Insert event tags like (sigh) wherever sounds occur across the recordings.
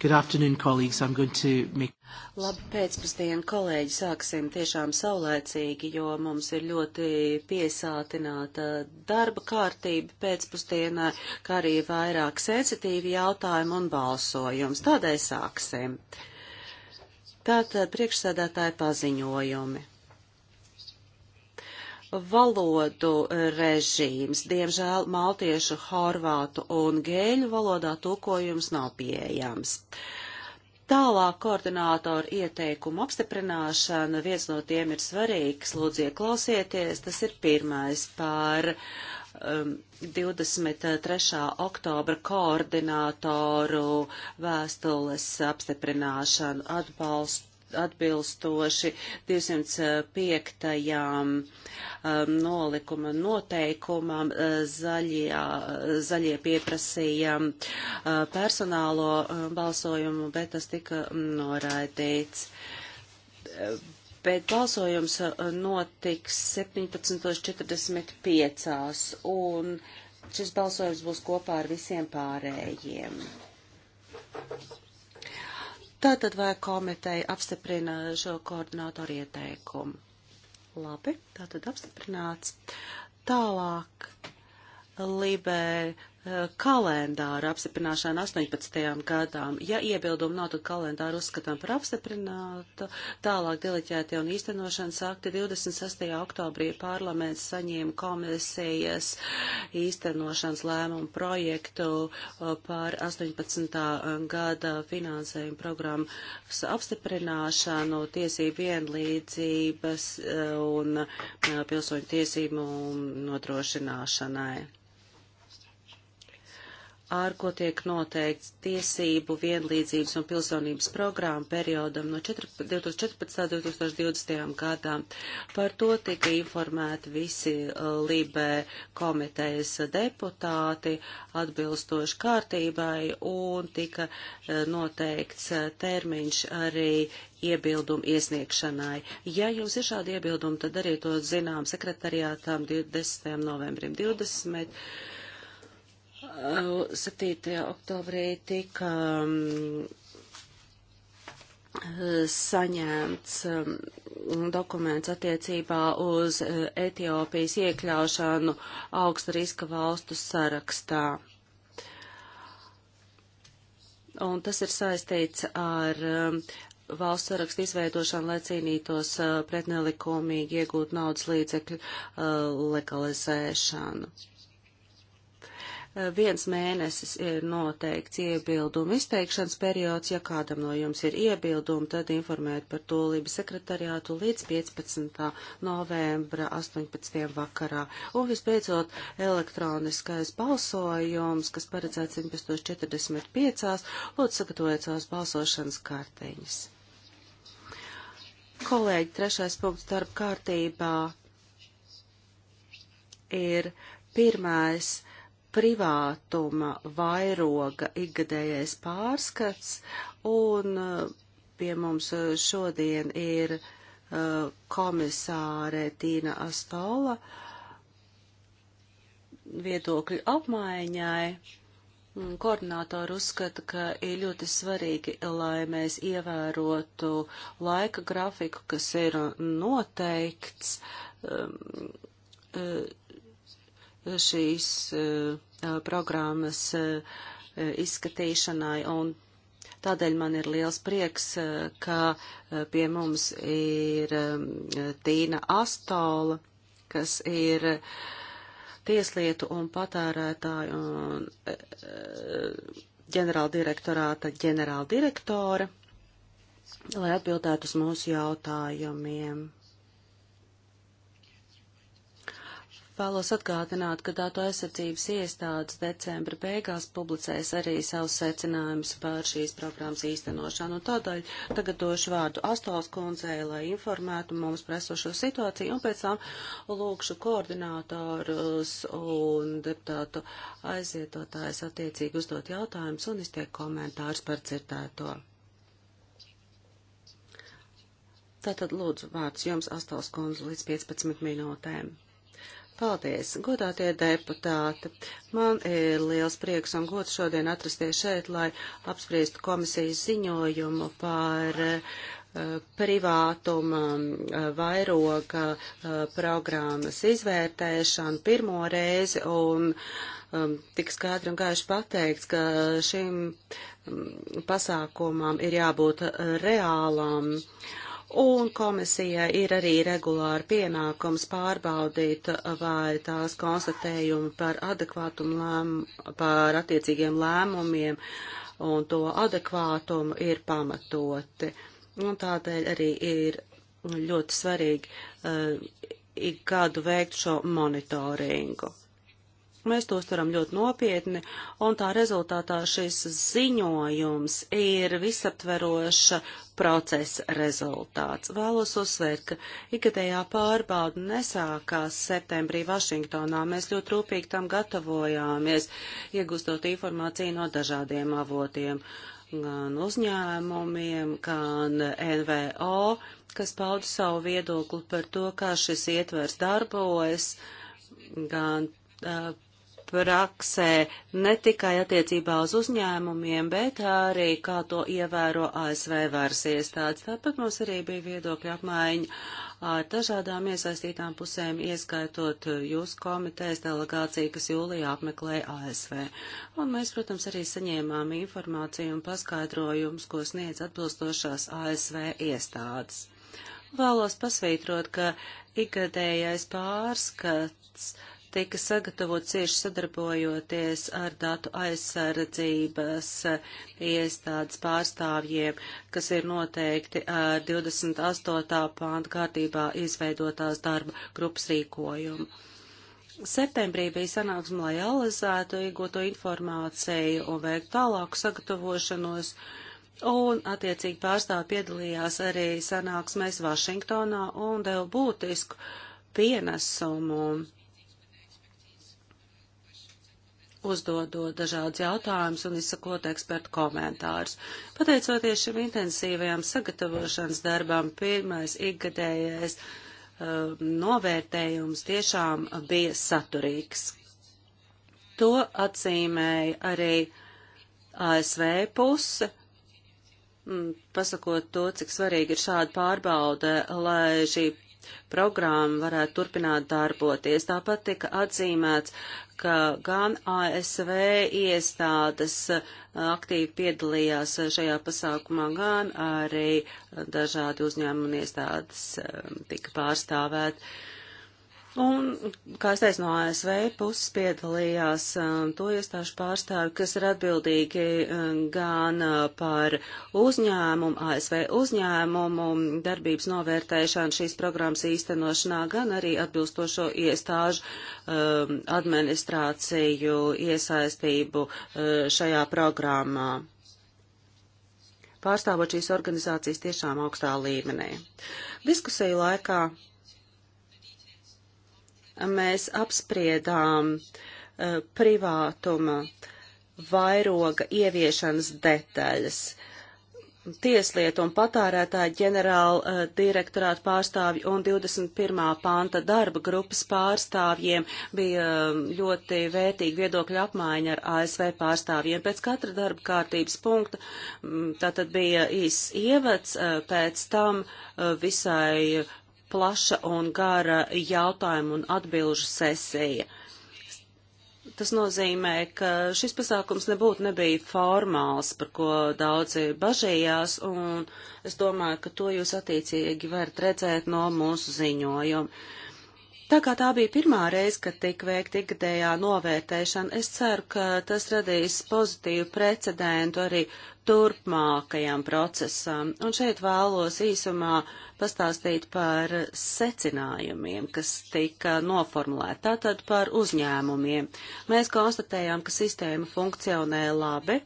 Good afternoon, colleagues. I'm going to make... Labi pēcpusdienu, kolēģi, sāksim tiešām saulēcīgi, jo mums ir ļoti piesātināta darba kārtība pēcpusdienā, kā arī vairāk sensitīvi jautājumi un balsojums. Tādēļ sāksim. Tātad priekšsēdētāji paziņojumi valodu režīms. Diemžēl maltiešu, horvātu un gēļu valodā tulkojums nav pieejams. Tālāk koordinātoru ieteikumu apstiprināšana, viens no tiem ir svarīgs, lūdzu ieklausieties, tas ir pirmais par um, 23. oktobra koordinātoru vēstules apstiprināšanu atbalstu atbilstoši 205. Um, nolikuma noteikumam uh, zaļie, uh, zaļie pieprasīja um, uh, personālo um, balsojumu, bet tas tika um, noraidīts. Bet balsojums notiks 17.45. un šis balsojums būs kopā ar visiem pārējiem. Thank you. Tātad vai komiteja apstiprina šo koordinātoru ieteikumu? Labi, tātad apstiprināts. Tālāk Libē kalendāra apstiprināšana 18. gadām. Ja iebildumi nav, tad kalendāru uzskatām par apstiprinātu. Tālāk deleģētie un īstenošanas akti 26. oktobrī parlaments saņēma komisijas īstenošanas lēmumu projektu uh, par 18. gada finansējumu programmas apstiprināšanu, tiesību vienlīdzības uh, un uh, pilsoņu tiesību nodrošināšanai ar ko tiek noteikts tiesību vienlīdzības un pilsonības programma periodam no 2014. un 2020. gadām. Par to tika informēti visi uh, Libē komitejas deputāti atbilstoši kārtībai un tika uh, noteikts uh, termiņš arī iebildumu iesniegšanai. Ja jums ir šādi iebildumi, tad arī to zinām sekretariātām 20. novembrim 20. 7. oktobrī tika um, saņemts um, dokuments attiecībā uz uh, Etiopijas iekļaušanu augsta riska valstu sarakstā. Un tas ir saistīts ar um, valsts sarakstu izveidošanu, lai cīnītos uh, pret nelikumīgi iegūt naudas līdzekļu uh, legalizēšanu viens mēnesis ir noteikts iebildumu izteikšanas periods. Ja kādam no jums ir iebildumi, tad informēt par to Lībijas sekretariātu līdz 15. novembra 18. vakarā. Un visbeidzot, elektroniskais balsojums, kas paredzēts 1145. Lūdzu, sagatavojiet savas balsošanas karteņas. Kolēģi, trešais punkts darba kārtībā ir pirmais privātuma vairoga ikgadējais pārskats, un uh, pie mums uh, šodien ir uh, komisāre Tīna Astola viedokļu apmaiņai. Mm, koordinātori uzskata, ka ir ļoti svarīgi, lai mēs ievērotu laika grafiku, kas ir noteikts. Um, uh, šīs eh, programmas eh, izskatīšanai. Un Tādēļ man ir liels prieks, eh, ka pie mums ir Tīna Astola, kas ir tieslietu un patērētāju un ģenerāldirektorāta ģenerāldirektora, lai atbildētu uz mūsu jautājumiem. Vēlos atgādināt, ka datu aizsardzības iestādes decembra beigās publicēs arī savus secinājumus par šīs programmas īstenošanu. Un tādēļ tagad došu vārdu Astols kundzei, lai informētu mums presošo situāciju, un pēc tam lūkšu koordinātorus un deputātu aizietotājs attiecīgi uzdot jautājumus un izteikt komentārus par dzirdēto. Tātad lūdzu vārds jums, Astols kundze, līdz 15 minūtēm. Paldies, godātie deputāti! Man ir liels prieks un gods šodien atrasties šeit, lai apspriestu komisijas ziņojumu par eh, privātuma eh, vairoga eh, programmas izvērtēšanu pirmo reizi un um, tik skaidri un gaiši pateikts, ka šim um, pasākumam ir jābūt reālām. Uh, un komisijai ir arī regulāri pienākums pārbaudīt, vai tās konstatējumi par adekvātumu lēm, par attiecīgiem lēmumiem un to adekvātumu ir pamatoti. Un tādēļ arī ir ļoti svarīgi uh, ik gadu veikt šo monitoringu. Mēs tos turam ļoti nopietni, un tā rezultātā šis ziņojums ir visaptveroša procesa rezultāts. Vēlos uzsvērt, ka ikgadējā pārbauda nesākās septembrī Vašingtonā. Mēs ļoti rūpīgi tam gatavojāmies, iegūstot informāciju no dažādiem avotiem gan uzņēmumiem, gan NVO, kas pauda savu viedokli par to, kā šis ietvers darbojas, gan uh, praksē ne tikai attiecībā uz uzņēmumiem, bet arī kā to ievēro ASV varas iestādes. Tāpat mums arī bija viedokļa apmaiņa ar dažādām iesaistītām pusēm, ieskaitot jūsu komitejas delegāciju, kas jūlijā apmeklēja ASV. Un mēs, protams, arī saņēmām informāciju un paskaidrojumus, ko sniedz atbilstošās ASV iestādes vēlos pasvītrot, ka ikgadējais pārskats tika sagatavot cieši sadarbojoties ar datu aizsardzības iestādes pārstāvjiem, kas ir noteikti ar 28. pānta kārtībā izveidotās darba grupas rīkojumu. Septembrī bija sanāksme, lai analizētu iegūto informāciju un veiktu tālāku sagatavošanos. Un, attiecīgi, pārstāvi piedalījās arī sanāksmēs Vašingtonā un deva būtisku pienesumu uzdodot dažādus jautājumus un izsakot ekspertu komentārus. Pateicoties šim intensīvajam sagatavošanas darbam, pirmais ikgadējais uh, novērtējums tiešām bija saturīgs. To atzīmēja arī ASV puse, mm, pasakot to, cik svarīgi ir šāda pārbauda, lai šī programma varētu turpināt darboties. Tāpat tika atzīmēts, ka gan ASV iestādes uh, aktīvi piedalījās uh, šajā pasākumā, gan arī uh, dažādi uzņēmumi un iestādes tika pārstāvēti. Un, kā es teicu, no ASV puses piedalījās um, to iestāžu pārstāvi, kas ir atbildīgi um, gan uh, par uzņēmumu, ASV uzņēmumu, darbības novērtēšanu šīs programmas īstenošanā, gan arī atbilstošo iestāžu um, administrāciju iesaistību uh, šajā programmā pārstāvot šīs organizācijas tiešām augstā līmenī. Diskusiju laikā mēs apspriedām uh, privātuma vairoga ieviešanas detaļas. Tieslietu un patārētāju ģenerāla uh, direktorāta pārstāvju un 21. panta darba grupas pārstāvjiem bija uh, ļoti vērtīga viedokļa apmaiņa ar ASV pārstāvjiem. Pēc katra darba kārtības punkta um, tātad bija īsts ievads, pēc tam visai plaša un gara jautājumu un atbilžu sesija. Tas nozīmē, ka šis pasākums nebūtu nebija formāls, par ko daudzi bažījās, un es domāju, ka to jūs attiecīgi varat redzēt no mūsu ziņojuma. Tā kā tā bija pirmā reize, kad tika veikta ikgadējā novērtēšana, es ceru, ka tas radīs pozitīvu precedentu arī turpmākajam procesam. Un šeit vēlos īsumā pastāstīt par secinājumiem, kas tika noformulēti, tātad par uzņēmumiem. Mēs konstatējām, ka sistēma funkcionē labi.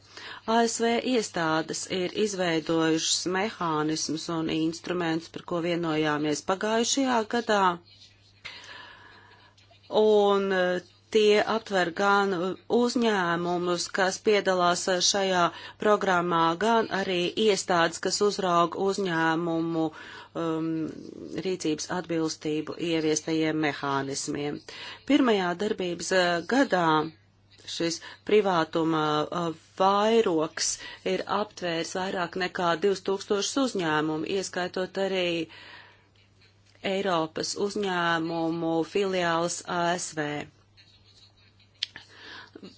ASV iestādes ir izveidojušas mehānismus un instrumentus, par ko vienojāmies pagājušajā gadā un eh, tie aptver gan uzņēmumus, kas piedalās eh, šajā programmā, gan arī iestādes, kas uzrauga uzņēmumu um, rīcības atbilstību ieviestajiem mehānismiem. Pirmajā darbības eh, gadā šis privātuma vairoks ir aptvērs vairāk nekā 2000 uzņēmumu, ieskaitot arī uh, Eiropas uzņēmumu filiāls ASV.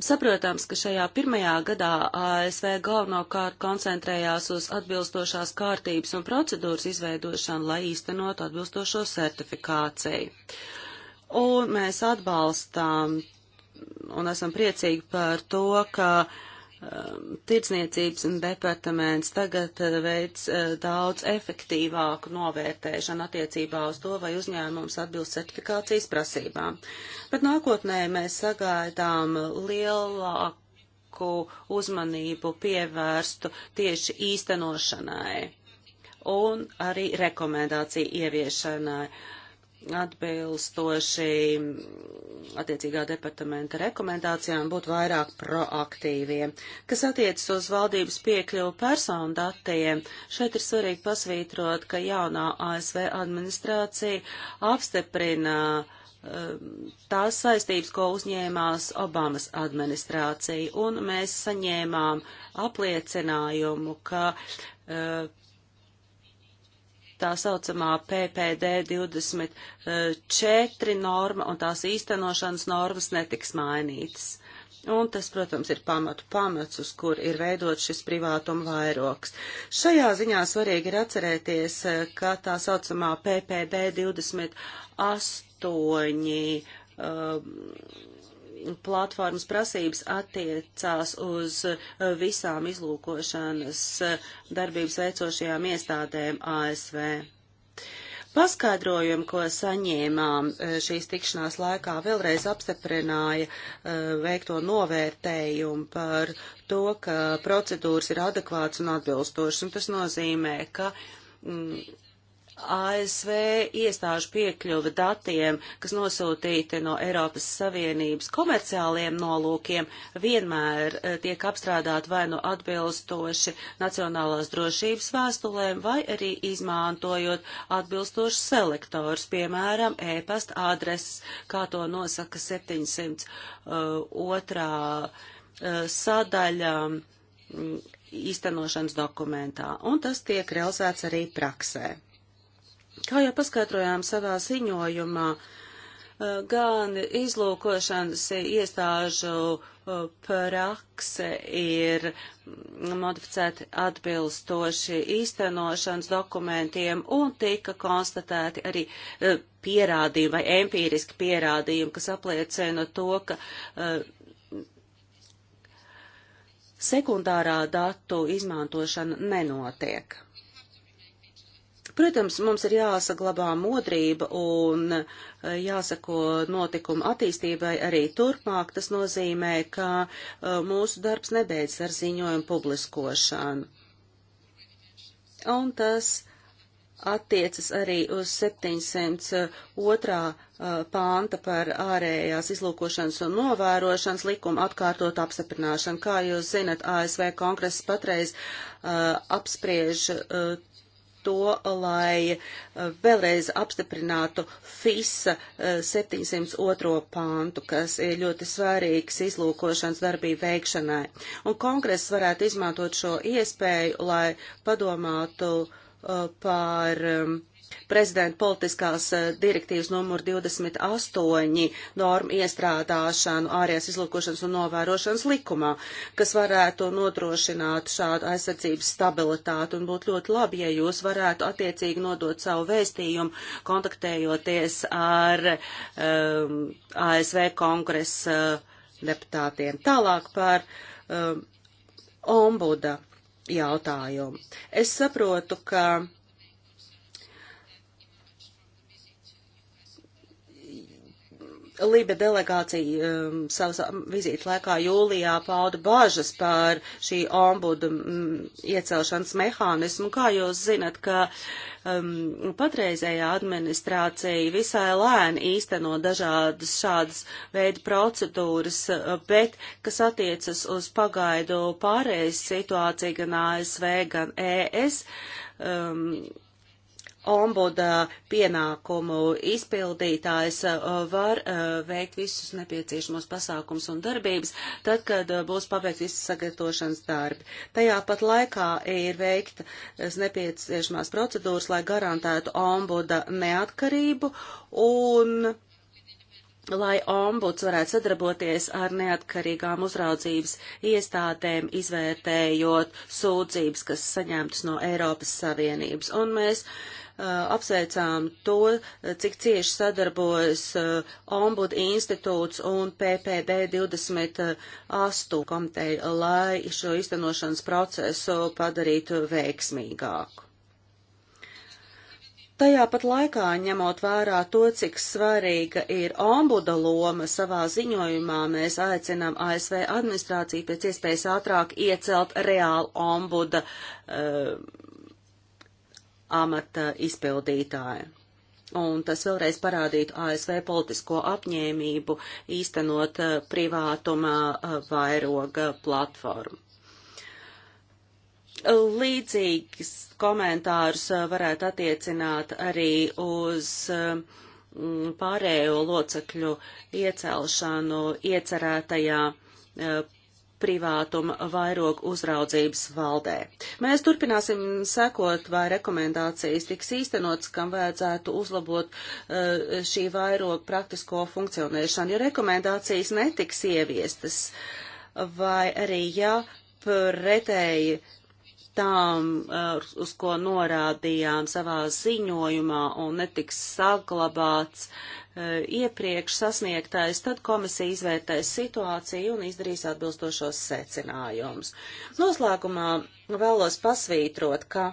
Saprotams, ka šajā pirmajā gadā ASV galvenokārt koncentrējās uz atbilstošās kārtības un procedūras izveidošanu, lai īstenot atbilstošo certifikāciju. Un mēs atbalstām un esam priecīgi par to, ka uh, Um, tirdzniecības departaments tagad uh, veids uh, daudz efektīvāku novērtēšanu attiecībā uz to, vai uzņēmums atbilst certifikācijas prasībām. Bet nākotnē mēs sagaidām lielāku uzmanību pievērstu tieši īstenošanai un arī rekomendāciju ieviešanai. Uh, atbilstoši attiecīgā departamenta rekomendācijām būt vairāk proaktīviem. Kas attiecas uz valdības piekļuvu personu datiem, šeit ir svarīgi pasvītrot, ka jaunā ASV administrācija apstiprina eh, tās saistības, ko uzņēmās Obamas administrācija, un mēs saņēmām apliecinājumu, ka uh, tā saucamā PPD 24 norma un tās īstenošanas normas netiks mainītas. Un tas, protams, ir pamatu pamats, uz kur ir veidot šis privātuma vairoks. Šajā ziņā svarīgi ir atcerēties, eh, ka tā saucamā PPD 28 um, platformas prasības attiecās uz eh, visām izlūkošanas eh, darbības veicošajām iestādēm ASV. Paskaidrojumi, ko saņēmām eh, šīs tikšanās laikā, vēlreiz apstiprināja veikto novērtējumu par to, ka procedūras ir adekvātas un atbilstošas, un tas nozīmē, ka mm, ASV iestāžu piekļuve datiem, kas nosūtīti no Eiropas Savienības komerciāliem nolūkiem, vienmēr e, tiek apstrādāt vai nu no atbilstoši nacionālās drošības vēstulēm, vai arī izmantojot atbilstošus selektors, piemēram, e-pasta adreses, kā to nosaka 702. Uh, e, e, sadaļa īstenošanas dokumentā, un tas tiek realizēts arī praksē. Kā jau paskaidrojām savā ziņojumā, eh, gan izlūkošanas iestāžu eh, prakse ir modificēta atbilstoši īstenošanas dokumentiem un tika konstatēti arī eh, pierādījumi vai empīriski pierādījumi, kas apliecina to, ka sekundārā datu izmantošana nenotiek. Protams, mums ir jāsaglabā modrība un e, jāsako notikuma attīstībai arī turpmāk. Tas nozīmē, ka e, mūsu darbs nebeidzas ar ziņojumu publiskošanu. Un tas attiecas arī uz 702. E, pānta par ārējās izlūkošanas un novērošanas likuma atkārtot apstiprināšanu. Kā jūs zinat, ASV kongress patreiz uh, apspriež uh, to, lai eh, vēlreiz apstiprinātu FISA 702. Eh, pāntu, kas ir ļoti svarīgs izlūkošanas darbību veikšanai. Un kongress varētu izmantot šo iespēju, lai padomātu eh, par um, prezidenta politiskās eh, direktīvas numur 28 normu iestrādāšanu ārējās izlūkošanas un novērošanas likumā, kas varētu nodrošināt šādu aizsardzības stabilitāti un būtu ļoti labi, ja jūs varētu attiecīgi nodot savu vēstījumu, kontaktējoties ar um, ehm, ASV kongresa eh, deputātiem. Tālāk par um, ombuda jautājumu. Es saprotu, ka Lība delegācija um, savas um, vizītes laikā jūlijā pauda bažas par šī ombudu um, iecelšanas mehānismu. Kā jūs zinat, ka um, patreizējā administrācija visai lēni īsteno dažādas šādas veidu procedūras, uh, bet kas attiecas uz pagaidu pārējais situāciju gan ASV, gan ES, um, ombuda pienākumu izpildītājs uh, var uh, veikt visus nepieciešamos pasākums un darbības, tad, kad uh, būs pabeigts visi sagatavošanas darbi. Tajā pat laikā ir veiktas nepieciešamās procedūras, lai garantētu ombuda neatkarību un lai ombuds varētu sadarboties ar neatkarīgām uzraudzības iestādēm, izvērtējot sūdzības, kas saņemtas no Eiropas Savienības. Un mēs uh, Eh, apsveicām to, eh, cik cieši sadarbojas eh, Ombuda institūts un PPD 28 komiteja, lai šo iztenošanas procesu padarītu veiksmīgāku. Tajā pat laikā, ņemot vērā to, cik svarīga ir ombuda loma, savā ziņojumā mēs aicinām ASV administrāciju pēc iespējas ātrāk iecelt reālu ombuda uh, amata izpildītāja. Un tas vēlreiz parādītu ASV politisko apņēmību īstenot uh, privātuma uh, vairoga platformu. Līdzīgs komentārs uh, varētu attiecināt arī uz pārējo locekļu iecelšanu iecerētajā privātuma vairogu uzraudzības valdē. Mēs turpināsim sekot, vai rekomendācijas tiks īstenots, kam vajadzētu uzlabot uh, šī vairogu praktisko funkcionēšanu. Ja rekomendācijas netiks ieviestas, vai arī ja pretēji tām, eh, uz ko norādījām savā ziņojumā un netiks saglabāts, Eh, iepriekš sasniegtais, tad komisija izvērtēs situāciju un izdarīs atbilstošos secinājumus. Noslēgumā vēlos pasvītrot, ka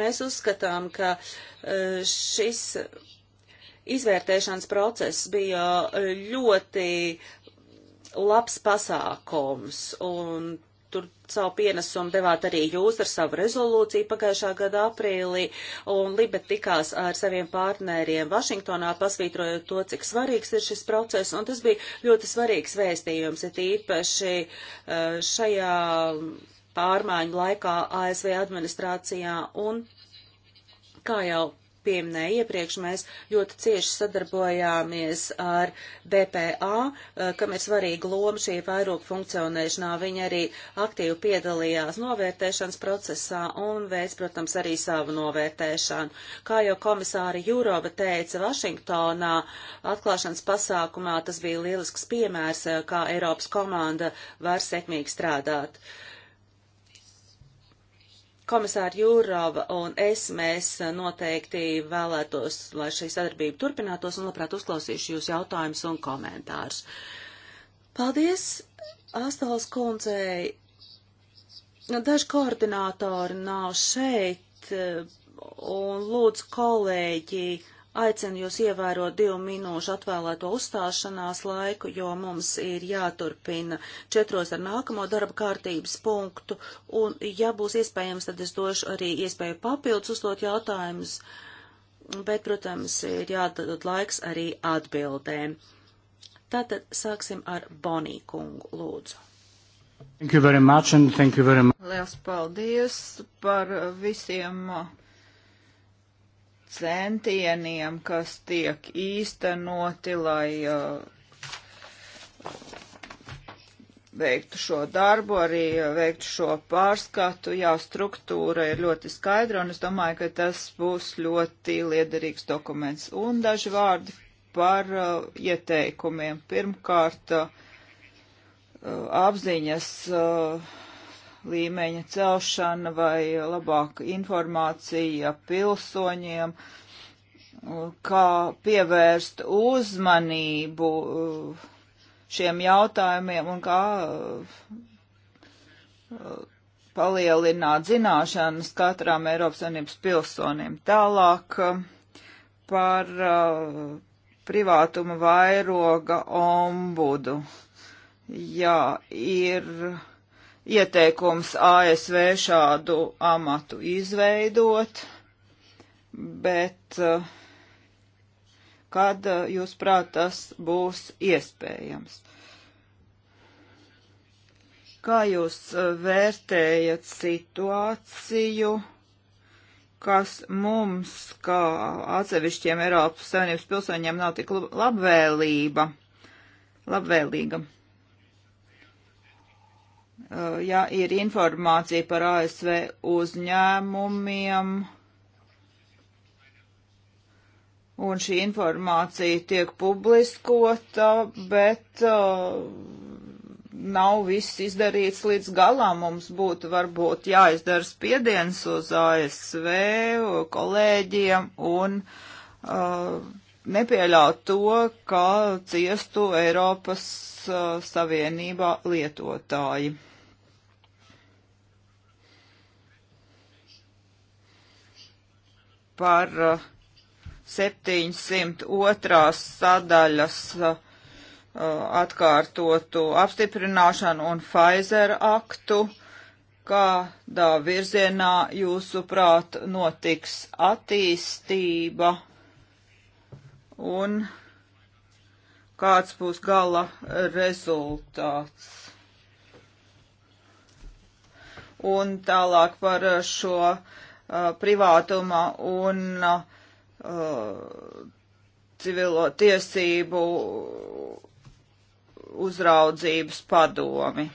mēs uzskatām, ka eh, šis izvērtēšanas process bija eh, ļoti labs pasākums un tur savu pienesumu devāt arī jūs ar savu rezolūciju pagājušā gada aprīlī, un Libet tikās ar saviem partneriem Vašingtonā, pasvītrojot to, cik svarīgs ir šis process, un tas bija ļoti svarīgs vēstījums, ir īpaši eh, šajā pārmaiņu laikā ASV administrācijā, un kā jau pieminēju iepriekš, mēs ļoti cieši sadarbojāmies ar BPA, eh, kam ir svarīga loma šī vairāk funkcionēšanā. Viņi arī aktīvi piedalījās novērtēšanas procesā un veids, protams, arī savu novērtēšanu. Kā jau komisāri Jurova teica Vašingtonā, atklāšanas pasākumā tas bija lielisks piemērs, eh, kā Eiropas komanda var sekmīgi strādāt. Uh, Komisāri Jūrova un es, mēs noteikti vēlētos, lai šī sadarbība turpinātos un labprāt uzklausīšu jūs jautājumus un komentārus. Paldies, Astals kundzei. Nu, daži koordinātori nav šeit eh, un lūdzu kolēģi Aicinu jūs ievērot divu minūšu atvēlēto uzstāšanās laiku, jo mums ir jāturpina četros ar nākamo darba kārtības punktu, un ja būs iespējams, tad es došu arī iespēju papildus uzdot jautājumus, bet, protams, ir jādod laiks arī atbildēm. Tātad sāksim ar Bonī kungu, lūdzu. Thank you very much and thank you very much. Liels paldies par visiem centieniem, kas tiek īstenoti, lai uh, veiktu šo darbu, arī uh, veiktu šo pārskatu. Jā, struktūra ir ļoti skaidra, un es domāju, ka tas būs ļoti liederīgs dokuments. Un daži vārdi par uh, ieteikumiem. Pirmkārt, uh, apziņas uh, līmeņa celšana vai labāka informācija pilsoņiem, kā pievērst uzmanību uh, šiem jautājumiem un kā uh, palielināt zināšanas katram Eiropas Savienības pilsonim. Tālāk uh, par privātuma vairoga ombudu. Jā, ir ieteikums ASV šādu amatu izveidot, bet eh, kad eh, jūs prāt tas būs iespējams? Kā jūs eh, vērtējat situāciju? kas mums, kā atsevišķiem Eiropas Savienības pilsoņiem, nav tik labvēlība, labvēlīga. Uh, ja ir informācija par ASV uzņēmumiem, un šī informācija tiek publiskota, bet uh, nav viss izdarīts līdz galam. Mums būtu varbūt jāizdara spiediens uz ASV kolēģiem un uh, nepieļaut to, ka ciestu Eiropas uh, Savienībā lietotāji. Par uh, 702. sadaļas uh, atkārtotu apstiprināšanu un Pfizer aktu kādā virzienā jūsuprāt notiks attīstība un kāds būs gala rezultāts. Un tālāk par šo uh, privātuma un uh, civilo tiesību uzraudzības padomi.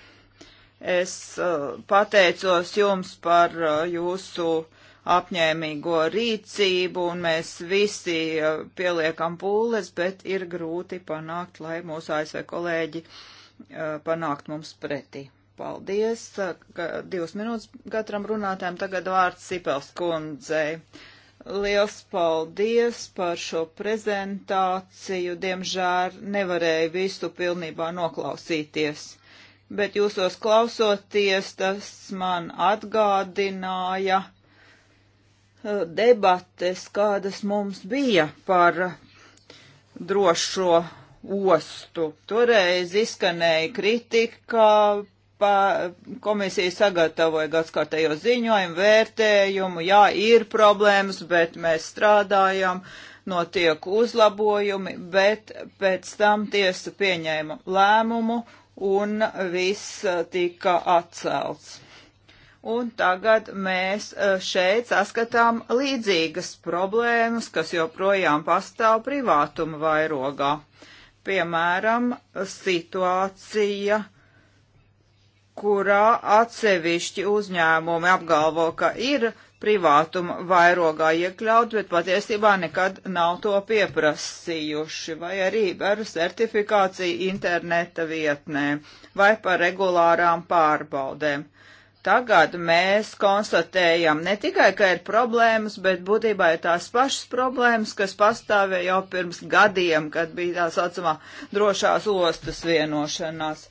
Es uh, pateicos jums par uh, jūsu uh, apņēmīgo rīcību, un mēs visi eh, pieliekam pūles, bet ir grūti panākt, lai mūsu ASV kolēģi eh, panākt mums pretī. Paldies! Eh, divas minūtes katram runātājam. Tagad vārds Sipels kundzei. Liels paldies par šo prezentāciju. Diemžēr nevarēju visu pilnībā noklausīties bet jūsos klausoties, tas man atgādināja Eh, debates, kādas mums bija par drošo ostu. Toreiz izskanēja kritika, pa, komisija sagatavoja gadskārtējo ziņojumu, vērtējumu, jā, ir problēmas, bet mēs strādājam, notiek uzlabojumi, bet pēc tam tiesa pieņēma lēmumu un viss tika atcelts. Un tagad mēs e, šeit saskatām līdzīgas problēmas, kas joprojām pastāv privātuma vairogā. Piemēram, situācija, kurā atsevišķi uzņēmumi apgalvo, ka ir privātuma vairogā iekļaut, bet patiesībā nekad nav to pieprasījuši, vai arī ar certifikāciju interneta vietnē, vai par regulārām pārbaudēm tagad mēs konstatējam ne tikai, ka ir problēmas, bet būtībā ir tās pašas problēmas, kas pastāvēja jau pirms gadiem, kad bija tā saucamā drošās ostas vienošanās.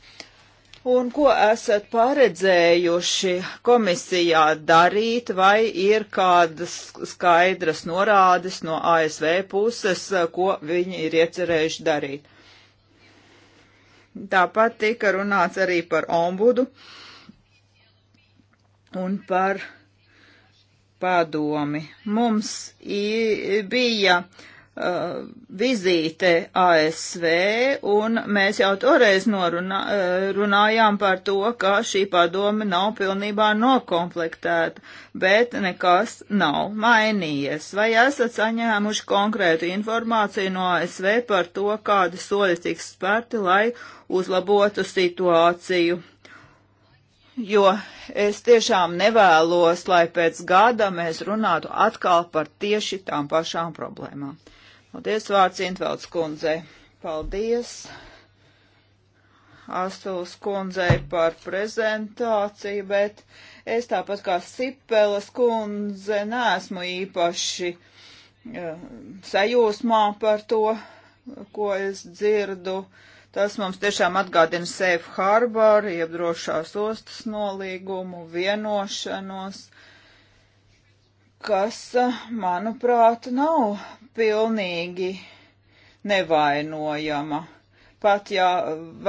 Un ko esat paredzējuši komisijā darīt, vai ir kādas skaidras norādes no ASV puses, ko viņi ir iecerējuši darīt? Tāpat tika runāts arī par ombudu. Uh, un par padomi. Mums bija uh, vizīte ASV, un mēs jau toreiz norunā, uh, runājām par to, ka šī padome nav pilnībā nokomplektēta, bet nekas nav mainījies. Vai esat saņēmuši konkrētu informāciju no ASV par to, kādi soļi tiks spērti, lai uzlabotu situāciju? jo es tiešām nevēlos, lai pēc gada mēs runātu atkal par tieši tām pašām problēmām. Paldies, vārds Intvelds kundzei. Paldies Astulas kundzei par prezentāciju, bet es tāpat kā Sipelas kundze neesmu īpaši eh, sajūsmā par to, ko es dzirdu. Uh, Tas mums tiešām atgādina Safe Harbor, jeb drošās ostas nolīgumu, vienošanos, kas, manuprāt, nav pilnīgi nevainojama. Pat ja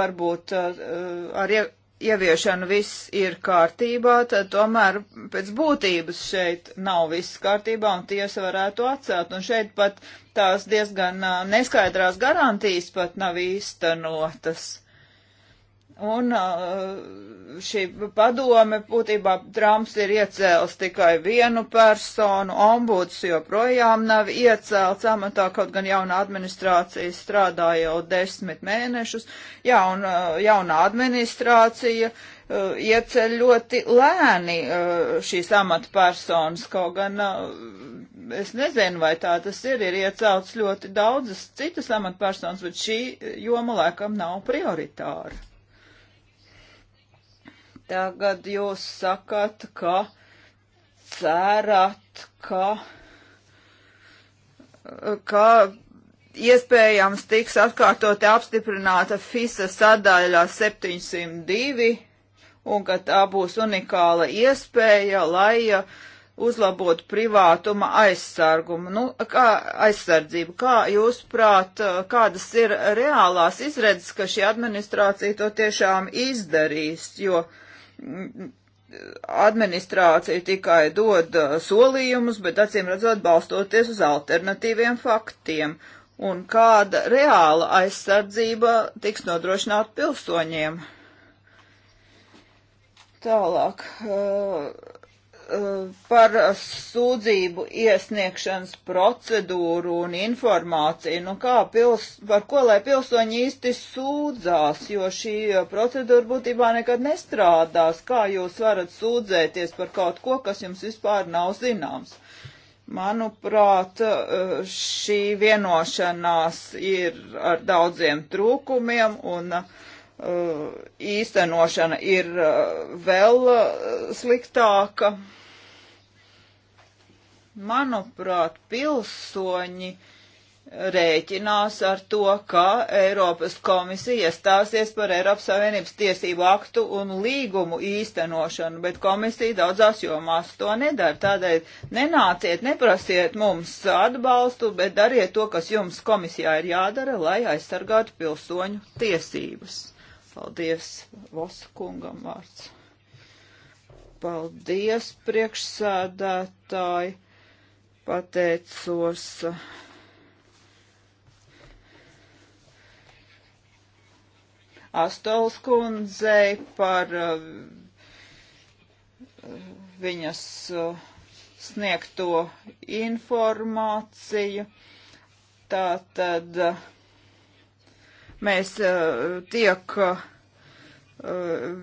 varbūt ar ieviešanu viss ir kārtībā, tad tomēr pēc būtības šeit nav viss kārtībā un tiesa varētu atcelt. Un šeit pat tās diezgan neskaidrās garantijas pat nav īstenotas. Un šī padome būtībā Trumps ir iecēlis tikai vienu personu, ombuds joprojām nav iecēlts amatā, kaut gan jauna administrācija strādā jau desmit mēnešus. Jā, un jauna administrācija ieceļ ļoti lēni šīs amatpersonas, kaut gan es nezinu, vai tā tas ir, ir iecelts ļoti daudzas citas amatpersonas, bet šī joma laikam nav prioritāra. Tagad jūs sakat, ka cerat, ka, ka iespējams tiks atkārtot apstiprināta FISA sadaļā 702 un ka tā būs unikāla iespēja, lai uh, uzlabot privātuma aizsargumu. Nu, kā aizsardzību, kā jūs prāt, kādas ir reālās izredzes, ka šī administrācija to tiešām izdarīs, jo mm, administrācija tikai dod uh, solījumus, bet acīm redzot balstoties uz alternatīviem faktiem. Un kāda reāla aizsardzība tiks nodrošināta pilsoņiem? Tālāk. Uh, par sūdzību iesniegšanas procedūru un informāciju, nu kā pils, par ko lai pilsoņi īsti sūdzās, jo šī procedūra būtībā nekad nestrādās, kā jūs varat sūdzēties par kaut ko, kas jums vispār nav zināms. Manuprāt, šī vienošanās ir ar daudziem trūkumiem un uh, Uh, īstenošana ir uh, vēl uh, sliktāka. Manuprāt, pilsoņi rēķinās ar to, ka Eiropas komisija iestāsies par Eiropas Savienības tiesību aktu un līgumu īstenošanu, bet komisija daudzās jomās to nedara. Tādēļ nenāciet, neprasiet mums atbalstu, bet dariet to, kas jums komisijā ir jādara, lai aizsargātu pilsoņu tiesības. Paldies, Voskungam vārds. Paldies, priekšsēdētāji. Pateicos. Eh, Astols kundzei par eh, viņas eh, sniegto informāciju. Tātad. tad mēs uh, tiek uh,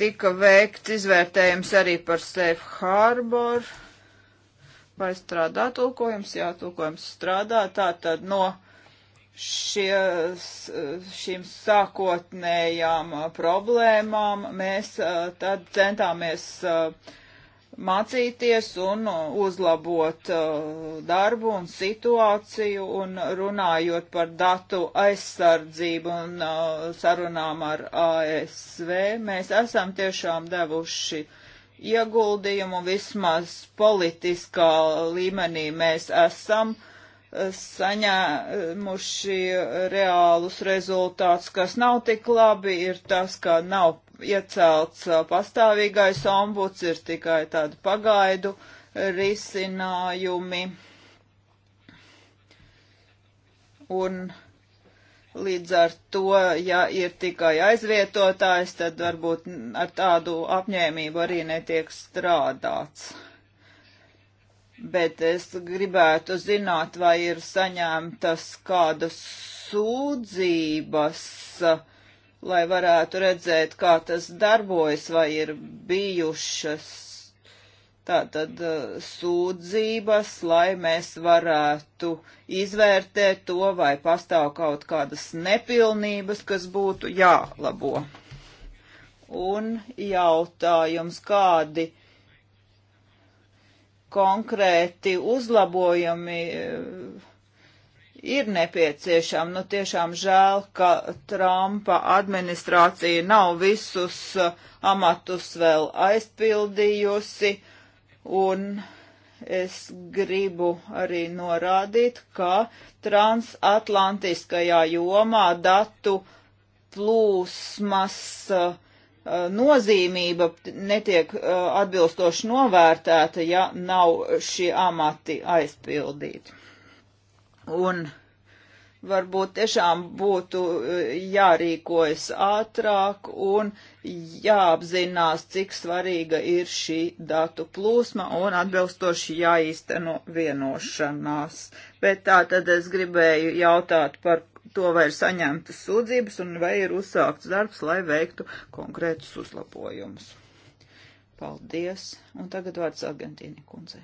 tika veikts izvērtējums arī par Safe Harbor. Vai strādā tulkojums? Jā, tulkojums strādā. Tā tad no šie, šīm sākotnējām problēmām mēs uh, tad centāmies uh, mācīties un uzlabot uh, darbu un situāciju un runājot par datu aizsardzību un uh, sarunām ar ASV. Mēs esam tiešām devuši ieguldījumu vismaz politiskā līmenī mēs esam uh, saņēmuši reālus rezultātus, kas nav tik labi, ir tas, ka nav iecelts pastāvīgais ombuds, ir tikai tādi pagaidu risinājumi. Un līdz ar to, ja ir tikai aizvietotājs, tad varbūt ar tādu apņēmību arī netiek strādāts. Bet es gribētu zināt, vai ir saņemtas kādas sūdzības uh, lai varētu redzēt, kā tas darbojas, vai ir bijušas tātad eh, sūdzības, lai mēs varētu izvērtēt to, vai pastāv kaut kādas nepilnības, kas būtu jālabo. Un jautājums, kādi konkrēti uzlabojumi eh, ir nepieciešama. Nu, tiešām žēl, ka Trumpa administrācija nav visus uh, amatus vēl aizpildījusi, un es gribu arī norādīt, ka transatlantiskajā jomā datu plūsmas uh, uh nozīmība netiek uh, atbilstoši novērtēta, ja nav šie amati aizpildīti. Un varbūt tiešām būtu eh, jārīkojas ātrāk un jāapzinās, cik svarīga ir šī datu plūsma un atbilstoši jāīsteno vienošanās. Bet tā tad es gribēju jautāt par to, vai ir saņemtas sūdzības un vai ir uzsākts darbs, lai veiktu konkrētus uzlabojumus. Paldies! Un tagad vārds Argentīni kundzei.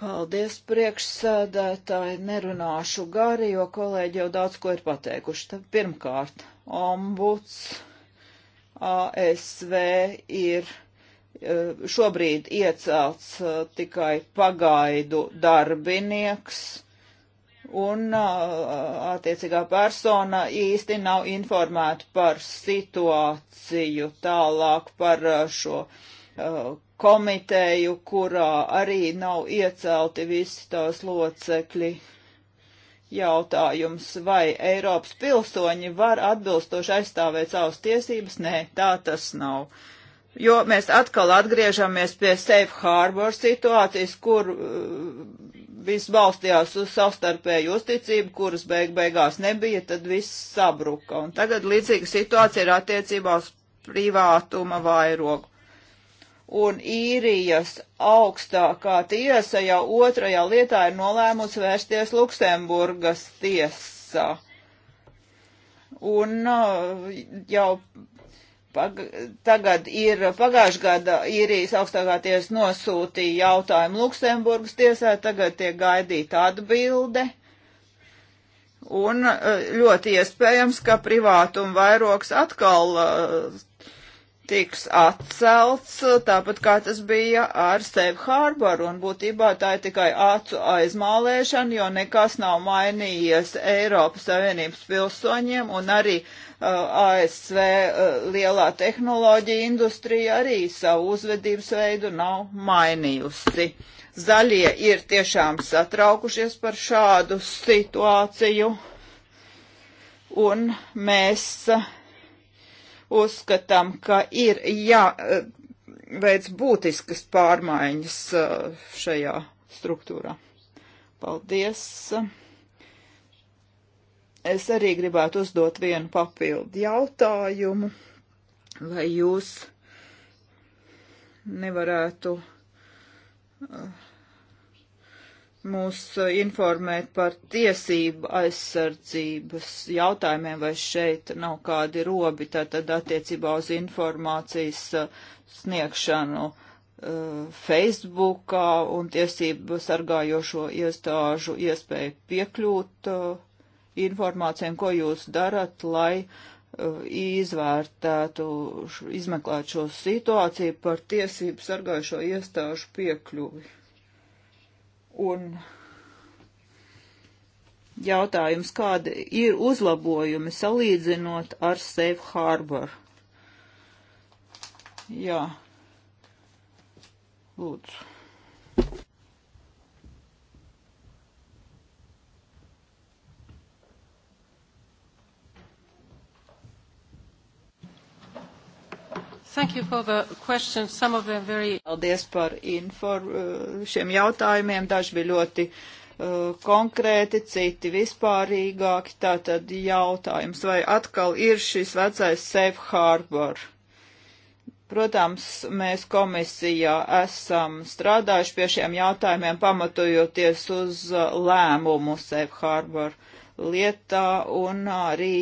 Paldies priekšsēdētāji, nerunāšu gari, jo kolēģi jau daudz ko ir pateikuši. Tad pirmkārt, ombuds ASV ir e, šobrīd iecelts e, tikai pagaidu darbinieks un e, attiecīgā persona īsti nav informēta par situāciju tālāk par šo komiteju, kurā arī nav iecelti visi tās locekļi. Jautājums, vai Eiropas pilsoņi var atbilstoši aizstāvēt savas tiesības? Nē, tā tas nav. Jo mēs atkal atgriežamies pie safe harbor situācijas, kur uh, viss balstījās uz savstarpēju uzticību, kuras beig beigās nebija, tad viss sabruka. Un tagad līdzīga situācija ir attiecībā uz privātuma vairogu un īrijas augstākā tiesa jau otrajā lietā ir nolēmusi vērsties Luksemburgas tiesā. Un uh, jau pag tagad ir pagājušā gada īrijas augstākā tiesa nosūtīja jautājumu Luksemburgas tiesā, tagad tiek gaidīta atbilde. Un uh, ļoti iespējams, ka privātuma vairoks atkal uh, tiks atcelts, tāpat kā tas bija ar Safe Harbor, un būtībā tā ir tikai acu aizmālēšana, jo nekas nav mainījies Eiropas Savienības pilsoņiem, un arī uh, ASV uh, lielā tehnoloģija industrija arī savu uzvedības veidu nav mainījusi. Zaļie ir tiešām satraukušies par šādu situāciju, un mēs uh, uzskatām, ka ir jāveic eh, būtiskas pārmaiņas eh, šajā struktūrā. Paldies! Es arī gribētu uzdot vienu papildu jautājumu, vai jūs nevarētu uh, mūs eh, informēt par tiesību aizsardzības jautājumiem, vai šeit nav kādi robi, tātad attiecībā uz informācijas eh, sniegšanu uh, Facebookā un tiesību sargājošo iestāžu iespēju piekļūt uh, informācijām, ko jūs darat, lai uh, izvērtētu, izmeklētu šo situāciju par tiesību sargājušo iestāžu piekļuvi. Un jautājums, kādi ir uzlabojumi salīdzinot ar Safe Harbor? Jā. Lūdzu. Thank you for the questions, some of them very... Paldies par infor, eh, šiem jautājumiem, daži bija ļoti uh, konkrēti, citi vispārīgāki, tātad jautājums, vai atkal ir šis vecais safe harbor? Protams, mēs komisijā esam strādājuši pie šiem jautājumiem, pamatojoties uz eh, lēmumu Safe Harbor lietā un arī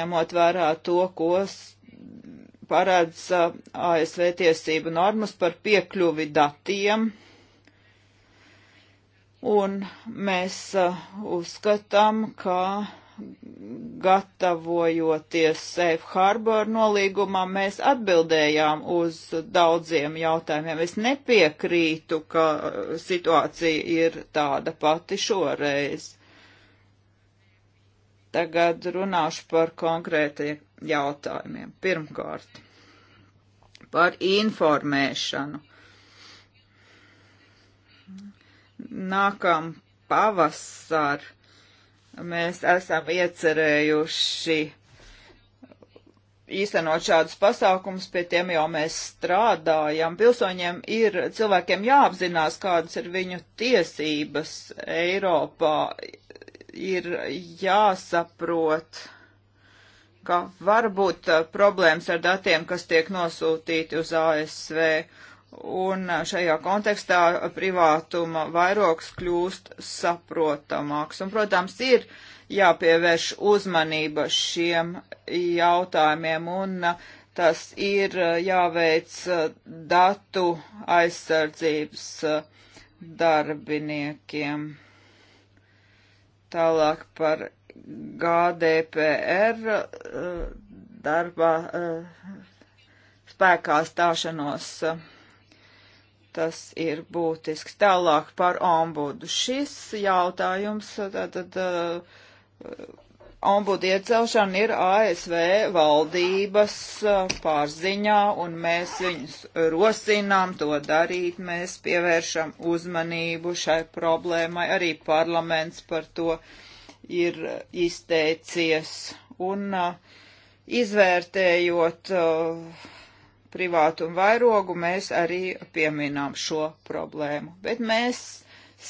ņemot vērā to, ko paredz uh, ASV tiesību normas par piekļuvi datiem. Un mēs uh, uzskatām, ka gatavojoties Safe Harbor nolīgumam, mēs atbildējām uz daudziem jautājumiem. Es nepiekrītu, ka uh, situācija ir tāda pati šoreiz. Tagad runāšu par konkrētiem jautājumiem. Pirmkārt, par informēšanu. Nākam pavasar mēs esam iecerējuši īstenot šādus pasākumus, pie tiem jau mēs strādājam. Pilsoņiem ir, cilvēkiem jāapzinās, kādas ir viņu tiesības Eiropā, ir jāsaprot ka var būt uh, problēmas ar datiem, kas tiek nosūtīti uz ASV, un uh, šajā kontekstā privātuma vairoks kļūst saprotamāks. Un, protams, ir jāpievērš uzmanība šiem jautājumiem, un uh, tas ir jāveic datu aizsardzības darbiniekiem. Tālāk par GDPR eh, darbā eh, spēkā stāšanos. Tas ir būtisks. Tālāk par ombudu. Šis jautājums, eh, tātad, ombudu iecelšana ir ASV valdības pārziņā, un mēs viņus rosinām to darīt. Mēs pievēršam uzmanību šai problēmai. Arī parlaments par to ir uh, izteicies un uh, izvērtējot uh, privātu un vairogu, mēs arī pieminām šo problēmu. Bet mēs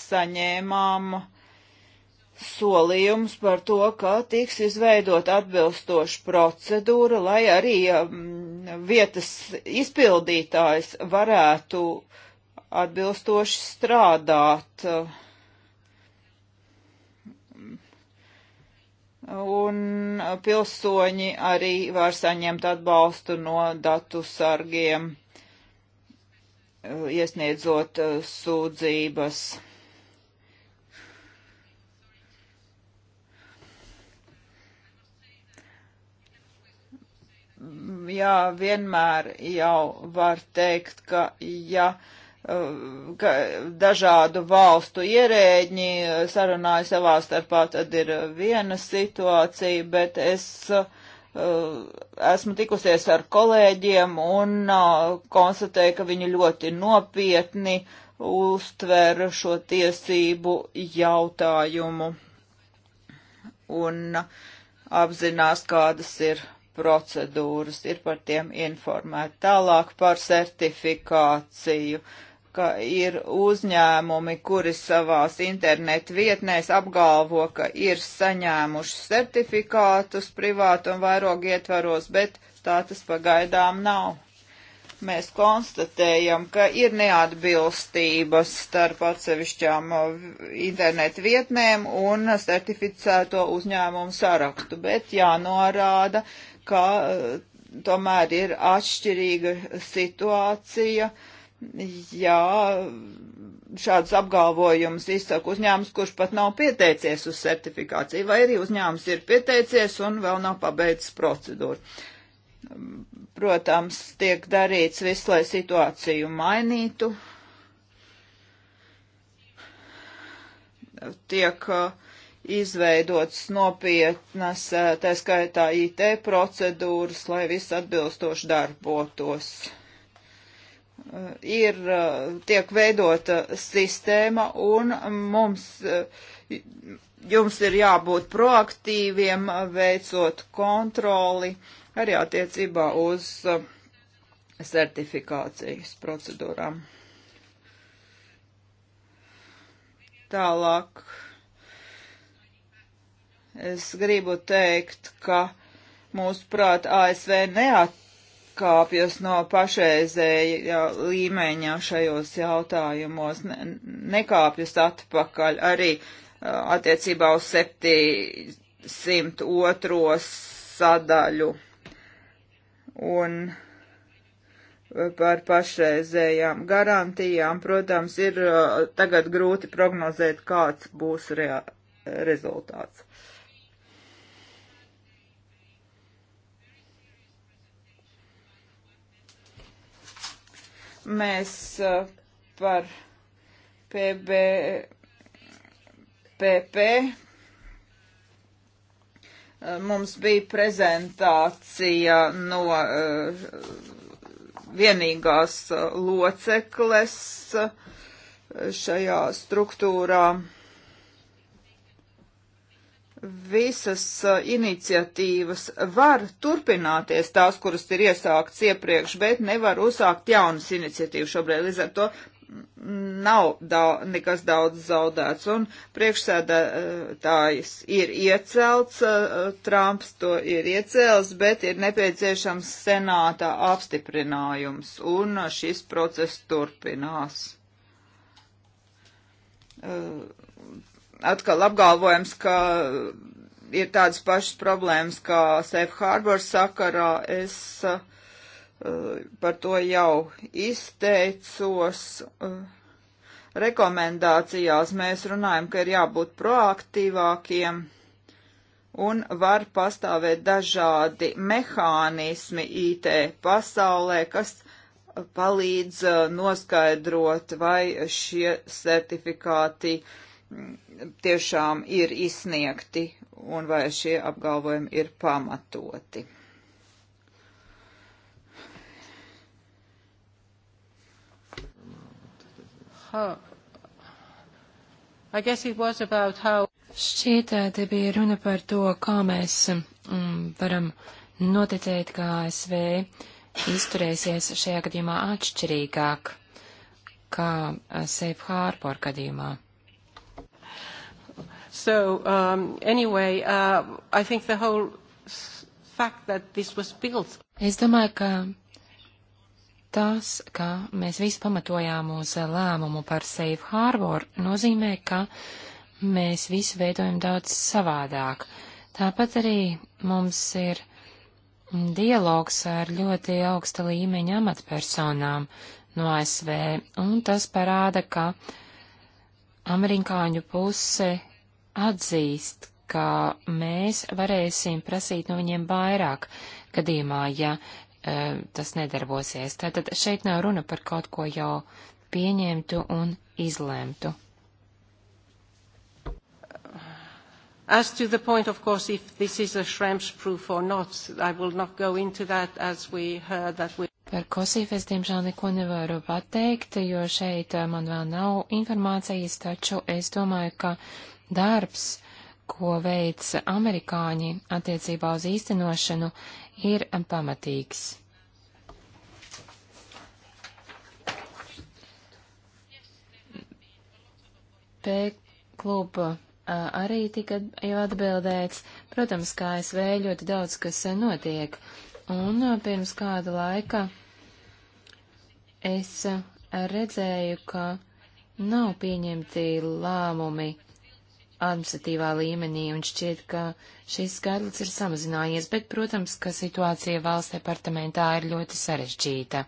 saņēmām solījums par to, ka tiks izveidot atbilstoša procedūra, lai arī um, vietas izpildītājs varētu atbilstoši strādāt. Uh, un pilsoņi arī var saņemt atbalstu no datu sargiem, iesniedzot eh, sūdzības. Jā, vienmēr jau var teikt, ka ja. Uh, Uh, dažādu valstu ierēģi uh, sarunāja savā starpā, tad ir uh, viena situācija, bet es uh, esmu tikusies ar kolēģiem un uh, konstatēju, ka viņi ļoti nopietni uztver šo tiesību jautājumu un apzinās, kādas ir procedūras, ir par tiem informēti. Tālāk par certifikāciju. Uh, ka ir uzņēmumi, kuri savās internetu vietnēs apgalvo, ka ir saņēmuši certifikātus privātu un vairogu ietvaros, bet tā tas pagaidām nav. Mēs konstatējam, ka ir neatbilstības starp atsevišķām uh, internetu vietnēm un certificēto uzņēmumu sarakstu, bet jānorāda, ka uh, tomēr ir atšķirīga situācija. Uh, ja šādus apgalvojumus izsaka uzņēmums, kurš pat nav pieteicies uz certifikāciju, vai arī uzņēmums ir pieteicies un vēl nav pabeidzis procedūru. Protams, tiek darīts viss, lai situāciju mainītu. Tiek uh, izveidots nopietnas, uh, tā skaitā IT procedūras, lai viss atbilstoši darbotos Eh, ir, eh, tiek veidota sistēma un mums, eh, jums ir jābūt proaktīviem, veicot kontroli arī attiecībā uz certifikācijas procedūrām. Tālāk es gribu teikt, ka mūsuprāt ASV neat atkāpjas no pašreizēja līmeņa šajos jautājumos, ne, nekāpjas atpakaļ arī attiecībā uz 702. sadaļu un par pašreizējām garantijām. Protams, ir tagad grūti prognozēt, kāds būs rea rezultāts. Mēs eh, par PBPP eh, mums bija prezentācija no eh, vienīgās locekles šajā struktūrā visas uh, iniciatīvas var turpināties, tās, kuras ir iesāktas iepriekš, bet nevar uzsākt jaunas iniciatīvas šobrīd. Līdz ar to nav daudz, nekas daudz zaudēts, un priekšsēdētājs ir iecelts, uh, Trumps to ir iecēls, bet ir nepieciešams senātā apstiprinājums, un šis process turpinās. Uh, atkal apgalvojams, ka ir tādas pašas problēmas kā Safe Harbor sakarā. Es uh, par to jau izteicos. Uh, rekomendācijās mēs runājam, ka ir jābūt proaktīvākiem un var pastāvēt dažādi mehānismi IT pasaulē, kas palīdz eh, noskaidrot, vai šie certifikāti uh, tiešām ir izsniegti un vai šie apgalvojumi ir pamatoti. How, I guess it was about how. Šķiet, eh, te bija runa par to, kā mēs mm, varam noticēt, ka ASV izturēsies šajā gadījumā atšķirīgāk kā Safe Harbor gadījumā. So um, anyway, uh, I think the whole fact that this was built. Es domāju, ka tas, ka mēs visu pamatojām uz lēmumu par Safe Harbor, nozīmē, ka mēs visu veidojam daudz savādāk. Tāpat arī mums ir dialogs ar ļoti augsta līmeņa amatpersonām no ASV, un tas parāda, ka amerikāņu puse atzīst, ka mēs varēsim prasīt no viņiem vairāk gadījumā, ja e, tas nedarbosies. Tātad šeit nav runa par kaut ko jau pieņemtu un izlēmtu. As to the point, of course, if this is a Schrems proof or not, I will not go into that as we heard that we Par kosīfu es diemžēl neko nevaru pateikt, jo šeit e, man vēl nav informācijas, taču es domāju, ka darbs, ko veic amerikāņi attiecībā uz īstenošanu, ir pamatīgs. P kluba arī tika jau atbildēts, protams, kā es vēju ļoti daudz, kas notiek. Un pirms kāda laika es redzēju, ka nav pieņemti lēmumi administratīvā līmenī, un šķiet, ka šīs skaidrs ir samazinājies, bet, protams, ka situācija valsts departamentā ir ļoti sarežģīta.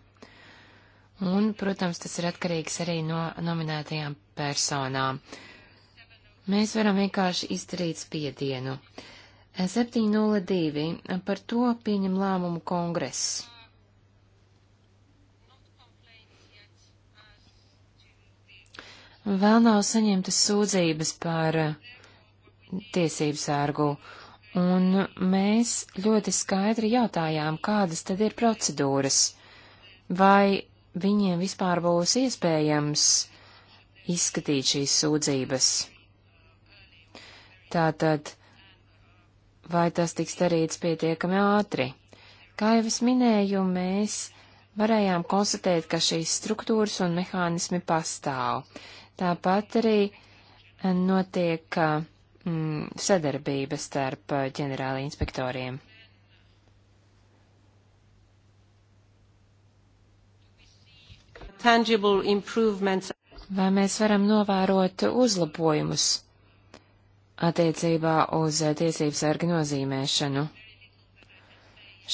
Un, protams, tas ir atkarīgs arī no nominētajām personām. Mēs varam vienkārši izdarīt spiedienu. 702 par to pieņem lēmumu kongress. Vēl nav saņemtas sūdzības par eh, tiesību sērgu, un mēs ļoti skaidri jautājām, kādas tad ir procedūras, vai viņiem vispār būs iespējams izskatīt šīs sūdzības. Tātad, vai tas tiks darīts pietiekami ātri? Kā jau es minēju, mēs varējām konstatēt, ka šīs struktūras un mehānismi pastāv. Tāpat arī eh, notiek eh, mm, sadarbība starp eh, ģenerāli inspektoriem. Vai mēs varam novērot uzlabojumus attiecībā uz tiesību sargu nozīmēšanu?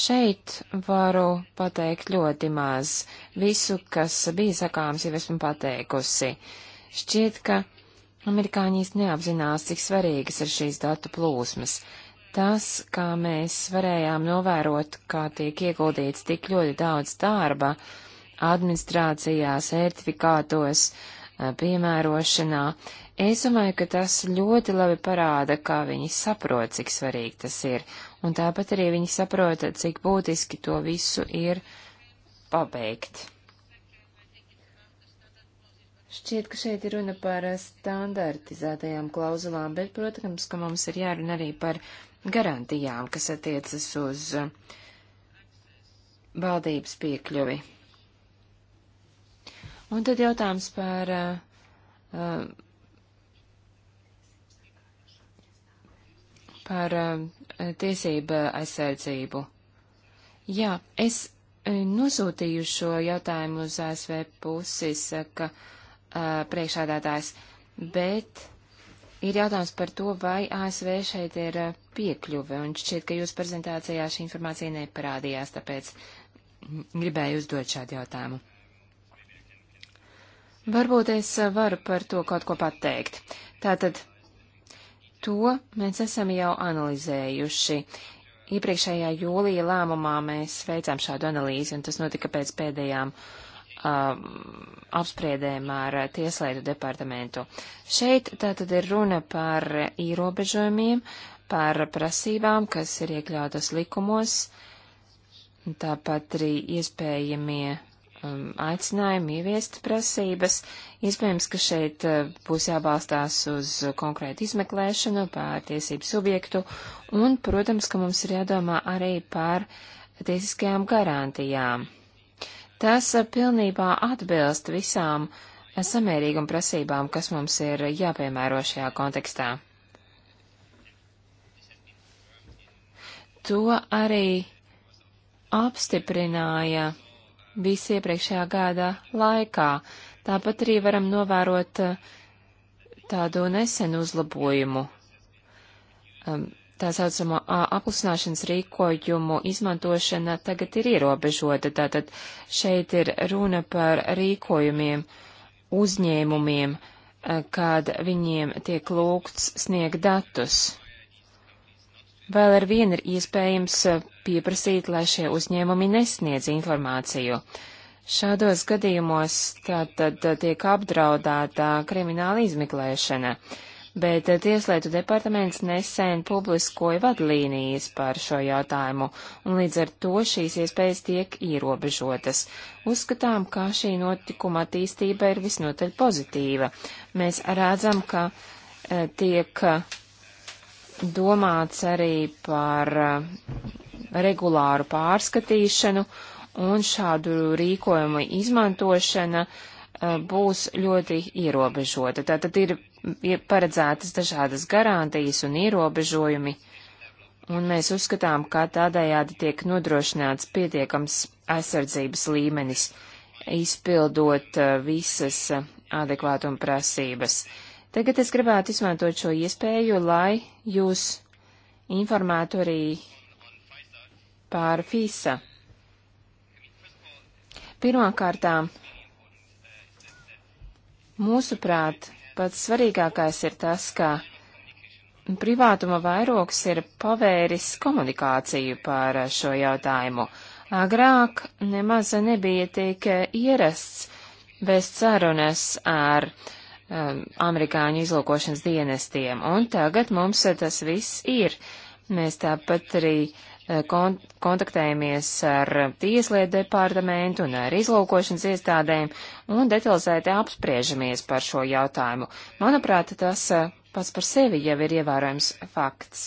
Šeit varu pateikt ļoti maz. Visu, kas bija sakāms, jau esmu pateikusi. Uh, Šķiet, ka amerikāņīs neapzinās, cik svarīgas ir šīs datu plūsmas. Tas, kā mēs varējām novērot, kā tiek ieguldīts tik ļoti daudz darba administrācijā, sertifikātos, piemērošanā, es domāju, ka tas ļoti labi parāda, kā viņi saprot, cik svarīgi tas ir, un tāpat arī viņi saprota, cik būtiski to visu ir pabeigt. Šķiet, ka šeit ir runa par standartizētajām klauzulām, bet, protams, ka mums ir jārunā arī par garantijām, kas attiecas uz uh, valdības piekļuvi. Un tad jautājums par uh, uh par uh, tiesību aizsardzību. Jā, es uh, nosūtīju šo jautājumu uz ASV pusi, saka, uh, uh, priekšādātājs, bet ir jautājums par to, vai ASV šeit ir uh, piekļuve, un šķiet, ka jūsu prezentācijā šī informācija neparādījās, tāpēc gribēju uzdot šādu jautājumu. Varbūt es varu par to kaut ko pateikt. Tātad, to mēs esam jau analizējuši. Iepriekšējā jūlija lēmumā mēs veicām šādu analīzi, un tas notika pēc pēdējām uh, Um, apspriedēm ar Tieslietu departamentu. Šeit tātad ir runa par ierobežojumiem, par prasībām, kas ir iekļautas likumos, tāpat arī iespējamie um, aicinājumi ieviest prasības. Iespējams, ka šeit uh, būs jābalstās uz konkrētu izmeklēšanu pār tiesību subjektu, un, protams, ka mums ir jādomā arī par tiesiskajām garantijām. Tas eh, pilnībā atbilst visām eh, samērīguma prasībām, kas mums ir jāpiemēro šajā kontekstā. To arī apstiprināja visi iepriekšējā gada laikā. Tāpat arī varam novērot eh, tādu nesenu uzlabojumu um, tā saucamo aplusināšanas rīkojumu izmantošana tagad ir ierobežota. Tātad šeit ir runa par rīkojumiem uzņēmumiem, kad viņiem tiek lūgts sniegt datus. Vēl ar vienu ir iespējams pieprasīt, lai šie uzņēmumi nesniedz informāciju. Šādos gadījumos tātad tiek apdraudēta krimināla izmeklēšana. Uh, bet Tieslietu departaments nesen publiskoja vadlīnijas par šo jautājumu, un līdz ar to šīs iespējas tiek ierobežotas. Uzskatām, ka šī notikuma attīstība ir visnotaļ pozitīva. Mēs redzam, ka e, tiek e, domāts arī par e, regulāru pārskatīšanu, un šādu rīkojumu izmantošana uh, Uh, būs ļoti ierobežota. Tātad ir, ir paredzētas dažādas garantijas un ierobežojumi, un mēs uzskatām, ka tādējādi tiek nodrošināts pietiekams aizsardzības līmenis, izpildot uh, visas uh, adekvātuma prasības. Tagad es gribētu izmantot šo iespēju, lai jūs informētu arī pār FISA. Pirmkārtām, Mūsuprāt, pats svarīgākais ir tas, ka privātuma vairogs ir pavēris komunikāciju par šo jautājumu. Agrāk nemaz nebija tik ierasts vēst sarunas ar um, amerikāņu izlūkošanas dienestiem, un tagad mums tas viss ir. Mēs tāpat arī Eh, kont kontaktējamies ar tieslietu departamentu un ar izlūkošanas iestādēm un detalizēti apspriežamies par šo jautājumu. Manuprāt, tas eh, pats par sevi jau ir ievērojams fakts.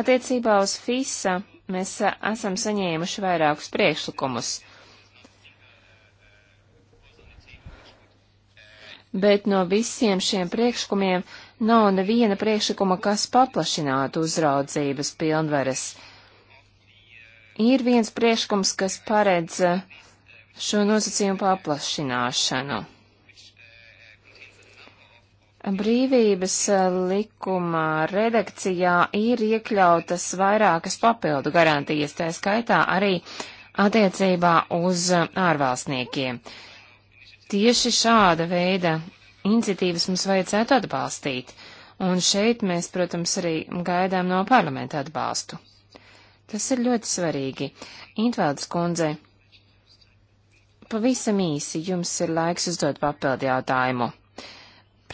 Attiecībā uz FISA mēs eh, esam saņēmuši vairākus priekšlikumus. bet no visiem šiem priekšlikumiem nav neviena priekšlikuma, kas paplašinātu uzraudzības pilnvaras Ir viens priekšlikums, kas paredz eh, šo nosacījumu paplašināšanu. Brīvības eh, likuma redakcijā ir iekļautas vairākas papildu garantijas, tā skaitā arī attiecībā uz eh, ārvalstniekiem. Tieši šāda veida iniciatīvas mums vajadzētu atbalstīt, un šeit mēs, protams, arī gaidām no parlamenta atbalstu. Tas ir ļoti svarīgi. Intvēldas kundze, pavisam īsi jums ir laiks uzdot papildu jautājumu.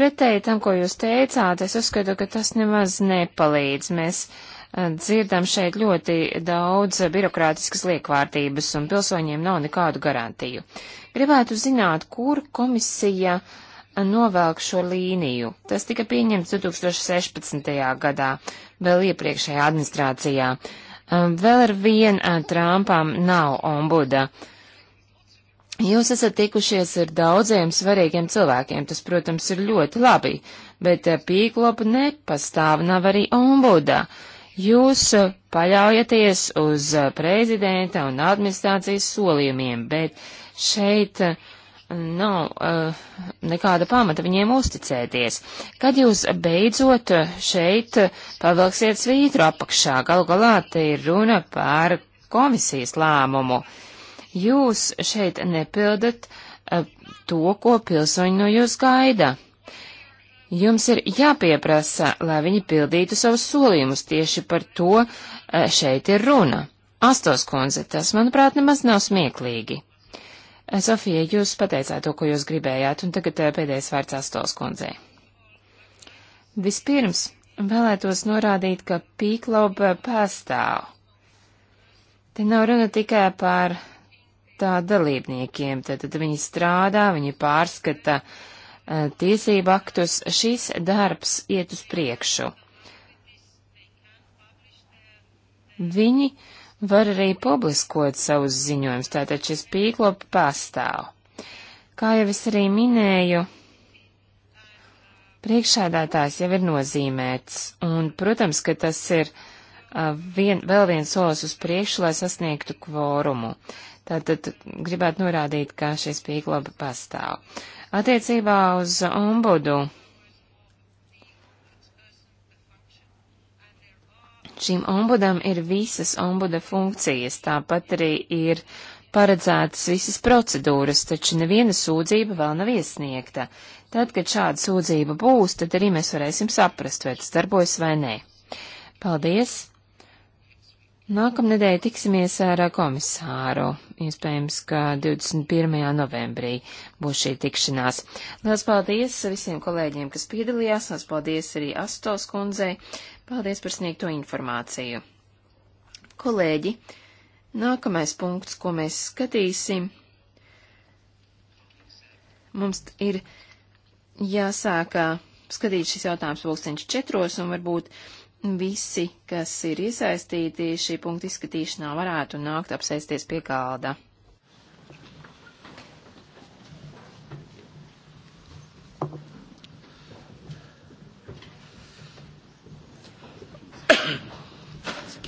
Pretēji tam, ko jūs teicāt, es uzskatu, ka tas nemaz nepalīdz. Mēs eh, dzirdam šeit ļoti daudz birokrātiskas liekvārtības un pilsoņiem nav nekādu garantiju. Gribētu zināt, kur komisija eh, novelk šo līniju. Tas tika pieņemts 2016. gadā, vēl iepriekšējā administrācijā. Um, vēl ar vienu uh, Trāmpām nav ombuda. Jūs esat tikušies ar daudziem svarīgiem cilvēkiem, tas, protams, ir ļoti labi, bet uh, pīklopa nepastāv, nav arī ombuda. Jūs uh, paļaujaties uz prezidenta un administrācijas solījumiem, bet šeit uh, nav uh, nekāda pamata viņiem uzticēties. Kad jūs beidzot šeit pavilksiet svītru apakšā, galu galā te ir runa par komisijas lēmumu. Jūs šeit nepildat uh, to, ko pilsoņi no jūs gaida. Jums ir jāpieprasa, lai viņi pildītu savus solījumus, tieši par to uh, šeit ir runa. Astos kundze, tas, manuprāt, nemaz nav smieklīgi. Sofija, jūs pateicāt to, ko jūs gribējāt, un tagad eh, pēdējais vārds Astols kundzei. Vispirms vēlētos norādīt, ka pīkloba pastāv. Te nav runa tikai par tā dalībniekiem, tad, tad viņi strādā, viņi pārskata uh, tiesību aktus, šis darbs iet uz priekšu. Viņi uh, var arī publiskot savus ziņojumus, tātad šis pīklopi pastāv. Kā jau es arī minēju, priekšādātājs jau ir nozīmēts, un, protams, ka tas ir uh, vien, vēl viens solis uz priekšu, lai sasniegtu kvorumu. Tātad gribētu norādīt, ka šis pīklopi pastāv. Attiecībā uz ombudu Šīm ombudam ir visas ombuda funkcijas, tāpat arī ir paredzētas visas procedūras, taču neviena sūdzība vēl nav iesniegta. Tad, kad šāda sūdzība būs, tad arī mēs varēsim saprast, vai tas darbojas vai nē. Paldies! Nākamnedēļ tiksimies ar komisāru. Iespējams, ka 21. novembrī būs šī tikšanās. Lielas paldies visiem kolēģiem, kas piedalījās. Lielas paldies arī Astos kundzei. Paldies par sniegto informāciju. Kolēģi, nākamais punkts, ko mēs skatīsim, mums ir jāsāk skatīt šis jautājums pulksteņš četros, un varbūt visi, kas ir iesaistīti šī punkta izskatīšanā, varētu nākt apsēsties pie galda.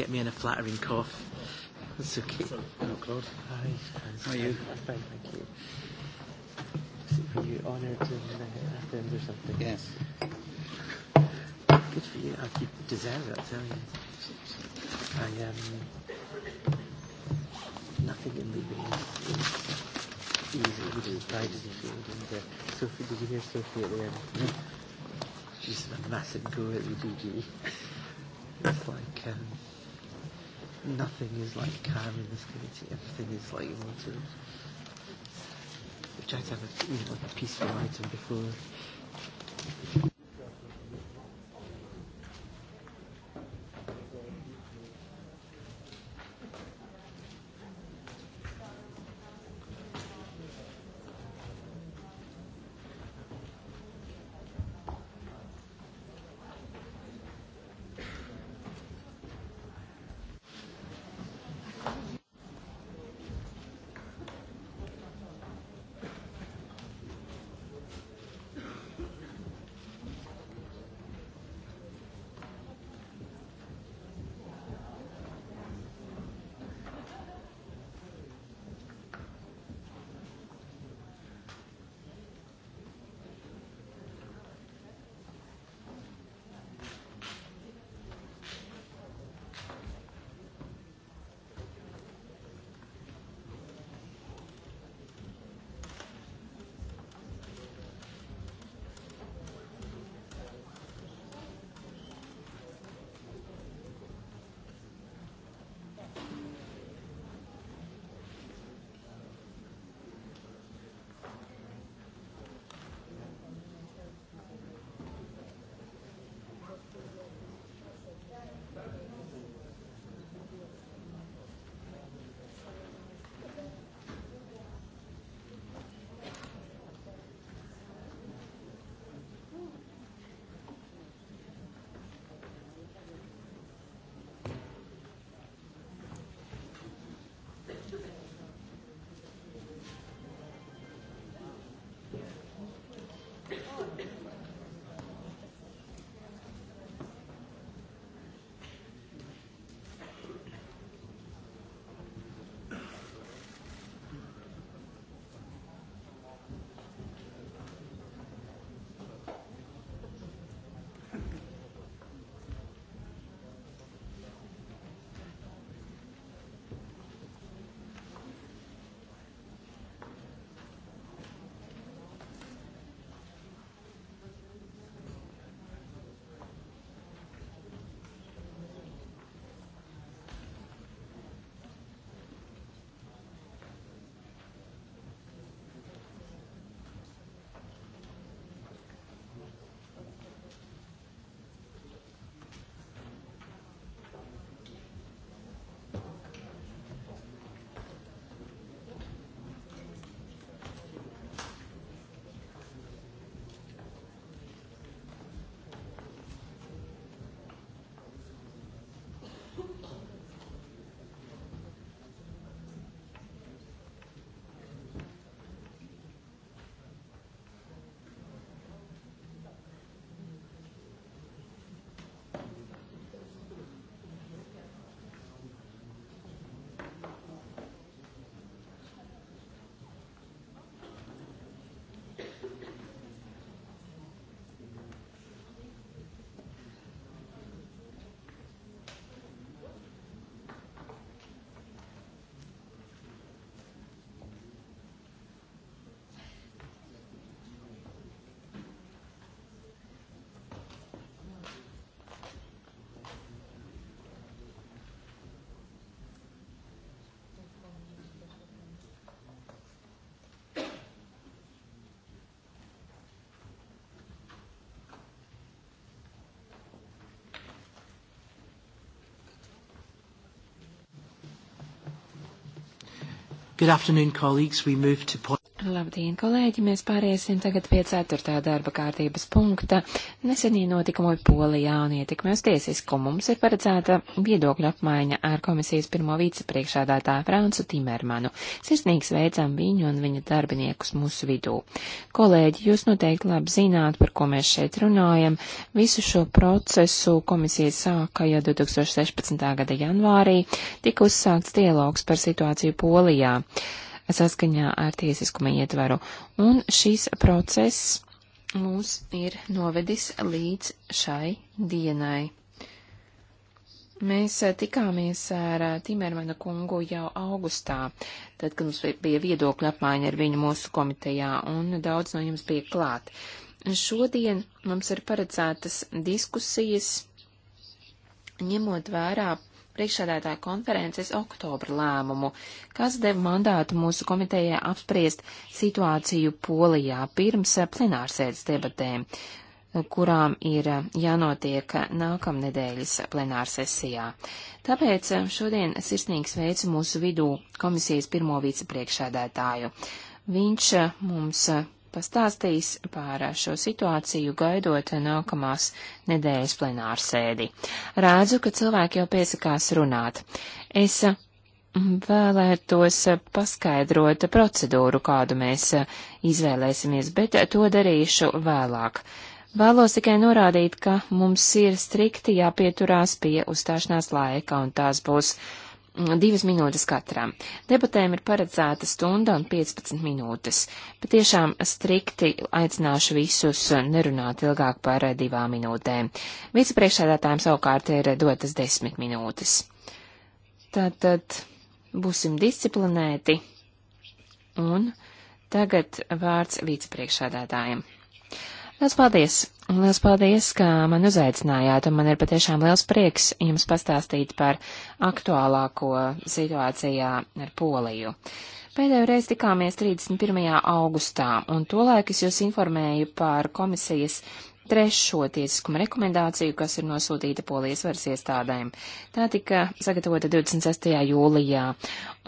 get me in a flattering cough. That's okay. Hello, oh, Claude. Hi. How are you? I'm fine, thank you. Were you honoured in uh, Athens or something? Yes. Good for you. I, you deserve it, I tell you. I um, nothing in leaving is, is easy. You just pride as you feel. And uh, Sophie, did you hear Sophie at the end? Yeah. She's a massive go at the DG. (laughs) It's like um, nothing is like calm in this committee. Everything is like you want to. We tried to have a, you know, like a peaceful item before. Good afternoon, colleagues. We move to point. Labdien, kolēģi! Mēs pāriesim tagad pie ceturtā darba kārtības punkta. Nesenie notikumi Polijā un ietekmē uz tiesiskumu. Mums ir paredzēta viedokļu apmaiņa ar komisijas pirmo vicepriekšādātāju Francu Timermanu. Sirsnīgs veicam viņu un viņa darbiniekus mūsu vidū. Kolēģi, jūs noteikti labi zināt, par ko mēs šeit runājam. Visu šo procesu komisija sāka jau 2016. gada janvārī, tika uzsākts dialogs par situāciju Polijā saskaņā ar tiesiskuma ietveru, un šis process mūs ir novedis līdz šai dienai. Mēs eh, tikāmies eh, ar eh, Timermana kungu jau augustā, tad, kad mums bija viedokļa apmaiņa ar viņu mūsu komitejā, un daudz no jums bija klāt. Šodien mums ir paredzētas diskusijas, ņemot vērā priekšsēdētāja konferences oktobra lēmumu, kas deva mandātu mūsu komitejai apspriest situāciju Polijā pirms plenārsēdes debatēm kurām ir eh, jānotiek nākamnedēļas plenārsesijā. Tāpēc eh, šodien sirsnīgs veicu mūsu vidū komisijas pirmo vicepriekšēdētāju. Viņš eh, mums pastāstīs par šo situāciju gaidot nākamās nedēļas plenārsēdi. Rādzu, ka cilvēki jau piesakās runāt. Es vēlētos paskaidrot procedūru, kādu mēs izvēlēsimies, bet to darīšu vēlāk. Vēlos tikai norādīt, ka mums ir strikti jāpieturās pie uzstāšanās laika, un tās būs mm, divas minūtes katram. Debatēm ir paredzēta stunda un 15 minūtes. Patiešām strikti aicināšu visus nerunāt ilgāk par divām minūtēm. Vicepriekšsēdētājiem savukārt ir dotas 10 minūtes. Tātad būsim disciplinēti, un tagad vārds vicepriekšsēdētājiem. Liels paldies! Liels paldies, ka man uzaicinājāt, un man ir patiešām liels prieks jums pastāstīt par aktuālāko situācijā ar Poliju. Pēdējo reizi tikāmies 31. augustā, un tolaik es jūs informēju par komisijas trešo tiesiskuma rekomendāciju, kas ir nosūtīta polijas varas iestādēm. Tā tika sagatavota 26. jūlijā,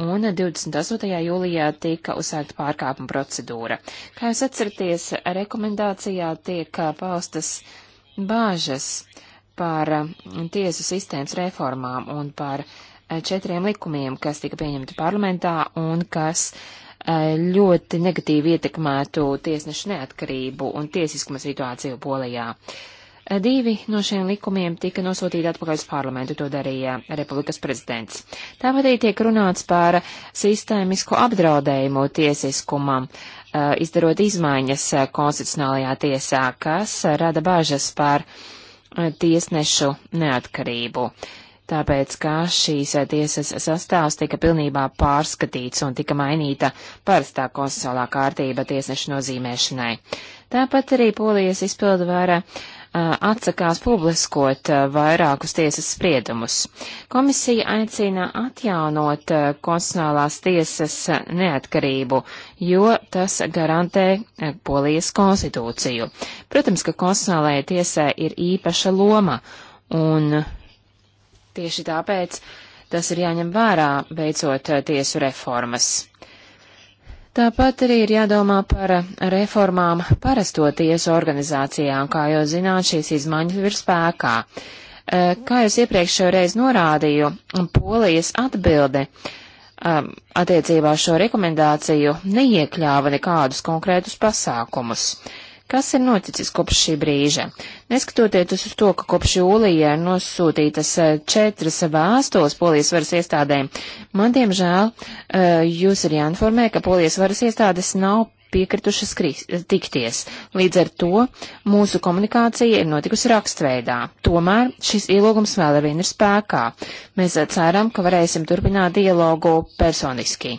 un 28. jūlijā tika uzsākta pārkāpuma procedūra. Kā jūs atceraties, rekomendācijā tiek paustas bāžas par tiesu sistēmas reformām un par četriem likumiem, kas tika pieņemti parlamentā un kas uh, Eh, ļoti negatīvi ietekmētu tiesnešu neatkarību un tiesiskuma situāciju Polijā. Eh, divi no šiem likumiem tika nosūtīti atpakaļ uz parlamentu, to darīja republikas prezidents. Tāpat arī tiek runāts par sistēmisku apdraudējumu tiesiskumam, eh, izdarot izmaiņas konstitucionālajā tiesā, kas rada bāžas par tiesnešu neatkarību tāpēc ka šīs tiesas sastāvs tika pilnībā pārskatīts un tika mainīta parastā konstitucionālā kārtība tiesnešu nozīmēšanai. Tāpat arī polijas izpildu vara atsakās publiskot vairākus tiesas spriedumus. Komisija aicina atjaunot konstitucionālās tiesas neatkarību, jo tas garantē polijas konstitūciju. Protams, ka konstitucionālajai tiesai ir īpaša loma, un Tieši tāpēc tas ir jāņem vērā, veicot eh, tiesu reformas. Tāpat arī ir jādomā par eh, reformām parasto tiesu organizācijām, kā jau zināt, šīs izmaiņas ir spēkā. Eh, kā jau iepriekšējo reizi norādīju, polijas atbilde ehm, attiecībā šo rekomendāciju neiekļāva nekādus konkrētus pasākumus. Kas ir noticis kopš šī brīža? Neskatoties uz to, ka kopš jūlija ir nosūtītas eh, četras vēstules polijas varas iestādēm, man diemžēl eh, jūs ir jāinformē, ka polijas varas iestādes nav piekritušas tikties. Līdz ar to mūsu komunikācija ir notikusi rakstveidā. Tomēr šis ielūgums vēl ar vienu ir spēkā. Mēs eh, ceram, ka varēsim turpināt dialogu personiski.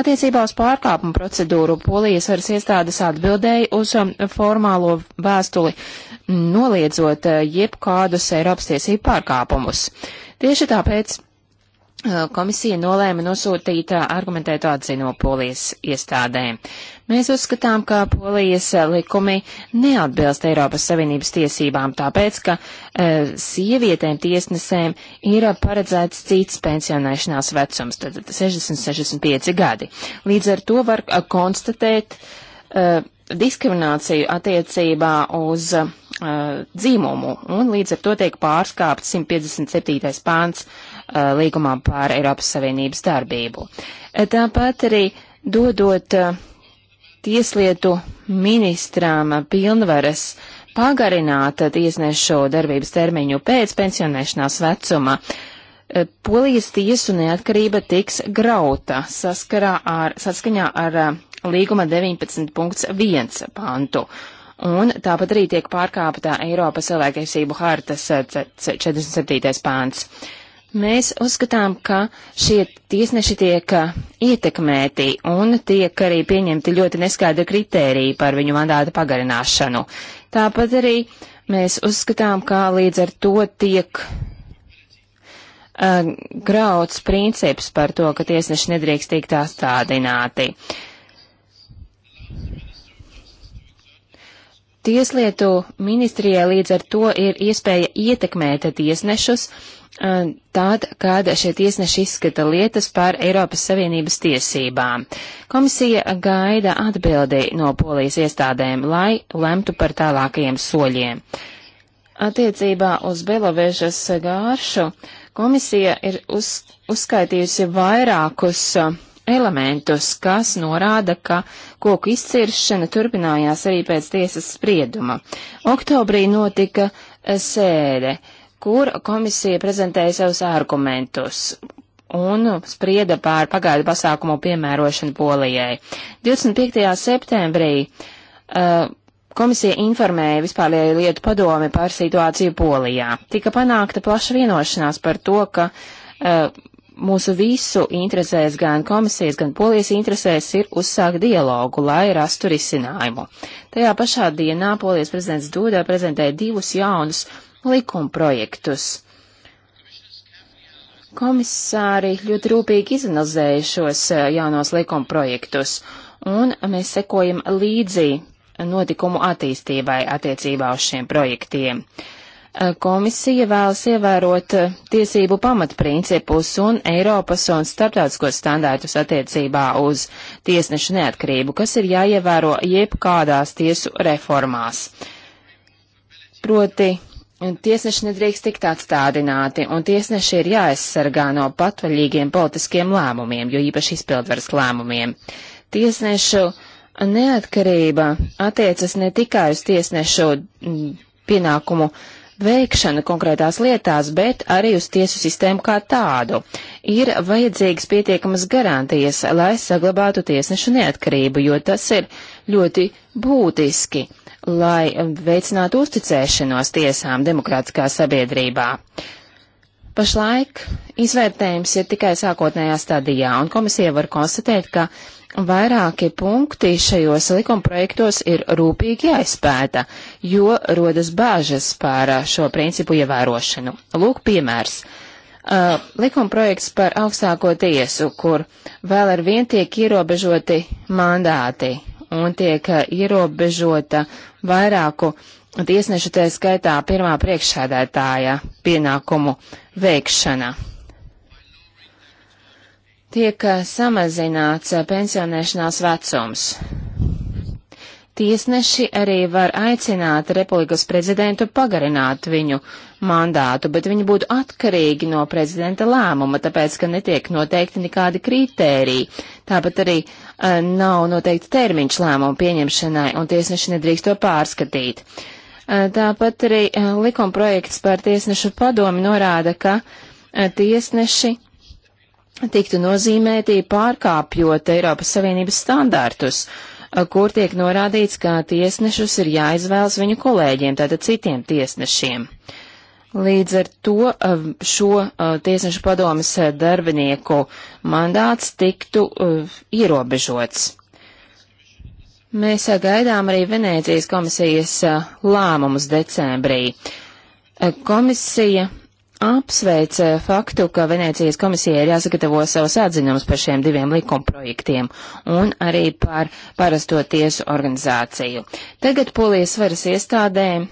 Attiecībā uz pārkāpumu procedūru polijas varas iestādes atbildēja uz um, formālo vēstuli, noliedzot uh, jebkādus Eiropas tiesību pārkāpumus. Tieši tāpēc komisija nolēma nosūtīt argumentētu atzinu polijas iestādēm. Mēs uzskatām, ka polijas likumi neatbilst Eiropas Savienības tiesībām, tāpēc, ka e, sievietēm tiesnesēm ir paredzēts cits pensionēšanās vecums, tad 60-65 gadi. Līdz ar to var a, konstatēt e, diskrimināciju attiecībā uz e, dzīmumu, un līdz ar to tiek pārskāpts 157. pāns Uh, līgumā pār Eiropas Savienības darbību. Uh, tāpat arī dodot uh, tieslietu ministrām pilnvaras pagarināt tiesnešu darbības termiņu pēc pensionēšanās vecuma. Polijas tiesu neatkarība tiks grauta saskarā ar, saskaņā ar līguma 19.1 pantu. Un tāpat arī tiek pārkāpta Eiropas cilvēktiesību hartas 47. pāns. Mēs uzskatām, ka šie tiesneši tiek uh, ietekmēti un tiek arī pieņemti ļoti neskaidri kritēriji par viņu mandāta pagarināšanu. Tāpat arī mēs uzskatām, ka līdz ar to tiek uh, grauds princips par to, ka tiesneši nedrīkst tikt atstādināti. Tieslietu ministrijai līdz ar to ir iespēja ietekmēt tiesnešus, tad, kad šie tiesneši izskata lietas par Eiropas Savienības tiesībām. Komisija gaida atbildi no polijas iestādēm, lai lemtu par tālākajiem soļiem. Attiecībā uz Belovežas gāršu komisija ir uz, uzskaitījusi vairākus elementus, kas norāda, ka koku izciršana turpinājās arī pēc tiesas sprieduma. Oktobrī notika sēde. Uh, kur komisija prezentēja savus argumentus un sprieda pār pagaidu pasākumu piemērošanu Polijai. 25. septembrī uh, komisija informēja vispārēju lietu padomi par situāciju Polijā. Tika panākta plaša vienošanās par to, ka uh, mūsu visu interesēs, gan komisijas, gan polijas interesēs, ir uzsākt dialogu, lai rastu risinājumu. Tajā pašā dienā polijas prezidents Dūda prezentēja divus jaunus likumprojektus. Komisāri ļoti rūpīgi izanalizēja šos e, jaunos likumprojektus, un mēs sekojam līdzi notikumu attīstībai attiecībā uz šiem projektiem. E, komisija vēlas ievērot e, tiesību pamatprincipus un Eiropas un starptautiskos standārtus attiecībā uz tiesnešu neatkarību, kas ir jāievēro jebkādās tiesu reformās. Proti Tiesneši nedrīkst tikt atstādināti, un tiesneši ir jāaizsargā no patvaļīgiem politiskiem lēmumiem, jo īpaši izpildvaras lēmumiem. Tiesnešu neatkarība attiecas ne tikai uz tiesnešu mm, pienākumu veikšanu konkrētās lietās, bet arī uz tiesu sistēmu kā tādu. Ir vajadzīgas pietiekamas garantijas, lai saglabātu tiesnešu neatkarību, jo tas ir ļoti būtiski lai um, veicinātu uzticēšanos tiesām demokrātiskā sabiedrībā. Pašlaik izvērtējums ir tikai sākotnējā stadijā, un komisija var konstatēt, ka vairāki punkti šajos likumprojektos ir rūpīgi jāizpēta, jo rodas bāžas par uh, šo principu ievērošanu. Lūk, piemērs. Uh, likumprojekts par augstāko tiesu, kur vēl ar vien tiek ierobežoti mandāti un tiek eh, ierobežota vairāku tiesnešu tā skaitā pirmā priekšsēdētāja pienākumu veikšana. Tiek eh, samazināts eh, pensionēšanās vecums. Tiesneši arī var aicināt republikas prezidentu pagarināt viņu mandātu, bet viņi būtu atkarīgi no prezidenta lēmuma, tāpēc, ka netiek noteikti nekādi kritēriji Tāpat arī uh, nav noteikti termiņš lēmumu pieņemšanai, un tiesneši nedrīkst to pārskatīt. Uh, tāpat arī uh, e, likuma projekts par tiesnešu padomi norāda, ka uh, tiesneši tiktu nozīmēti pārkāpjot Eiropas Savienības standārtus, uh, kur tiek norādīts, ka tiesnešus ir jāizvēlas viņu kolēģiem, tātad citiem tiesnešiem. Uh, Līdz ar to eh, šo eh, tiesnešu padomas eh, darbinieku mandāts tiktu ierobežots. Mēs gaidām arī Venēcijas komisijas lēmumus decembrī. Komisija apsveic faktu, ka Venēcijas komisija ir jāsagatavo savus atziņums par šiem diviem likumprojektiem un arī par parasto tiesu organizāciju. Tagad polijas varas iestādēm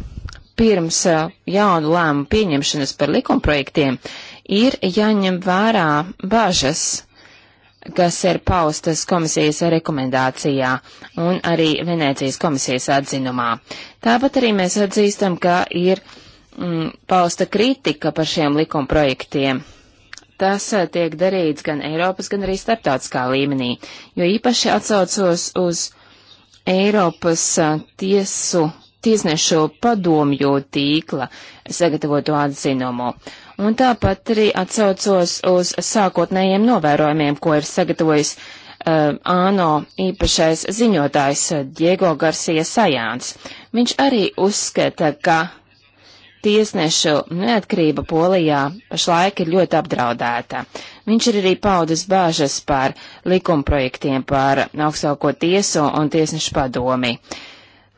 pirms jaunu lēmumu pieņemšanas par likumprojektiem ir jāņem vērā bažas, kas ir paustas komisijas rekomendācijā un arī Venēcijas komisijas atzinumā. Tāpat arī mēs atzīstam, ka ir mm, pausta kritika par šiem likumprojektiem. Tas tiek darīts gan Eiropas, gan arī starptautiskā līmenī, jo īpaši atsaucos uz Eiropas tiesu tiesnešu padomju tīkla sagatavotu atzinumu. Un tāpat arī atsaucos uz sākotnējiem novērojumiem, ko ir sagatavojis uh, ANO īpašais ziņotājs Diego Garcia Sajāns. Viņš arī uzskata, ka tiesnešu neatkarība Polijā pašlaik ir ļoti apdraudēta. Viņš ir arī paudis bāžas par likumprojektiem par augstāko tiesu un tiesnešu padomi. Uh,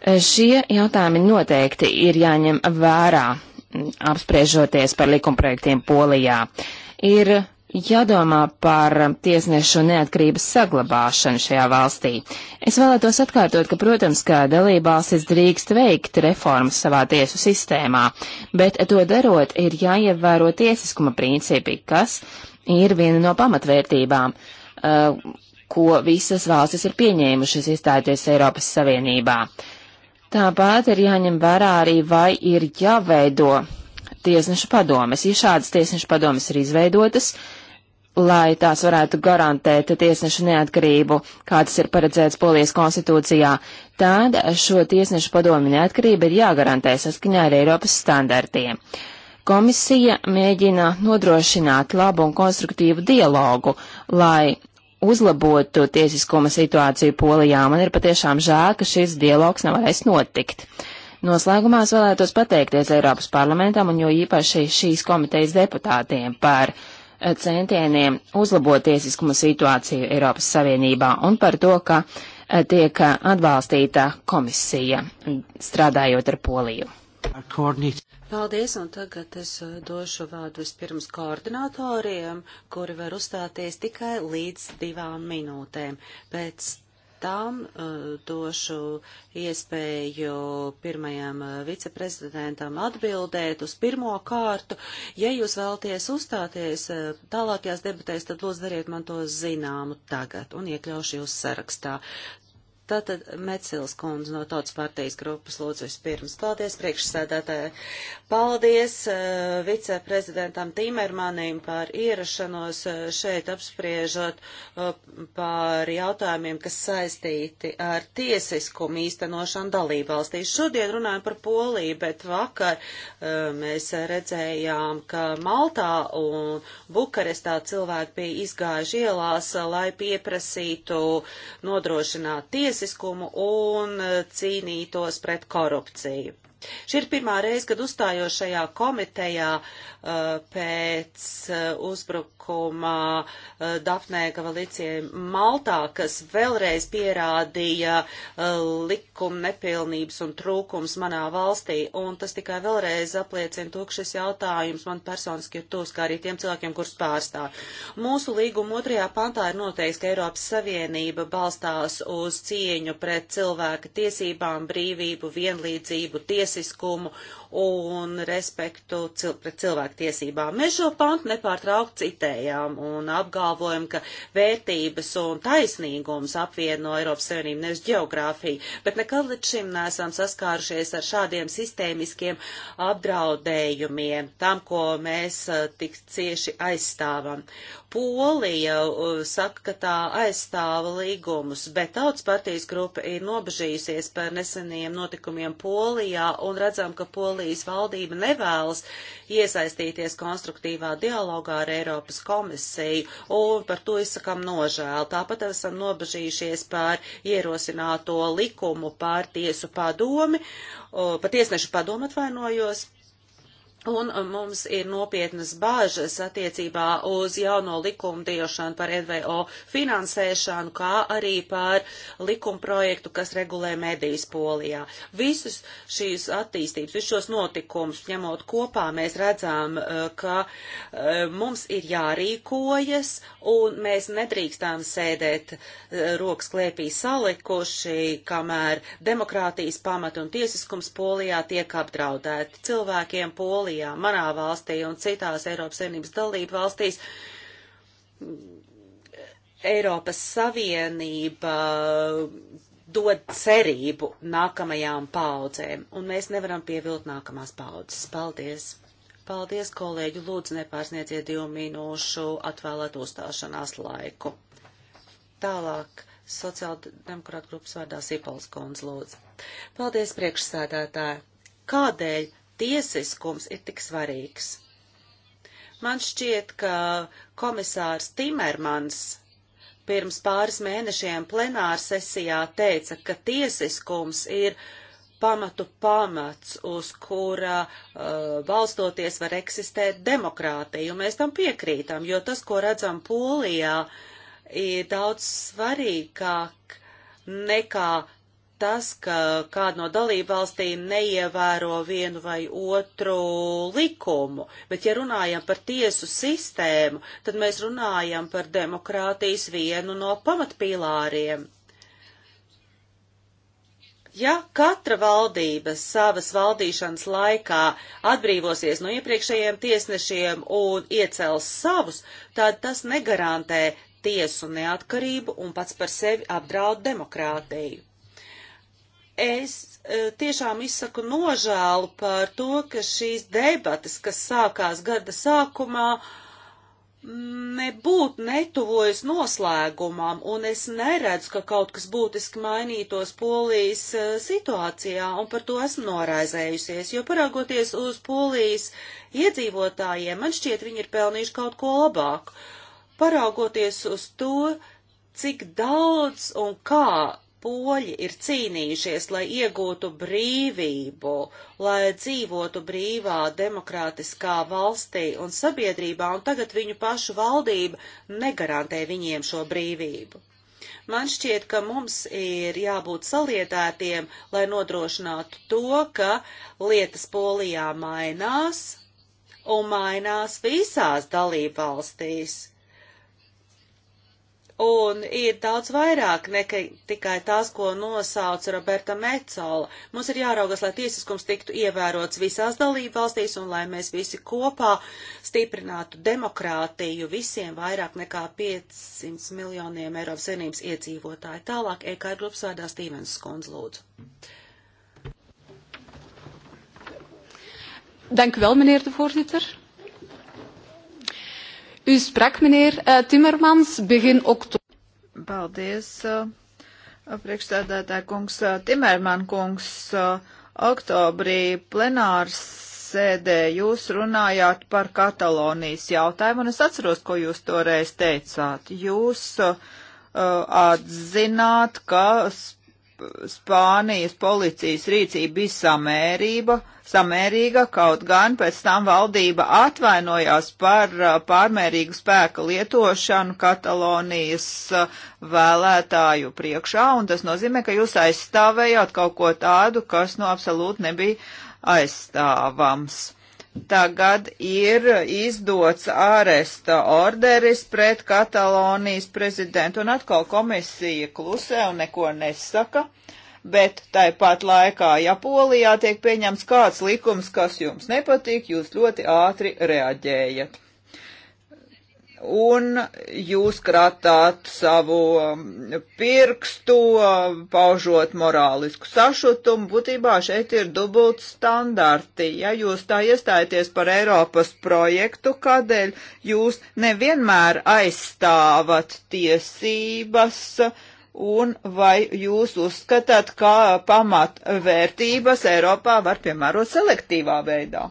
Šie jautājumi noteikti ir jāņem vērā, apspriežoties par likumprojektiem Polijā. Ir jādomā par tiesnešu neatkarības saglabāšanu šajā valstī. Es vēlētos atkārtot, ka, protams, ka dalībvalstis drīkst veikt reformas savā tiesu sistēmā, bet to darot ir jāievēro tiesiskuma principi, kas ir viena no pamatvērtībām, eh, ko visas valstis ir pieņēmušas iestājoties Eiropas Savienībā. Uh, Tāpat ir jāņem vērā arī, vai ir jāveido tiesnešu padomes. Ja šādas tiesnešu padomes ir izveidotas, lai tās varētu garantēt tiesnešu neatkarību, kā tas ir paredzēts Polijas konstitūcijā, tad šo tiesnešu padomu neatkarība ir jāgarantē saskaņā ar Eiropas standartiem. Komisija mēģina nodrošināt labu un konstruktīvu dialogu, lai uzlabotu tiesiskuma situāciju Polijā. Man ir patiešām žēl, ka šis dialogs nav varējis notikt. Noslēgumā es vēlētos pateikties Eiropas parlamentam un jo īpaši šīs komitejas deputātiem par eh, centieniem uzlabot tiesiskuma situāciju Eiropas Savienībā un par to, ka eh, tiek eh, atbalstīta komisija strādājot ar Poliju. Paldies, un tagad es uh, došu vārdu vispirms koordinatoriem, kuri var uzstāties tikai līdz divām minūtēm. Pēc tam uh, došu iespēju pirmajam uh, viceprezidentam atbildēt uz pirmo kārtu. Ja jūs vēlaties uzstāties uh, tālākajās debatēs, tad lūdzu dariet man to zināmu tagad un iekļaušu jūs sarakstā. Tātad Mecils kundze no Tautas partijas grupas lūdzu vispirms. Paldies priekšsēdētāji. Paldies uh, viceprezidentam Timermanim par ierašanos uh, šeit apspriežot uh, par jautājumiem, kas saistīti ar tiesiskumu īstenošanu dalībvalstīs. Šodien runājam par Poliju, bet vakar uh, mēs redzējām, ka Maltā un Bukarestā cilvēki bija izgājuši ielās, uh, lai pieprasītu nodrošināt tiesiskumu tiesiskumu un eh, cīnītos pret korupciju. Šī ir pirmā reize, kad uzstājos šajā komitejā eh, pēc eh, uzbruk notikuma eh, Dafnē Gavalicijai Maltā, kas vēlreiz pierādīja eh, likuma nepilnības un trūkums manā valstī. Un tas tikai vēlreiz apliecina to, ka šis jautājums man personiski ir tūs, kā arī tiem cilvēkiem, kurus pārstāv. Mūsu līguma otrajā pantā ir noteikts, ka Eiropas Savienība balstās uz cieņu pret cilvēka tiesībām, brīvību, vienlīdzību, tiesiskumu un respektu cil pret cilvēktiesībām. Mēs šo pantu nepārtraukt citējām un apgalvojam, ka vērtības un taisnīgums apvieno Eiropas Savienību nevis geogrāfiju, bet nekad līdz šim neesam saskārušies ar šādiem sistēmiskiem apdraudējumiem, tam, ko mēs eh, tik cieši aizstāvam. Polija uh, saka, ka tā aizstāva līgumus, bet tautas partijas grupa ir nobežījusies par neseniem notikumiem Polijā un redzam, ka Polijas valdība nevēlas iesaistīties konstruktīvā dialogā ar Eiropas komisiju un par to izsakam nožēlu. Tāpat esam nobežījušies par ierosināto likumu pār tiesu padomi, uh, par tiesnešu padomu atvainojos Un uh, mums ir nopietnas bāžas attiecībā uz jauno likumu dievišanu par NVO finansēšanu, kā arī par likumprojektu, kas regulē medijas polijā. Visus šīs attīstības, visus šos notikumus ņemot kopā, mēs redzam, uh, ka uh, mums ir jārīkojas un mēs nedrīkstām sēdēt rokas klēpī salikuši, kamēr demokrātijas pamat un tiesiskums polijā tiek apdraudēti cilvēkiem polijā Polijā, manā valstī un citās Eiropas Savienības dalību valstīs. Eiropas Savienība dod cerību nākamajām paudzēm, un mēs nevaram pievilt nākamās paudzes. Paldies! Paldies, kolēģi! Lūdzu, nepārsniedziet divu minūšu atvēlēt uzstāšanās laiku. Tālāk sociāldemokrāta grupas vārdā Sipols Kons lūdzu. Paldies, priekšsēdētāji! Kādēļ tiesiskums ir tik svarīgs. Man šķiet, ka komisārs Timermans pirms pāris mēnešiem plenāra sesijā teica, ka tiesiskums ir pamatu pamats, uz kura uh, balstoties var eksistēt demokrātija, un mēs tam piekrītam, jo tas, ko redzam Polijā, ir daudz svarīgāk nekā tas, ka kāda no dalībvalstīm neievēro vienu vai otru likumu, bet ja runājam par tiesu sistēmu, tad mēs runājam par demokrātijas vienu no pamatpīlāriem. Ja katra valdība savas valdīšanas laikā atbrīvosies no iepriekšējiem tiesnešiem un iecels savus, tad tas negarantē tiesu neatkarību un pats par sevi apdraud demokrātiju. Es e, tiešām izsaku nožēlu par to, ka šīs debatas, kas sākās gada sākumā, nebūtu netuvojas noslēgumam, un es neredzu, ka kaut kas būtiski mainītos polijas e, situācijā, un par to esmu noraizējusies, jo paraugoties uz polijas iedzīvotājiem, man šķiet, viņi ir pelnījuši kaut ko labāku. Paraugoties uz to, cik daudz un kā poļi ir cīnījušies, lai iegūtu brīvību, lai dzīvotu brīvā, demokrātiskā valstī un sabiedrībā, un tagad viņu pašu valdība negarantē viņiem šo brīvību. Man šķiet, ka mums ir jābūt saliedētiem, lai nodrošinātu to, ka lietas polijā mainās, un mainās visās dalību valstīs Un ir daudz vairāk nekā tikai tās, ko nosauca Roberta Mecola. Mums ir jāraugas, lai tiesiskums tiktu ievērots visās dalību valstīs un lai mēs visi kopā stiprinātu demokrātiju visiem vairāk nekā 500 miljoniem Eiropas Savienības iedzīvotāju. Tālāk EKR grupas vārdā Stīvens Skundz lūdzu. Dank u wel, meneer de voorzitter. U sprak, meneer uh, Timmermans, begin oktober. Paldies, uh, priekšstādātāja kungs uh, eh, Timerman kungs. Uh, oktobrī plenārs sēdē jūs runājāt par Katalonijas jautājumu, un es atceros, ko jūs toreiz teicāt. Jūs uh, atzināt, ka Spānijas policijas rīcība bija samērība, samērīga, kaut gan pēc tam valdība atvainojās par uh, pārmērīgu spēka lietošanu Katalonijas uh, vēlētāju priekšā, un tas nozīmē, ka jūs aizstāvējāt kaut ko tādu, kas nu absolūti nebija aizstāvams tagad ir izdots āresta orderis pret Katalonijas prezidentu, un atkal komisija klusē un neko nesaka, bet tāpat laikā, ja Polijā tiek pieņemts kāds likums, kas jums nepatīk, jūs ļoti ātri reaģējat un jūs kratāt savu um, pirkstu, um, paužot morālisku sašutumu. Būtībā šeit ir dubult standarti. Ja jūs tā iestājaties par Eiropas projektu, kādēļ jūs nevienmēr aizstāvat tiesības un vai jūs uzskatāt, kā pamatvērtības Eiropā var piemērot selektīvā veidā?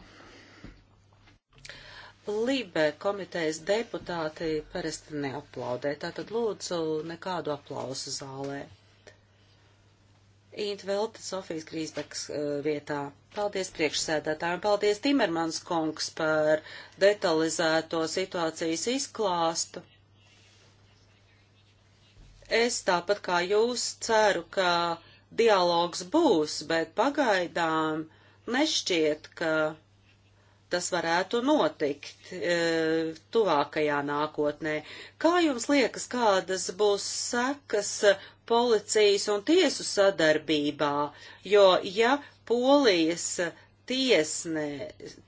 Libe komitejas deputāti parasti neaplaudē, tātad lūdzu nekādu aplausu zālē. Int Velta Sofijas Grīsbekas eh, vietā. Paldies priekšsēdētājiem, paldies Timermans kungs par detalizēto situācijas izklāstu. Es tāpat kā jūs ceru, ka dialogs būs, bet pagaidām nešķiet, ka tas varētu notikt e, tuvākajā nākotnē. Kā jums liekas, kādas būs sekas policijas un tiesu sadarbībā, jo ja polijas tiesne,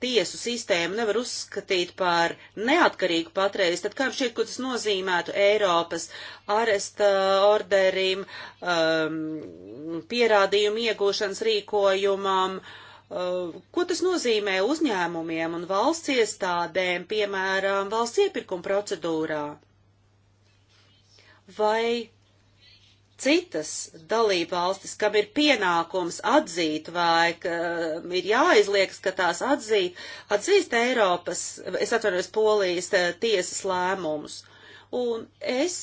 tiesu sistēmu nevar uzskatīt par neatkarīgu patreiz, tad kā šķiet, ko tas nozīmētu Eiropas aresta orderim, um, pierādījumu iegūšanas rīkojumam, uh, Uh, ko tas nozīmē uzņēmumiem un valsts iestādēm, piemēram, valsts iepirkuma procedūrā? Vai citas dalībvalstis, kam ir pienākums atzīt vai ka, um, ir jāizliekas, ka tās atzīt, atzīst Eiropas, es atvainojos, Polijas uh, tiesas lēmumus. Un es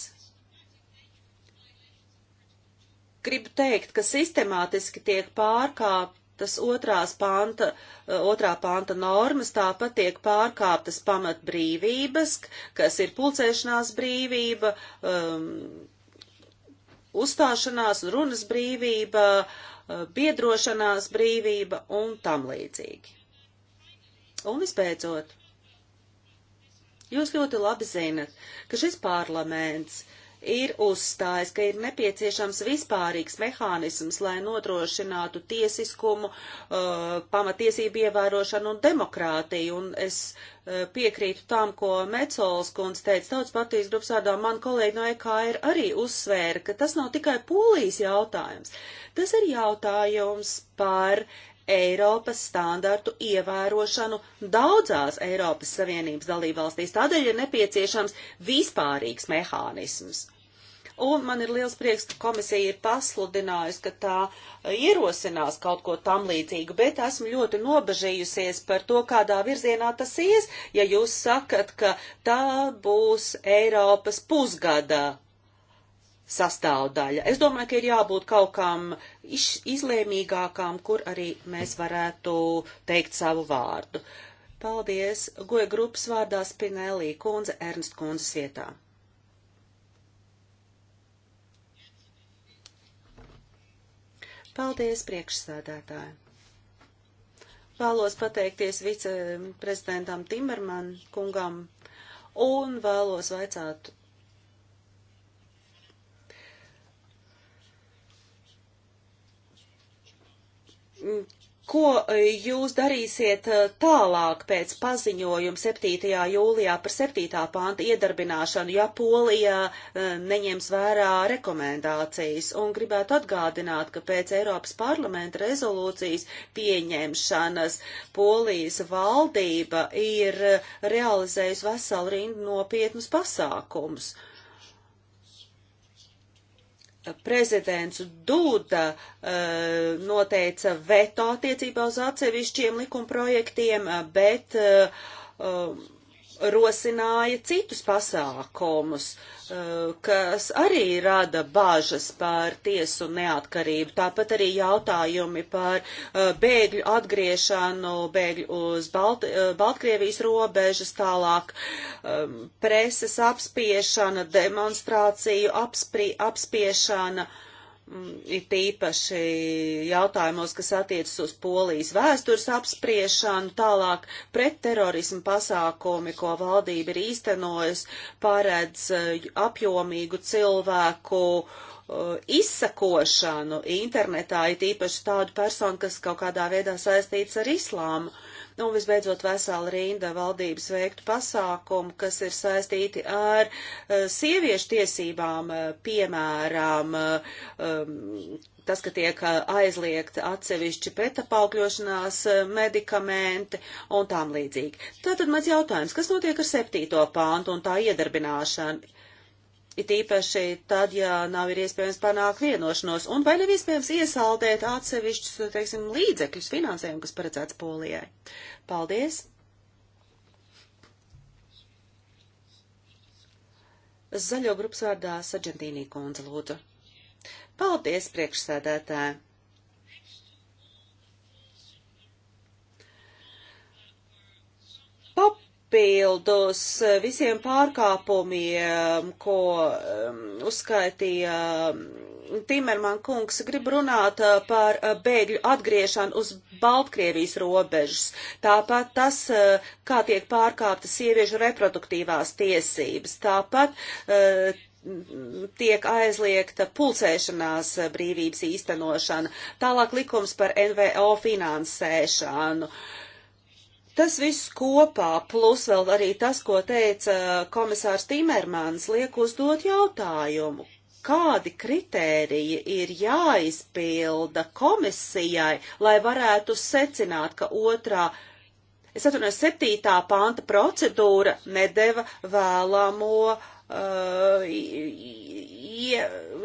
gribu teikt, ka sistemātiski tiek pārkāp pārkāptas otrās panta, eh, otrā panta normas, tāpat tiek pārkāptas pamatbrīvības, kas ir pulcēšanās brīvība, um, uzstāšanās un runas brīvība, eh, biedrošanās brīvība un tam līdzīgi. Un visbeidzot, jūs ļoti labi zinat, ka šis parlaments uh, ir uzstājis, ka ir nepieciešams vispārīgs mehānisms, lai nodrošinātu tiesiskumu, uh, pamatiesību ievērošanu un demokrātiju. Un es uh, piekrītu tam, ko Mecols kundze teica Tautas partijas grupas vārdā. Man kolēģi no EKR arī uzsvēra, ka tas nav tikai polijas jautājums. Tas ir jautājums par uh, Eiropas standartu ievērošanu daudzās Eiropas Savienības dalībvalstīs. Tādēļ ir nepieciešams vispārīgs mehānisms. Un man ir liels prieks, ka komisija ir pasludinājusi, ka tā ierosinās kaut ko tam līdzīgu, bet esmu ļoti nobežījusies par to, kādā virzienā tas ies, ja jūs sakat, ka tā būs Eiropas pusgada sastāvdaļa. Es domāju, ka ir jābūt kaut kam iz, izlēmīgākām, kur arī mēs varētu teikt savu vārdu. Paldies, goja grupas vārdā Spinelī kundze Ernst kundzes vietā. Paldies, priekšsēdētāji. Vēlos pateikties viceprezidentam Timerman kungam un vēlos vaicāt Ko e, jūs darīsiet e, tālāk pēc paziņojuma 7. jūlijā par 7. pānta iedarbināšanu, ja Polija e, neņems vērā rekomendācijas? Un gribētu atgādināt, ka pēc Eiropas parlamenta rezolūcijas pieņemšanas Polijas valdība ir realizējusi veselu rindu nopietnus pasākumus. Uh, prezidents Dūda uh, eh, noteica veto attiecībā uz atsevišķiem likumprojektiem, eh, bet uh, rosināja citus pasākumus, eh, kas arī rada bāžas par tiesu neatkarību. Tāpat arī jautājumi par eh, bēgļu atgriešanu, bēgļu uz Balt eh, Baltkrievijas robežas, tālāk preses apspiešana, demonstrāciju apspri apspiešana ir tīpaši jautājumos, kas attiecas uz polijas vēstures apspriešanu, tālāk pretterorismu pasākumi, ko valdība ir īstenojusi, paredz eh, apjomīgu cilvēku eh, izsakošanu internetā, ir tīpaši tādu personu, kas kaut kādā veidā saistīts ar islāmu. Uh, Nu, un visbeidzot vesela rinda valdības veiktu pasākumu, kas ir saistīti ar uh, sieviešu tiesībām, uh, piemēram, eh, um, tas, ka tiek aizliegta atsevišķi petapaukļošanās medikamenti un tām līdzīgi. Tātad mans jautājums, kas notiek ar septīto pāntu un tā iedarbināšanu? it īpaši tad, ja nav ir iespējams panākt vienošanos, un vai nav iespējams iesaldēt atsevišķus, teiksim, līdzekļus finansējumu, kas paredzēts Polijai. Paldies! Zaļo grupas vārdā Sargentīnī kundze lūdzu. Paldies, priekšsēdētāji! papildus eh, visiem pārkāpumiem, ko uzskaitīja mm, Timerman kungs, grib runāt eh, par eh, bēgļu atgriešanu uz Baltkrievijas robežas. Tāpat tas, kā tiek pārkāptas sieviešu reproduktīvās tiesības. Tāpat tiek aizliegta pulcēšanās brīvības īstenošana, tālāk likums par NVO finansēšanu. Uh, Tas viss kopā, plus vēl arī tas, ko teica uh, komisārs Timermans, liek uzdot jautājumu, kādi kritēriji ir jāizpilda komisijai, lai varētu secināt, ka otrā, es atvainojos, septītā panta procedūra nedeva vēlamo uh,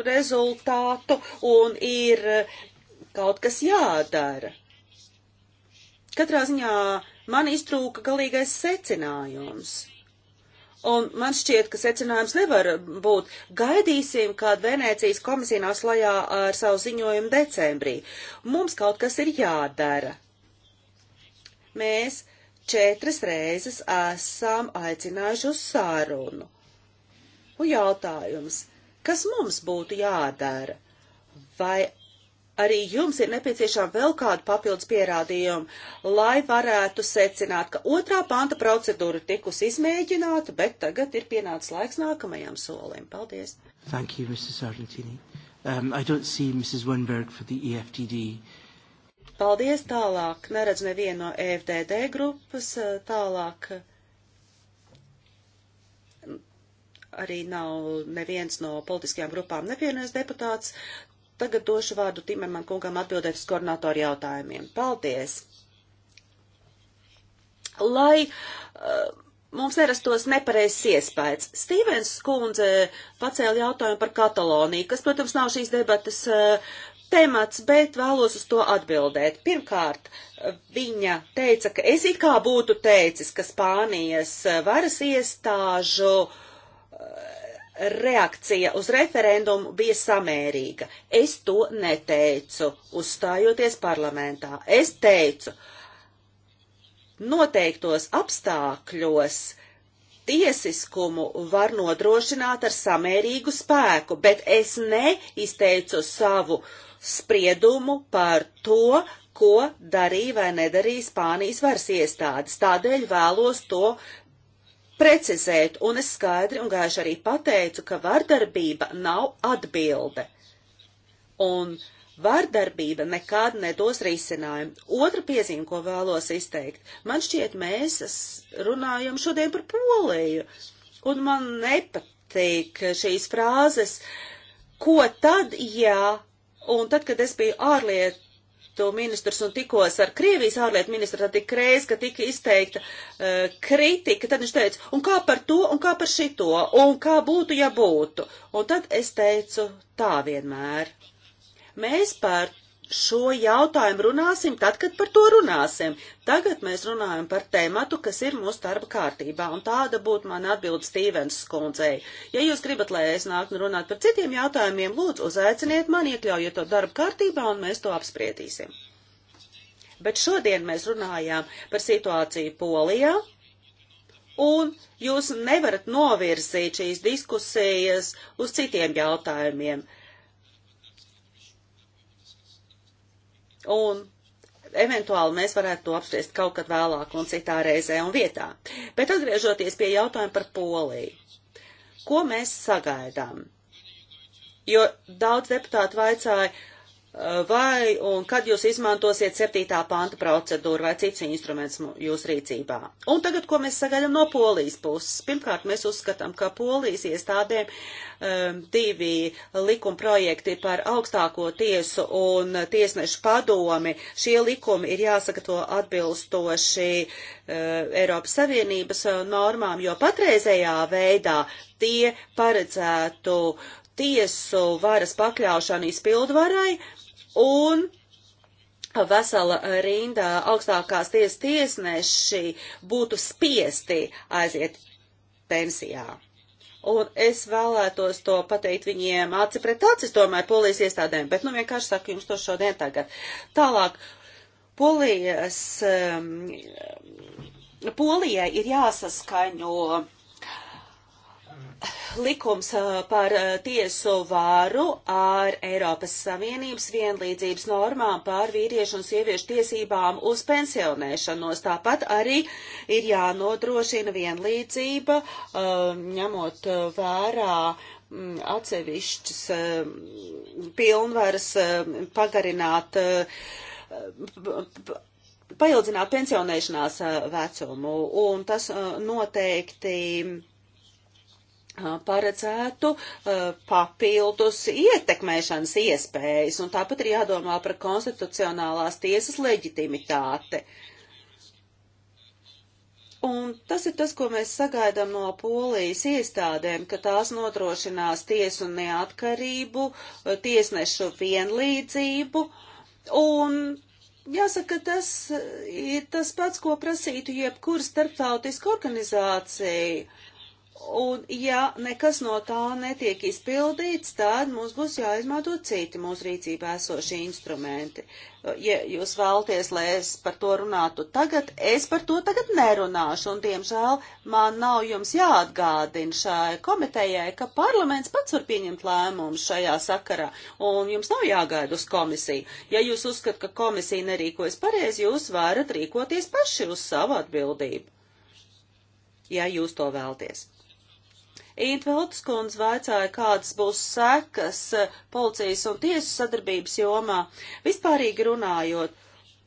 rezultātu un ir uh, kaut kas jādara. Katrā ziņā man iztrūka galīgais secinājums. Un man šķiet, ka secinājums nevar būt. Gaidīsim, kad Venēcijas komisija nāks lajā ar savu ziņojumu decembrī. Mums kaut kas ir jādara. Mēs četras reizes esam aicinājuši uz sārunu. Un jautājums, kas mums būtu jādara? Vai arī jums ir nepieciešama vēl kāda papildus pierādījuma, lai varētu secināt, ka otrā panta procedūra tikus izmēģināta, bet tagad ir pienācis laiks nākamajam solim. Paldies! Thank you, Mrs. Sargentini. Um, I don't see Mrs. Winberg for the EFTD. Paldies tālāk. Neredz nevienu no EFDD grupas uh, tālāk. Uh, arī nav neviens no politiskajām grupām nepievienojas deputāts. Tagad došu vārdu Timerman kungam atbildēt uz koordinātoru jautājumiem. Paldies! Lai uh, mums nerastos nepareizs iespējas, Stīvens kundze pacēla jautājumu par Kataloniju, kas, protams, nav šīs debatas uh, temats, bet vēlos uz to atbildēt. Pirmkārt, viņa teica, ka es it kā būtu teicis, ka Spānijas uh, varas iestāžu uh, reakcija uz referendumu bija samērīga. Es to neteicu, uzstājoties parlamentā. Es teicu, noteiktos apstākļos tiesiskumu var nodrošināt ar samērīgu spēku, bet es neizteicu savu spriedumu par to, ko darīja vai nedarīja Spānijas varas iestādes. Tādēļ vēlos to precizēt, un es skaidri un gaiši arī pateicu, ka vardarbība nav atbilde. Un Vārdarbība nekad nedos risinājumu. Otra piezīme, ko vēlos izteikt, man šķiet, mēs runājam šodien par poliju, un man nepatīk šīs frāzes, ko tad, ja, un tad, kad es biju ārlietu ārlietu ministrs un tikos ar Krievijas ārlietu ministru, tad tik reiz, ka tika izteikta uh, kritika, tad viņš teica, un kā par to, un kā par šito, un kā būtu, ja būtu. Un tad es teicu tā vienmēr. Mēs par šo jautājumu runāsim tad, kad par to runāsim. Tagad mēs runājam par tēmatu, kas ir mūsu darba kārtībā, un tāda būtu mana atbilde Stīvens skundzei. Ja jūs gribat, lai es nāku un runātu par citiem jautājumiem, lūdzu, uzaiciniet mani, iekļaujiet to darba kārtībā, un mēs to apspriedīsim. Bet šodien mēs runājām par situāciju Polijā, un jūs nevarat novirzīt šīs diskusijas uz citiem jautājumiem. Uh, Un eventuāli mēs varētu to apspriest kaut kad vēlāk un citā reizē un vietā. Bet atgriežoties pie jautājuma par Poliju. Ko mēs sagaidām? Jo daudz deputāti vaicāja, vai un kad jūs izmantosiet 7. panta procedūru vai cits instruments jūs rīcībā. Un tagad, ko mēs sagaidām no polijas puses? Pirmkārt, mēs uzskatām, ka polijas iestādēm um, divi likuma projekti par augstāko tiesu un tiesnešu padomi, šie likumi ir jāsagatavo atbilstoši uh, Eiropas Savienības uh, normām, jo patreizējā veidā tie paredzētu tiesu varas pakļaušanu izpildvarai, uh, un vesela rinda augstākās tiesas tiesneši būtu spiesti aiziet pensijā. Un es vēlētos to pateikt viņiem aci pret acis, tomēr polijas iestādēm, bet nu vienkārši saku jums to šodien tagad. Tālāk, polijas, um, polijai ir jāsaskaņo likums par tiesu vāru ar Eiropas Savienības vienlīdzības normām pār vīriešu un sieviešu tiesībām uz pensionēšanos. Tāpat arī ir jānodrošina vienlīdzība, ņemot vērā atsevišķas pilnvaras pagarināt paildzināt pensionēšanās vecumu, un tas noteikti paredzētu uh, papildus ietekmēšanas iespējas, un tāpat ir jādomā par konstitucionālās tiesas leģitimitāti. Un tas ir tas, ko mēs sagaidām no polijas iestādēm, ka tās nodrošinās tiesu neatkarību, tiesnešu vienlīdzību. Un jāsaka, tas ir tas pats, ko prasītu jebkura starptautiska organizācija. Un, ja nekas no tā netiek izpildīts, tad mums būs jāizmanto citi mūsu rīcībā esošie instrumenti. Ja jūs vēlaties, lai es par to runātu tagad, es par to tagad nerunāšu, un, diemžēl, man nav jums jāatgādina šai komitejai, ka parlaments pats var pieņemt lēmumus šajā sakarā, un jums nav jāgaida uz komisiju. Ja jūs uzskat, ka komisija nerīkojas pareizi, jūs varat rīkoties paši uz savu atbildību, ja jūs to vēlties. Intveltas kundze vaicāja, kādas būs sekas eh, policijas un tiesu sadarbības jomā. Vispārīgi runājot,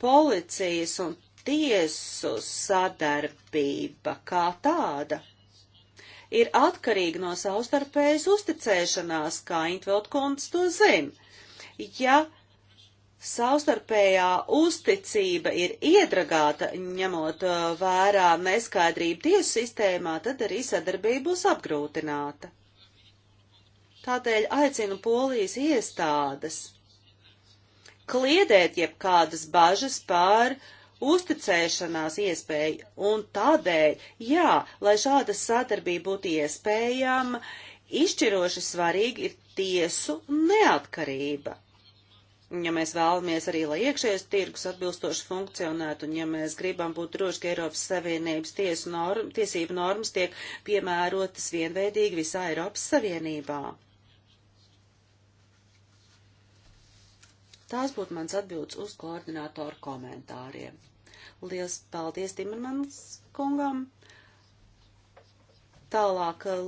policijas un tiesu sadarbība kā tāda ir atkarīga no savstarpējas uzticēšanās, kā Intveltas kundze to zina. Ja Savstarpējā uzticība ir iedragāta, ņemot uh, vērā neskaidrību tiesu sistēmā, tad arī sadarbība būs apgrūtināta. Tādēļ aicinu polijas iestādes kliedēt jebkādas bažas pār uzticēšanās iespēju, un tādēļ, jā, lai šāda sadarbība būtu iespējama, izšķiroši svarīgi ir tiesu neatkarība ja mēs vēlamies arī, lai iekšējais tirgus atbilstoši funkcionētu, un ja mēs gribam būt droši, ka Eiropas Savienības tiesu norm, tiesību normas tiek piemērotas vienveidīgi visā Eiropas Savienībā. Tās būtu mans atbildes uz koordinātoru komentāriem. Lielas paldies Timermans kungam. Tālāk uh,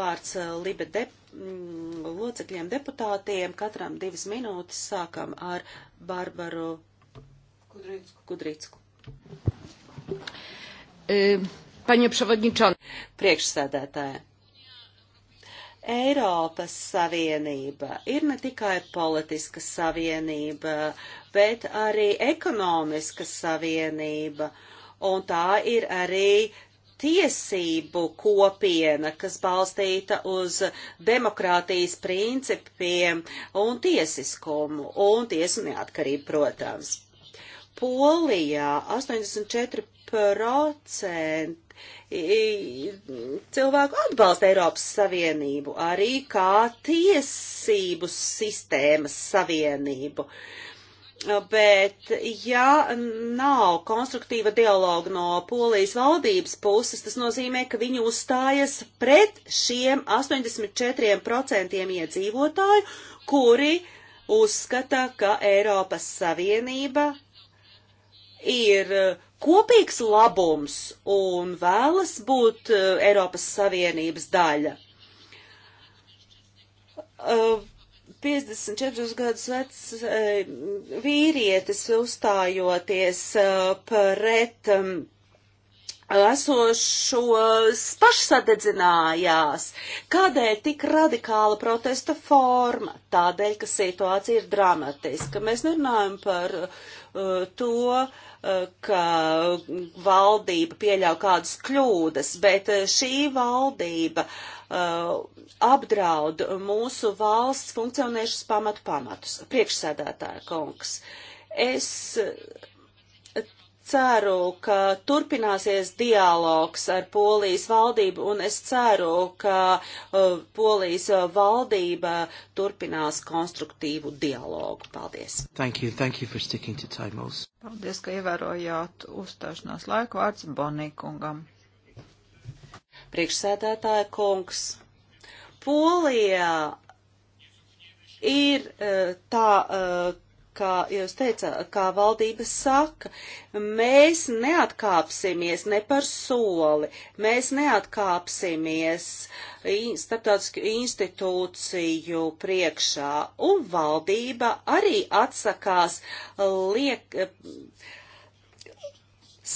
vārds uh, Libe Dep Mm, locekļiem, deputātiem. Katram divas minūtes sākam ar Barbaru Kudrītsku. Kudrītsku. E, Paņem šavadņičānu. Priekšsēdētāja. Eiropas Savienība ir ne tikai politiska savienība, bet arī ekonomiska savienība, un tā ir arī tiesību kopiena, kas balstīta uz demokrātijas principiem un tiesiskumu un tiesu neatkarību, protams. Polijā 84% cilvēku atbalsta Eiropas Savienību arī kā tiesību sistēmas savienību. Uh, Bet, ja nav konstruktīva dialoga no polijas valdības puses, tas nozīmē, ka viņi uzstājas pret šiem 84% iedzīvotāju, kuri uzskata, ka Eiropas Savienība ir uh, kopīgs labums un vēlas būt uh, Eiropas Savienības daļa. Uh, 54 gadus vecs eh, vīrietis uzstājoties eh, pret mm, esošos pašsadedzinājās. Kādēļ tik radikāla protesta forma? Tādēļ, ka situācija ir dramatiska. Mēs nerunājam par uh, to, uh, ka valdība pieļauj kādas kļūdas, bet eh, šī valdība eh, apdraud mūsu valsts funkcionēšanas pamatu pamatus. Priekšsēdētāja kungs, es ceru, ka turpināsies dialogs ar Polijas valdību, un es ceru, ka uh, Polijas uh, valdība turpinās konstruktīvu dialogu. Paldies! Thank you, thank you for sticking to time also. Paldies, ka ievērojāt uzstāšanās laiku vārds Bonīkungam. Priekšsēdētāja kungs. Polijā ir uh, tā. Uh, kā jūs teicāt, kā valdība saka, mēs neatkāpsimies ne par soli, mēs neatkāpsimies starptautisku institūciju priekšā, un valdība arī atsakās liek,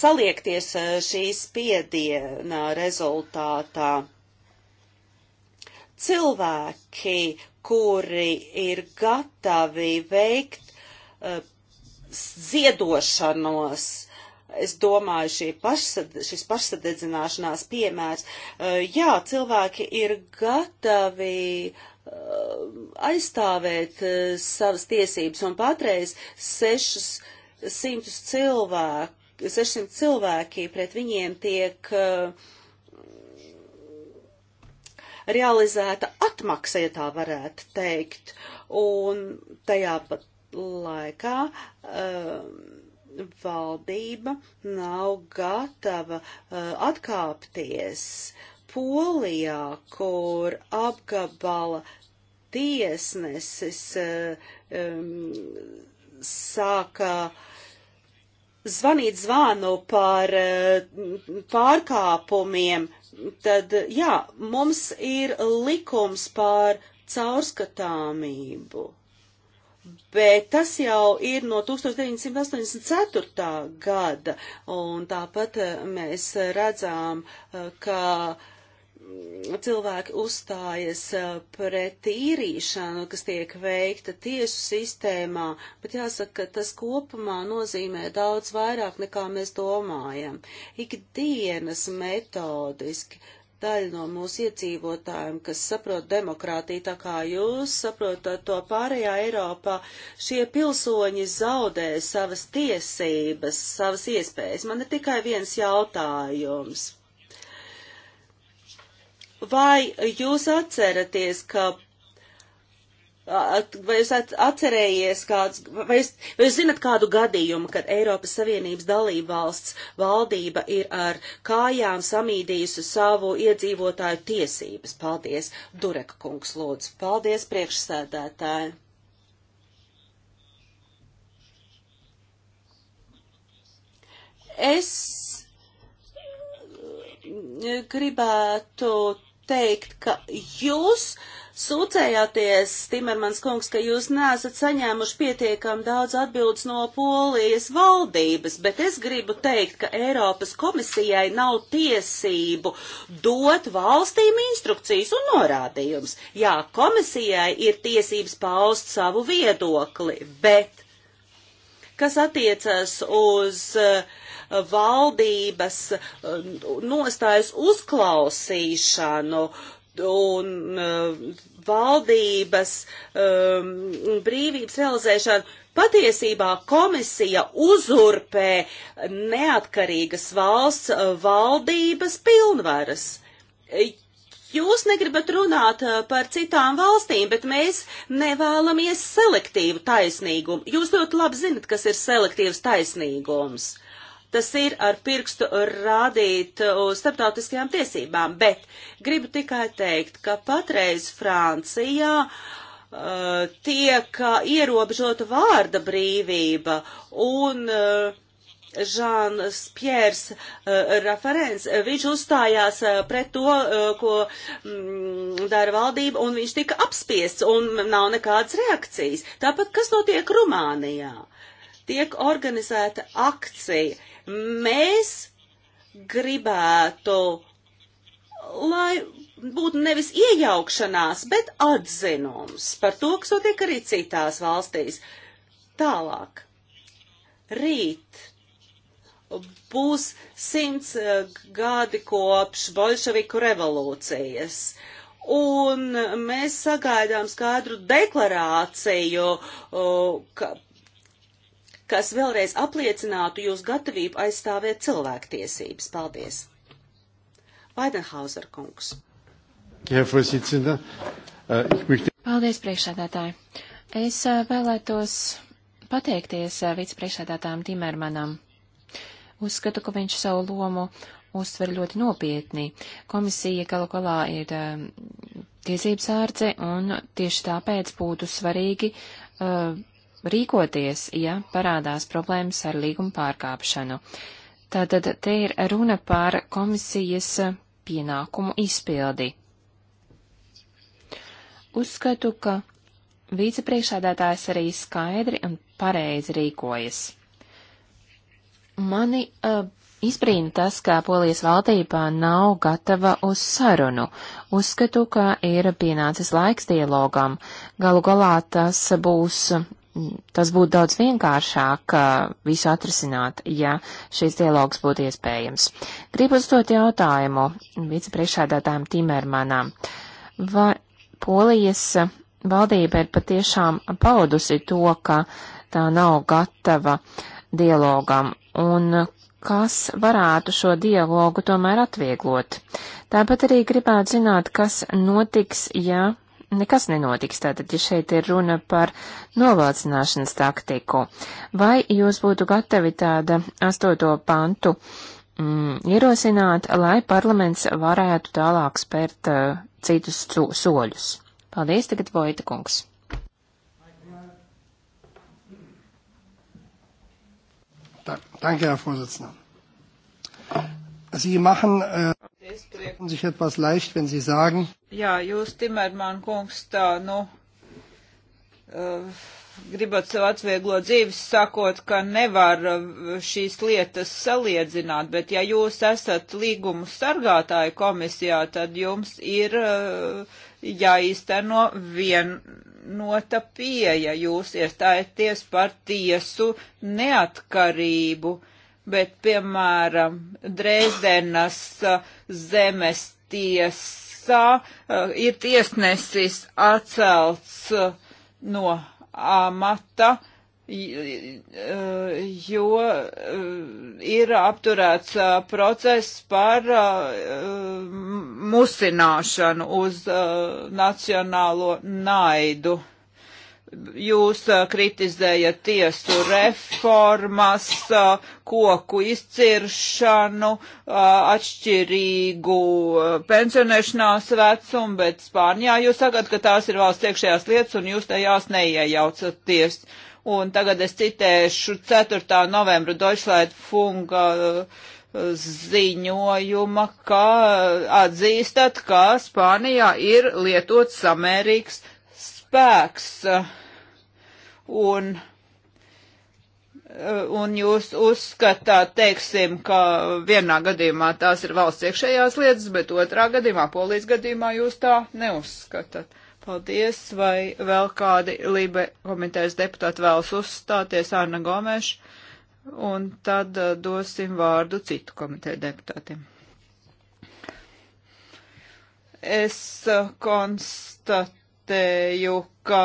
saliekties e, šīs piedienā rezultātā cilvēki, kuri ir gatavi veikt ziedošanos. Es domāju, šī pašsad, šis pašsadedzināšanās piemērs, e, jā, cilvēki ir gatavi e, aizstāvēt e, savas tiesības, un patreiz 600 cilvēku 600 cilvēki, pret viņiem tiek uh, realizēta atmaksa, ja tā varētu teikt. Un tajā pat laikā eh, valdība nav gatava eh, atkāpties. Polijā, kur apgabala tiesnesis um, sāka zvanīt zvānu par uh, pārkāpumiem, tad jā, mums ir likums par caurskatāmību. Bet tas jau ir no 1984. gada, un tāpat eh, mēs redzām, eh, ka mm, cilvēki uzstājas eh, pret īrīšanu, kas tiek veikta tiesu sistēmā, bet jāsaka, ka tas kopumā nozīmē daudz vairāk, nekā mēs domājam. Ikdienas metodiski daļa no mūsu iedzīvotājiem, kas saprot demokrātiju, tā kā jūs saprotat to pārējā Eiropā, šie pilsoņi zaudē savas tiesības, savas iespējas. Man ir tikai viens jautājums. Vai jūs atceraties, ka Vai jūs atcerējies kāds, vai jūs, vai jūs zinat kādu gadījumu, kad Eiropas Savienības dalībvalsts valdība ir ar kājām samīdījusi savu iedzīvotāju tiesības? Paldies, Dureka kungs, lūdzu. Paldies, priekšsēdētāji. Es gribētu teikt, ka jūs. Uh, Sūcējāties, Timermans kungs, ka jūs neesat saņēmuši pietiekam daudz atbildes no Polijas valdības, bet es gribu teikt, ka Eiropas komisijai nav tiesību dot valstīm instrukcijas un norādījums. Jā, komisijai ir tiesības paust savu viedokli, bet kas attiecas uz eh, valdības eh, nostājas uzklausīšanu, uh, un uh, valdības um, brīvības realizēšanu. Patiesībā komisija uzurpē neatkarīgas valsts uh, valdības pilnvaras. Jūs negribat runāt uh, par citām valstīm, bet mēs nevēlamies selektīvu taisnīgumu. Jūs ļoti labi zinat, kas ir selektīvs taisnīgums tas ir ar pirkstu rādīt uz starptautiskajām tiesībām, bet gribu tikai teikt, ka patreiz Francijā uh, tiek ierobežota vārda brīvība un uh, Žāns Pjērs uh, referents. Viņš uzstājās uh, pret to, uh, ko mm, dara valdība, un viņš tika apspiests, un nav nekādas reakcijas. Tāpat, kas notiek Rumānijā? Tiek organizēta akcija. Mēs gribētu, lai būtu nevis iejaukšanās, bet atzinums par to, kas notiek arī citās valstīs. Tālāk. Rīt būs simts eh, gadi kopš bolševiku revolūcijas. Un mēs sagaidām skaidru deklarāciju, eh, ka kas vēlreiz apliecinātu jūs gatavību aizstāvēt cilvēktiesības. Paldies! Vaidenhauser kungs. Äh, Paldies, priekšsēdētāji. Es äh, vēlētos pateikties äh, vicepriekšsēdētājam Timermanam. Uzskatu, ka viņš savu lomu uztver ļoti nopietni. Komisija galu galā ir ähm, tiesības ārce, un tieši tāpēc būtu svarīgi uh, rīkoties, ja parādās problēmas ar līguma pārkāpšanu. Tātad te ir runa par komisijas pienākumu izpildi. Uzskatu, ka vicepriekšādātājs arī skaidri un pareizi rīkojas. Mani uh, izbrīna tas, ka polijas valdībā nav gatava uz sarunu. Uzskatu, ka ir pienācis laiks dialogam. Galu galā tas būs tas būtu daudz vienkāršāk uh, visu atrisināt, ja šis dialogs būtu iespējams. Gribu uzdot jautājumu vicepriekšādātājiem Timermanam. Vai Polijas valdība ir patiešām paudusi to, ka tā nav gatava dialogam un kas varētu šo dialogu tomēr atvieglot? Tāpat arī gribētu zināt, kas notiks, ja nekas nenotiks. Tātad, ja šeit ir runa par novalcināšanas taktiku, vai jūs būtu gatavi tāda astoto pantu mm, ierosināt, lai parlaments varētu tālāk spērt uh, citus so soļus? Paldies, tagad Vojta kungs. Danke, Herr Vorsitzender. Sie machen. Äh Sich etwas leicht, wenn Sie sagen. Jā, jūs, Timerman kungs, tā, nu, uh, gribat sev atvieglot dzīves, sakot, ka nevar eh, šīs lietas saliedzināt, bet ja jūs esat līgumu sargātāju komisijā, tad jums ir eh, jāīsteno vienota pieeja. Jūs iestājaties par tiesu neatkarību. Uh, bet, piemēram, Dresdenas zemes tiesā ir tiesnesis atcelts no amata, jo ir apturēts process par musināšanu uz nacionālo naidu jūs kritizējat tiesu reformas, koku izciršanu, atšķirīgu pensionēšanās vecumu, bet Spānijā jūs sakat, ka tās ir valsts iekšējās lietas un jūs tajās neiejaucaties. Un tagad es citēšu 4. novembra Deutschland funga ziņojuma, ka atzīstat, ka Spānijā ir lietots samērīgs spēks. Uh, un un jūs uzskatāt, teiksim, ka vienā gadījumā tās ir valsts iekšējās lietas, bet otrā gadījumā, polijas gadījumā, jūs tā neuzskatāt. Paldies, vai vēl kādi Lībe komitejas deputāti vēlas uzstāties, Arna Gomeša, un tad uh, dosim vārdu citu komiteju deputātiem. Es uh, konstatēju, ka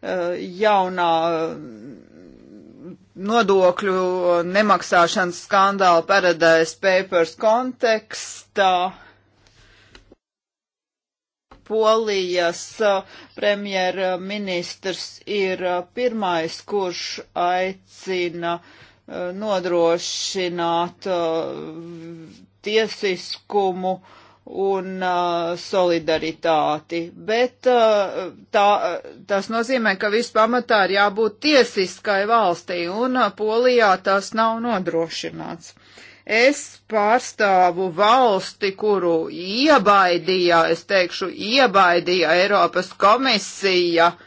Eh, jaunā eh, nodokļu nemaksāšanas skandāla Paradise Papers kontekstā. Polijas eh, premjerministrs ir pirmais, kurš aicina nodrošināt tiesiskumu uh, un uh, solidaritāti, bet uh, tā, tas nozīmē, ka vispamatā ir jābūt tiesiskai valstī, un uh, Polijā tas nav nodrošināts. Es pārstāvu valsti, kuru iebaidīja, es teikšu, iebaidīja Eiropas komisija, uh,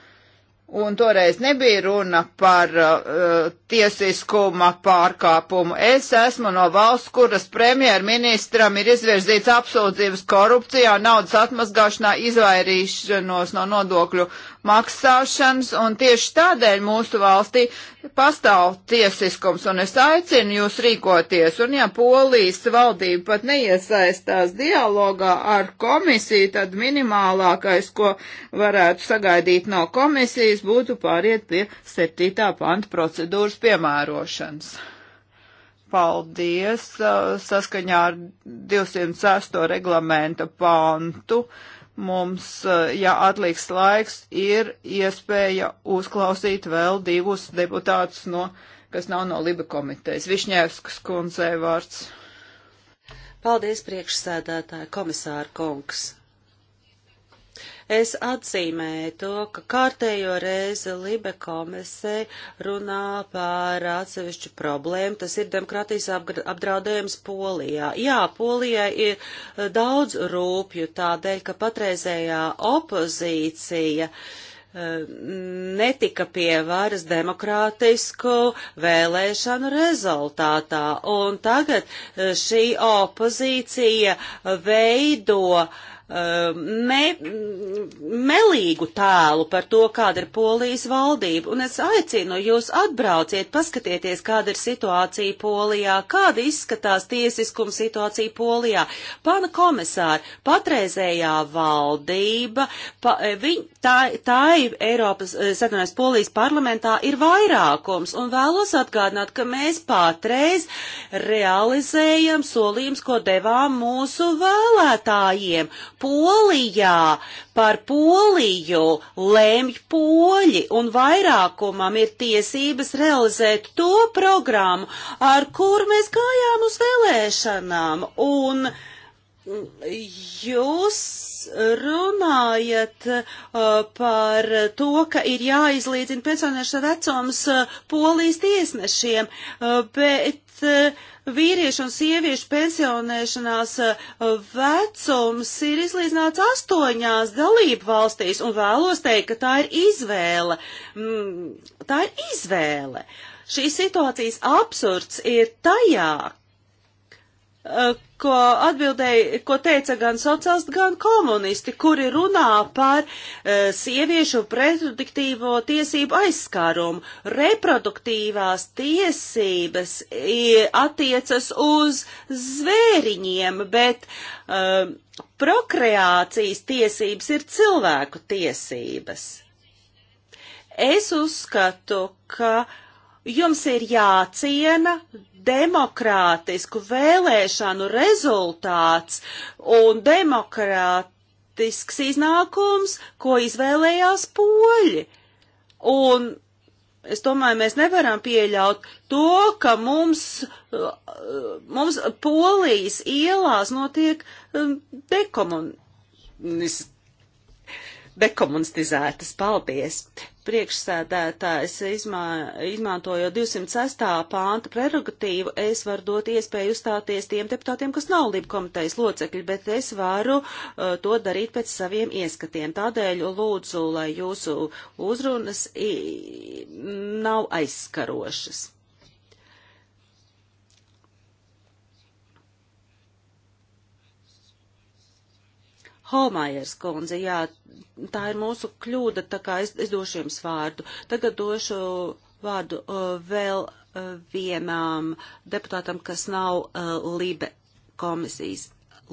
un toreiz nebija runa par uh, tiesiskuma pārkāpumu. Es esmu no valsts, kuras premjerministram ir izvirzīts apsūdzības korupcijā, naudas atmazgāšanā, izvairīšanos no nodokļu maksāšanas, un tieši tādēļ mūsu valstī pastāv tiesiskums, un es aicinu jūs rīkoties, un ja polijas valdība pat neiesaistās dialogā ar komisiju, tad minimālākais, ko varētu sagaidīt no komisijas, būtu pāriet pie 7. panta procedūras piemērošanas. Paldies! Uh, saskaņā ar 206. reglamenta pantu mums, eh, ja atliks laiks, ir iespēja uzklausīt vēl divus deputātus, no, kas nav no Liba komitejas. Višņēvskas kundzei vārds. Paldies, priekšsēdētāja komisāra kungs. Es atzīmēju to, ka kārtējo reizi Libe komisē runā par atsevišķu problēmu. Tas ir demokrātijas apdraudējums Polijā. Jā, Polijai ir eh, daudz rūpju tādēļ, ka patreizējā opozīcija eh, netika pie varas demokrātisku vēlēšanu rezultātā. Un tagad eh, šī opozīcija veido uh, Um, me, melīgu tēlu par to, kāda ir polijas valdība. Un es aicinu jūs atbrauciet, paskatieties, kāda ir situācija polijā, kāda izskatās tiesiskuma situācija polijā. Pana komisāra, patreizējā valdība, pa, eh, viņ, tā, tā ir Eiropas, eh, satunās, polijas parlamentā ir vairākums. Un vēlos atgādināt, ka mēs patreiz realizējam solījums, ko devām mūsu vēlētājiem Polijā par Poliju lēmj poļi, un vairākumam ir tiesības realizēt to programmu, ar kur mēs gājām uz vēlēšanām. Un jūs runājat uh, par to, ka ir jāizlīdzina pensionēšanas vecums uh, polijas tiesnešiem, uh, bet uh, vīriešu un sieviešu pensionēšanās eh, vecums ir izlīdzināts astoņās dalību valstīs, un vēlos teikt, ka tā ir izvēle. Mm, tā ir izvēle. Šīs situācijas absurds ir tajā, Eh, ko atbildēja, ko teica gan sociālisti, gan komunisti, kuri runā par uh, sieviešu reproduktīvo tiesību aizskārumu. Reproduktīvās tiesības eh, attiecas uz zvēriņiem, bet uh, prokreācijas tiesības ir cilvēku tiesības. Es uzskatu, ka jums ir jāciena demokrātisku vēlēšanu rezultāts un demokrātisks iznākums, ko izvēlējās poļi. Un es domāju, mēs nevaram pieļaut to, ka mums, mums polijas ielās notiek um, dekomunistika dekomunistizētas. Paldies! Priekšsēdētājs izmā, izmantojo 206. pānta prerogatīvu, es varu dot iespēju uzstāties tiem deputātiem, kas nav Lība komitejas locekļi, bet es varu uh, to darīt pēc saviem ieskatiem. Tādēļ lūdzu, lai jūsu uzrunas i, nav aizskarošas. Holmajers kundze, jā, tā ir mūsu kļūda, tā kā es, es došu jums vārdu. Tagad došu vārdu uh, vēl uh, vienām deputātam, kas nav uh, Libe komisijas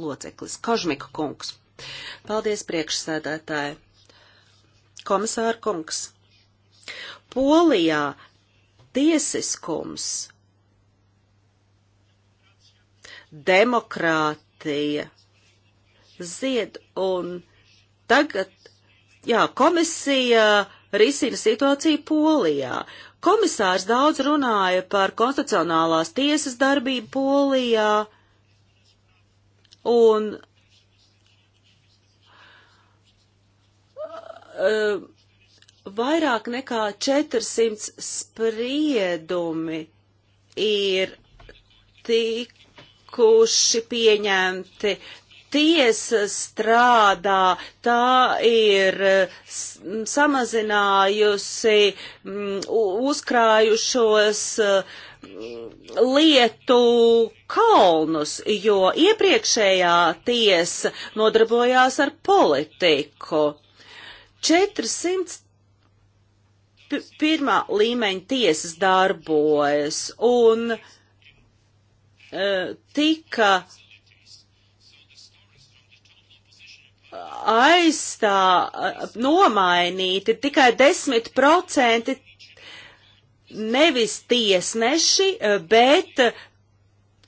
loceklis. Kažmika kungs. Paldies priekšsēdētāji. Komisāra kungs. Polijā tiesiskums, demokrātija zied, un tagad, jā, komisija risina situāciju Polijā. Komisārs daudz runāja par konstitucionālās tiesas darbību Polijā, un uh, vairāk nekā 400 spriedumi ir tikuši pieņemti tiesa strādā, tā ir samazinājusi mm, uzkrājušos mm, lietu kalnus, jo iepriekšējā tiesa nodarbojās ar politiku. 400 pirmā līmeņa tiesas darbojas un e, tika aizstā nomainīti tikai 10% nevis tiesneši, bet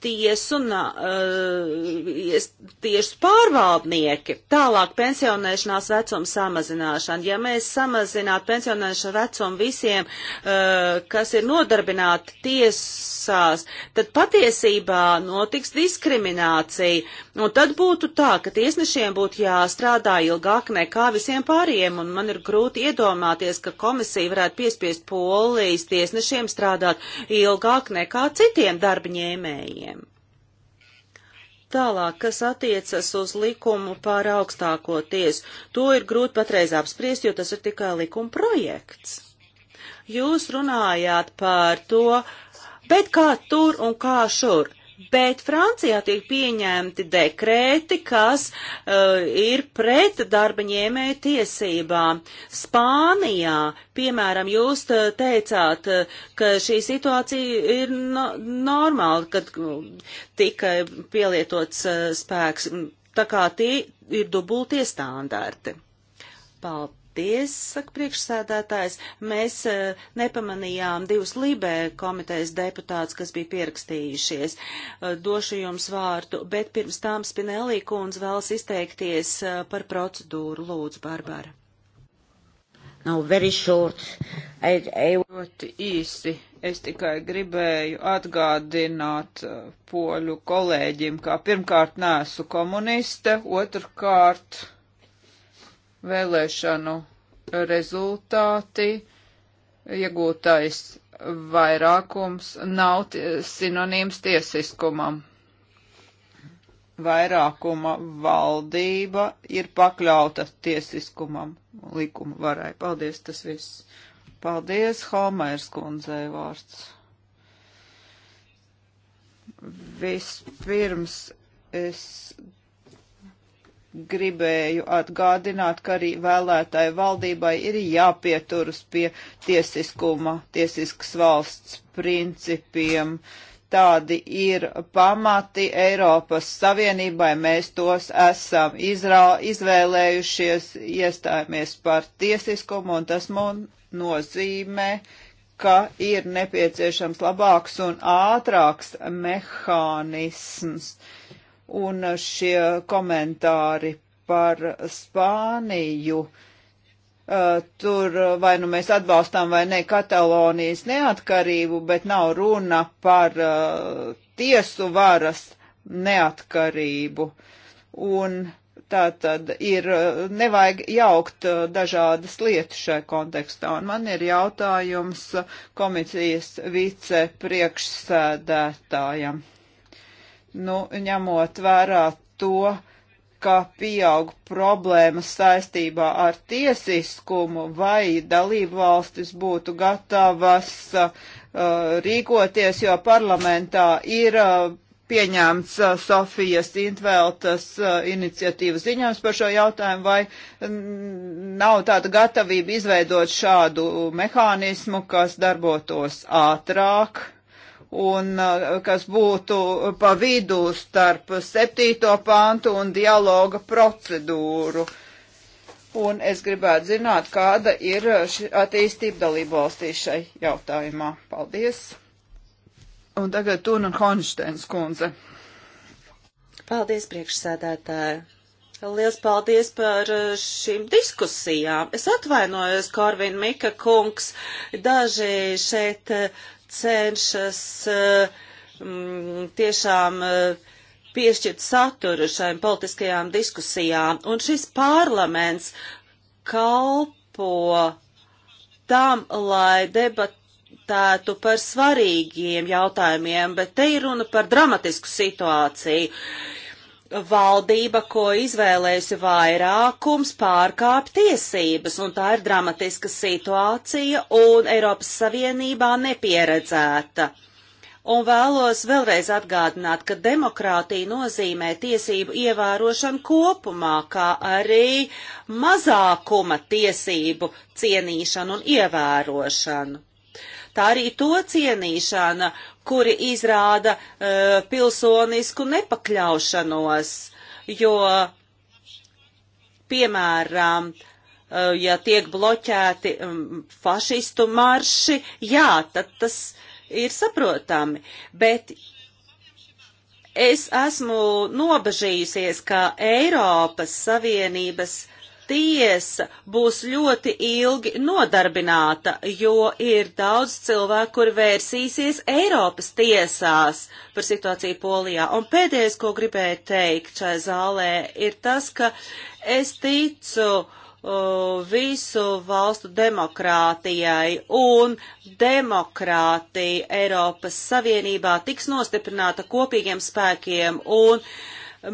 tiesu, na, uh, eh, tiesu pārvaldnieki. Tālāk pensionēšanās vecuma samazināšana. Ja mēs samazinātu pensionēšanas vecumu visiem, uh, kas ir nodarbināti tiesās, tad patiesībā notiks diskriminācija. Un tad būtu tā, ka tiesnešiem būtu jāstrādā ilgāk nekā visiem pāriem, un man ir grūti iedomāties, ka komisija varētu piespiest polijas tiesnešiem strādāt ilgāk nekā citiem darbiņēmējiem. Tālāk, kas attiecas uz likumu par augstāko tiesu, to ir grūti patreiz apspriest, jo tas ir tikai likuma projekts. Jūs runājāt par to, bet kā tur un kā šur. Bet Francijā tiek pieņemti dekrēti, kas uh, ir pret darba ņēmēju tiesībām. Spānijā, piemēram, jūs teicāt, eh, ka šī situācija ir no normāla, kad eh, tika pielietots uh, spēks. Tā kā tie ir dubultie standarti. Paldies! Paldies, saka priekšsēdētājs. Mēs uh, nepamanījām divus Libē komitejas deputātus, kas bija pierakstījušies. Uh, došu jums vārdu, bet pirms tām Spinelī kundze vēlas izteikties uh, par procedūru. Lūdzu, Barbara. Nav no, very short. I, I... Ļoti īsi. Es tikai gribēju atgādināt poļu kolēģim, kā pirmkārt nesu komuniste, otrkārt Vēlēšanu rezultāti, iegūtais vairākums nav sinonīms tiesiskumam. Vairākuma valdība ir pakļauta tiesiskumam, likuma varai. Paldies, tas viss. Paldies, Holmērs kundzei vārds. Vispirms es gribēju atgādināt, ka arī vēlētāju valdībai ir jāpieturas pie tiesiskuma, tiesiskas valsts principiem. Tādi ir pamati Eiropas Savienībai, mēs tos esam izrā, izvēlējušies, iestājāmies par tiesiskumu, un tas mums nozīmē, ka ir nepieciešams labāks un ātrāks mehānisms. Uh, Un šie komentāri par Spāniju. Uh, tur vai nu mēs atbalstām vai ne Katalonijas neatkarību, bet nav runa par uh, tiesu varas neatkarību. Un tā tad ir, uh, nevajag jaukt uh, dažādas lietas šai kontekstā. Un man ir jautājums komisijas vicepriekšsēdētājam nu, ņemot vērā to, ka pieaug problēmas saistībā ar tiesiskumu, vai dalību valstis būtu gatavas uh, rīkoties, jo parlamentā ir uh, pieņēmts uh, Sofijas Intveltas uh, iniciatīvas ziņojums par šo jautājumu, vai nav tāda gatavība izveidot šādu mehānismu, kas darbotos ātrāk? un uh, kas būtu pa vidū starp septīto pāntu un dialoga procedūru. Un es gribētu zināt, kāda ir attīstība dalību valstīs šai jautājumā. Paldies! Un tagad Tuna Honštēns kundze. Paldies, priekšsēdētāji! Liels paldies par uh, šīm diskusijām. Es atvainojos, Korvin Mika kungs, daži šeit uh, cenšas eh, mm, tiešām eh, piešķirt saturu šajām politiskajām diskusijām. Un šis parlaments kalpo tam, lai debat diskutētu par svarīgiem jautājumiem, bet te ir runa par dramatisku situāciju valdība, ko izvēlējusi vairākums, pārkāp tiesības, un tā ir dramatiska situācija un Eiropas Savienībā nepieredzēta. Un vēlos vēlreiz atgādināt, ka demokrātija nozīmē tiesību ievērošanu kopumā, kā arī mazākuma tiesību cienīšanu un ievērošanu tā arī to cienīšana, kuri izrāda uh, pilsonisku nepakļaušanos, jo, piemēram, uh, ja tiek bloķēti um, fašistu marši, jā, tad tas ir saprotami, bet es esmu nobežījusies, ka Eiropas Savienības uh, tiesa būs ļoti ilgi nodarbināta, jo ir daudz cilvēku, kuri vērsīsies Eiropas tiesās par situāciju Polijā. Un pēdējais, ko gribēju teikt šai zālē, ir tas, ka es ticu uh, visu valstu demokrātijai un demokrātija Eiropas Savienībā tiks nostiprināta kopīgiem spēkiem un uh,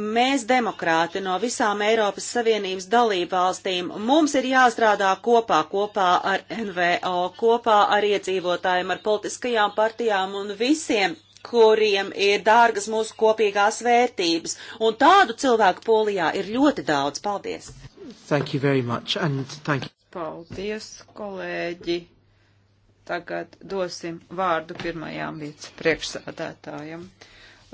Mēs, demokrāti no visām Eiropas Savienības dalību valstīm, mums ir jāstrādā kopā, kopā ar NVO, kopā ar iedzīvotājiem, ar politiskajām partijām un visiem kuriem ir dārgas mūsu kopīgās vērtības. Un tādu cilvēku polijā ir ļoti daudz. Paldies! Thank you very much and thank you. Paldies, kolēģi! Tagad dosim vārdu pirmajām vicepriekšsādātājam. priekšsādātājam.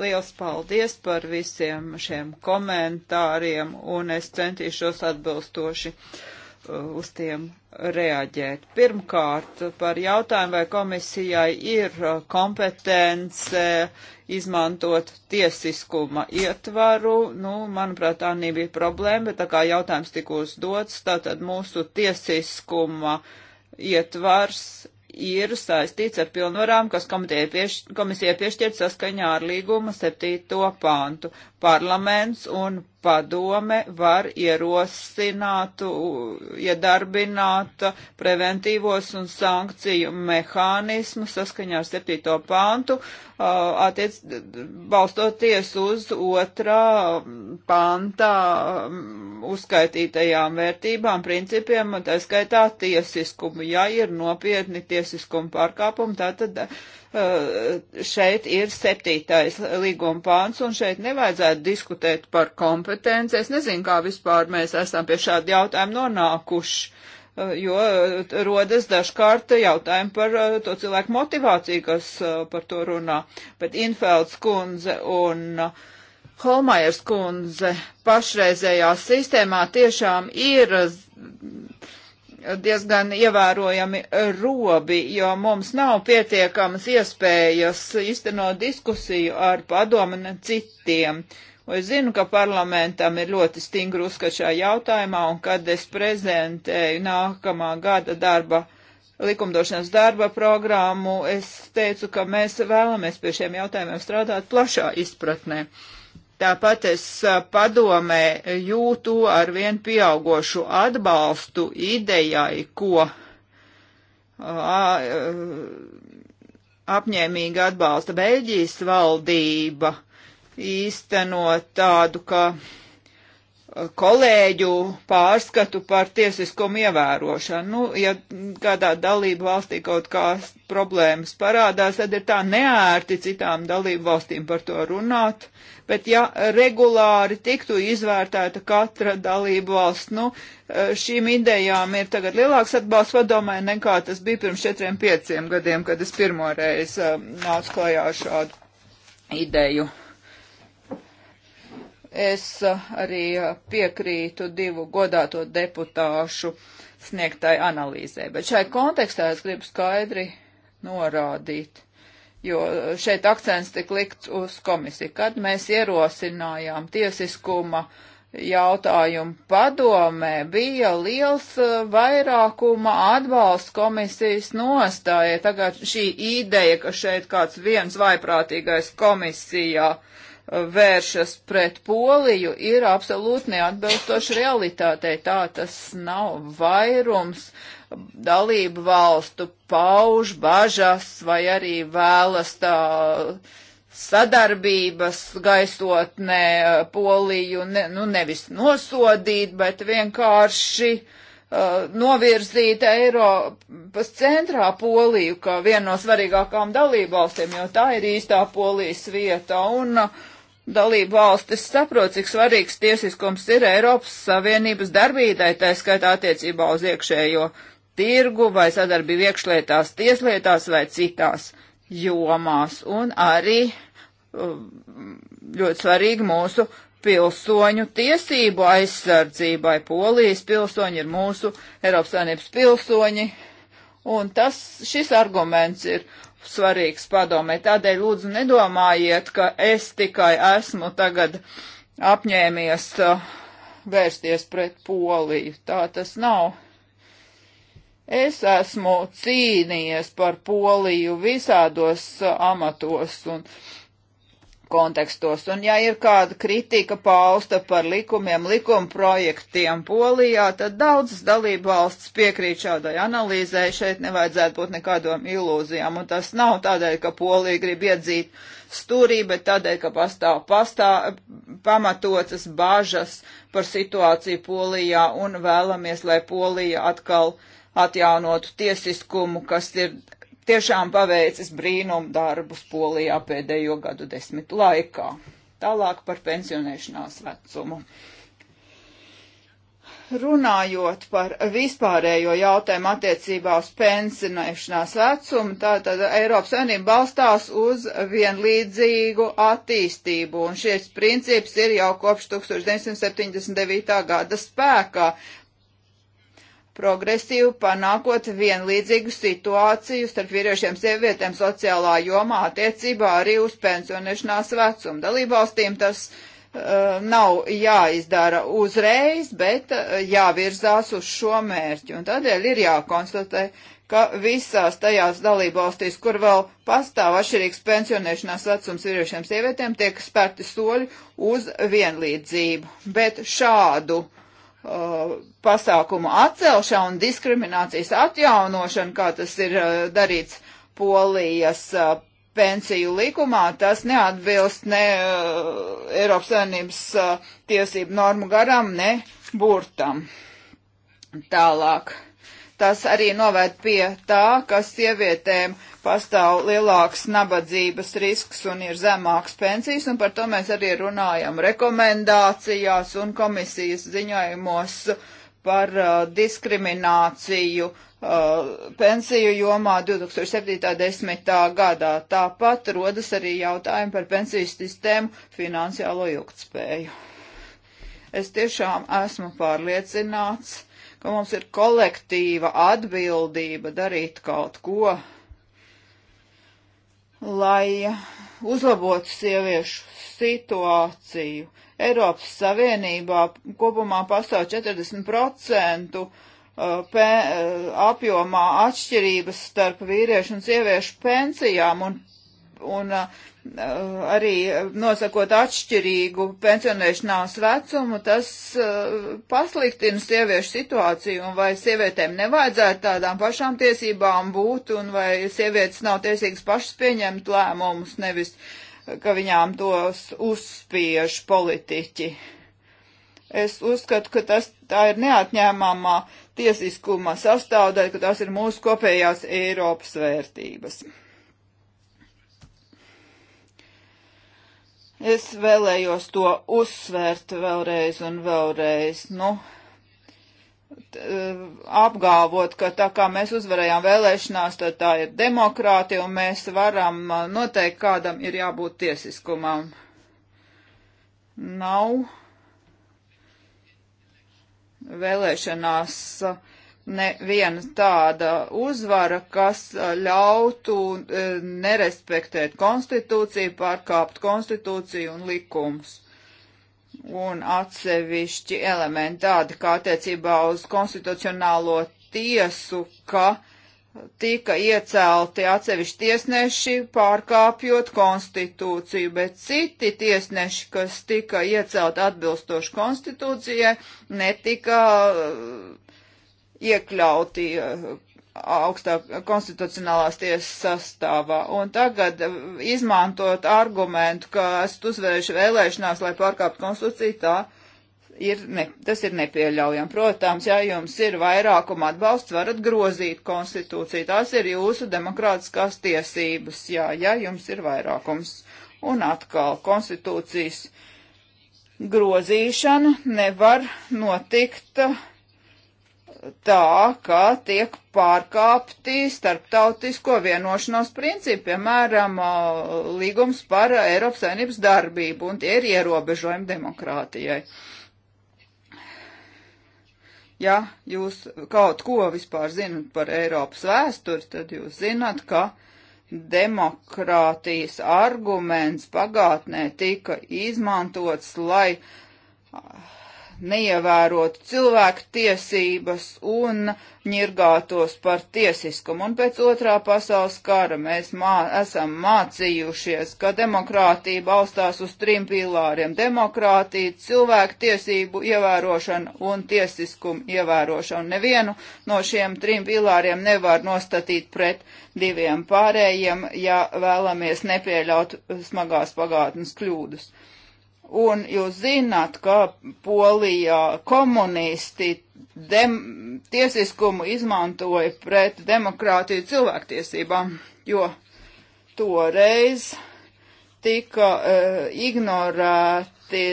Liels paldies par visiem šiem komentāriem, un es centīšos atbilstoši uh, uz tiem reaģēt. Pirmkārt, par jautājumu, vai komisijai ir uh, kompetence izmantot tiesiskuma ietvaru. Nu, manuprāt, tā nebija problēma, bet tā kā jautājums tika uzdots, tātad mūsu tiesiskuma ietvars ir saistīts ar pilnvarām, kas pieš, komisijai piešķirt saskaņā ar līguma 7. pāntu. Parlaments un padome var ierosināt, iedarbināt preventīvos un sankciju mehānismu saskaņā ar 7. pāntu, attiec, balstoties uz otrā pāntā uzskaitītajām vērtībām, principiem, tā skaitā tiesiskumu. Ja ir nopietni tiesiskumu pārkāpumi, tad Eh, šeit ir septītais līguma pāns, un šeit nevajadzētu diskutēt par kompetenci. Es nezinu, kā vispār mēs esam pie šāda jautājuma nonākuši, eh, jo eh, rodas dažkārt jautājumi par to cilvēku motivāciju, kas par to runā. Bet Infelds kundze un Holmajers kundze pašreizējā sistēmā tiešām ir diezgan ievērojami robi, jo mums nav pietiekamas iespējas iztenot diskusiju ar padomu un citiem. Un es zinu, ka parlamentam ir ļoti stingri uzskat šajā jautājumā, un kad es prezentēju nākamā gada darba likumdošanas darba programmu, es teicu, ka mēs vēlamies pie šiem jautājumiem strādāt plašā izpratnē. Uh, Tāpat es padomē jūtu ar vien pieaugošu atbalstu idejai, ko apņēmīgi atbalsta Beļģijas valdība īstenot tādu, ka kolēģu pārskatu par tiesiskumu ievērošanu. Nu, ja kādā dalību valstī kaut kādas problēmas parādās, tad ir tā neērti citām dalību valstīm par to runāt, bet ja regulāri tiktu izvērtēta katra dalība valsts, nu, eh, šīm idejām ir tagad lielāks atbalsts padomē nekā tas bija pirms četriem, pieciem gadiem, kad es pirmoreiz eh, nācu klajā šādu ideju. Es eh, arī piekrītu divu godāto deputāšu sniegtai analīzē, bet šai kontekstā es gribu skaidri norādīt jo šeit akcents tik likts uz komisiju. Kad mēs ierosinājām tiesiskuma jautājumu padomē, bija liels eh, vairākuma atbalsts komisijas nostājai. Tagad šī ideja, ka šeit kāds viens vaiprātīgais komisijā eh, vēršas pret Poliju, ir absolūti neatbilstoši realitātei. Tā tas nav vairums. Uh, dalību valstu pauž bažas vai arī vēlas tā sadarbības gaisotnē poliju, ne, nu nevis nosodīt, bet vienkārši uh, novirzīt Eiropas centrā poliju, kā vienu no svarīgākām dalību valstīm, jo tā ir īstā polijas vieta. Un uh, Dalību valstis saprot, cik svarīgs tiesiskums ir Eiropas Savienības darbībai, tā skaitā attiecībā uz iekšējo uh, tirgu vai sadarbību iekšlietās, tieslietās vai citās jomās. Un arī um, ļoti svarīgi mūsu pilsoņu tiesību aizsardzībai. Polijas pilsoņi ir mūsu Eiropas Savienības pilsoņi. Un tas, šis arguments ir svarīgs padomē. Tādēļ lūdzu nedomājiet, ka es tikai esmu tagad apņēmies uh, vērsties pret Poliju. Tā tas nav. Es esmu cīnījies par Poliju visādos uh, amatos un kontekstos, un ja ir kāda kritika pausta par likumiem, likuma projektiem Polijā, tad daudzas dalība valsts piekrīt šādai analīzē, šeit nevajadzētu būt nekādām ilūzijām, un tas nav tādēļ, ka Polija grib iedzīt stūrī, bet tādēļ, ka pastāv pastā, pamatotas bažas par situāciju Polijā un vēlamies, lai Polija atkal uh, atjaunotu tiesiskumu, kas ir tiešām paveicis brīnumu darbus Polijā pēdējo gadu desmitu laikā. Tālāk par pensionēšanās vecumu. Runājot par vispārējo jautājumu attiecībā uz pensionēšanās vecumu, tātad Eiropas Savienība balstās uz vienlīdzīgu attīstību, un šis princips ir jau kopš 1979. gada spēkā progresīvi panākot vienlīdzīgu situāciju starp vīriešiem sievietēm sociālā jomā attiecībā arī uz pensionēšanās vecumu. Dalībvalstīm tas uh, nav jāizdara uzreiz, bet uh, jāvirzās uz šo mērķu. Un tādēļ ir jākonstatē, ka visās tajās dalībvalstīs, kur vēl pastāv atšķirīgs pensionēšanās vecums vīriešiem sievietēm, tiek spērti soļi uz vienlīdzību. Bet šādu uh, Uh, pasākumu atcelšana un diskriminācijas atjaunošana, kā tas ir uh, darīts Polijas uh, pensiju likumā, tas neatbilst ne Eiropas Savienības tiesību normu garam, ne burtam. Tālāk. Tas arī novērt pie tā, ka sievietēm pastāv lielāks nabadzības risks un ir zemāks pensijas, un par to mēs arī runājam rekomendācijās un komisijas ziņojumos par uh, diskrimināciju uh, pensiju jomā 2070. gadā. Tāpat rodas arī jautājumi par pensiju sistēmu finansiālo ilgtspēju. Es tiešām esmu pārliecināts, ka mums ir kolektīva atbildība darīt kaut ko, lai uzlabotu sieviešu situāciju. Eiropas Savienībā kopumā pastāv 40% uh, uh, apjomā atšķirības starp vīriešu un sieviešu pensijām, un, un uh, Eh, arī nosakot atšķirīgu pensionēšanās vecumu, tas eh, pasliktina sieviešu situāciju, un vai sievietēm nevajadzētu tādām pašām tiesībām būt, un vai sievietes nav tiesīgas pašas pieņemt lēmumus, nevis, eh, ka viņām tos uzspiež politiķi. Es uzskatu, ka tas tā ir neatņēmāmā tiesiskuma sastāvdaļa, ka tās ir mūsu kopējās Eiropas vērtības. Es vēlējos to uzsvērt vēlreiz un vēlreiz. Nu, e, apgalvot, ka tā kā mēs uzvarējām vēlēšanās, tad tā ir demokrātija un mēs varam e, noteikt, kādam ir jābūt tiesiskumam. Nav vēlēšanās uh, neviena tāda uzvara, kas ļautu nerespektēt konstitūciju, pārkāpt konstitūciju un likumus. Un atsevišķi elementi tādi, kā attiecībā uz konstitucionālo tiesu, ka tika iecelti atsevišķi tiesneši pārkāpjot konstitūciju, bet citi tiesneši, kas tika iecelti atbilstoši konstitūcijai, netika iekļauti eh, augstā konstitucionālās tiesas sastāvā. Un tagad eh, izmantot argumentu, ka esat uzvērši vēlēšanās, lai pārkāptu konstitūciju, tā ir ne, tas ir nepieļaujami. Protams, ja jums ir vairākuma atbalsts, varat grozīt konstitūciju. Tās ir jūsu demokrātiskās tiesības, jā, ja jums ir vairākums. Un atkal konstitūcijas grozīšana nevar notikt uh, tā, ka tiek pārkāpti starptautisko vienošanos principi, piemēram, līgums par Eiropas saimnības darbību, un tie ir ierobežojumi demokrātijai. Ja jūs kaut ko vispār zinat par Eiropas vēsturi, tad jūs zinat, ka demokrātijas arguments pagātnē tika izmantots, lai neievērotu cilvēku tiesības un ņirgātos par tiesiskumu. Un pēc otrā pasaules kara mēs mā, esam mācījušies, ka demokrātija balstās uz trim pīlāriem - demokrātija, cilvēku tiesību ievērošana un tiesiskumu ievērošana. Nevienu no šiem trim pīlāriem nevar nostatīt pret diviem pārējiem, ja vēlamies nepieļaut smagās pagātnes kļūdas. Un jūs zināt, ka Polijā komunisti dem, tiesiskumu izmantoja pret demokrātiju cilvēktiesībām, jo toreiz tika uh, ignorēti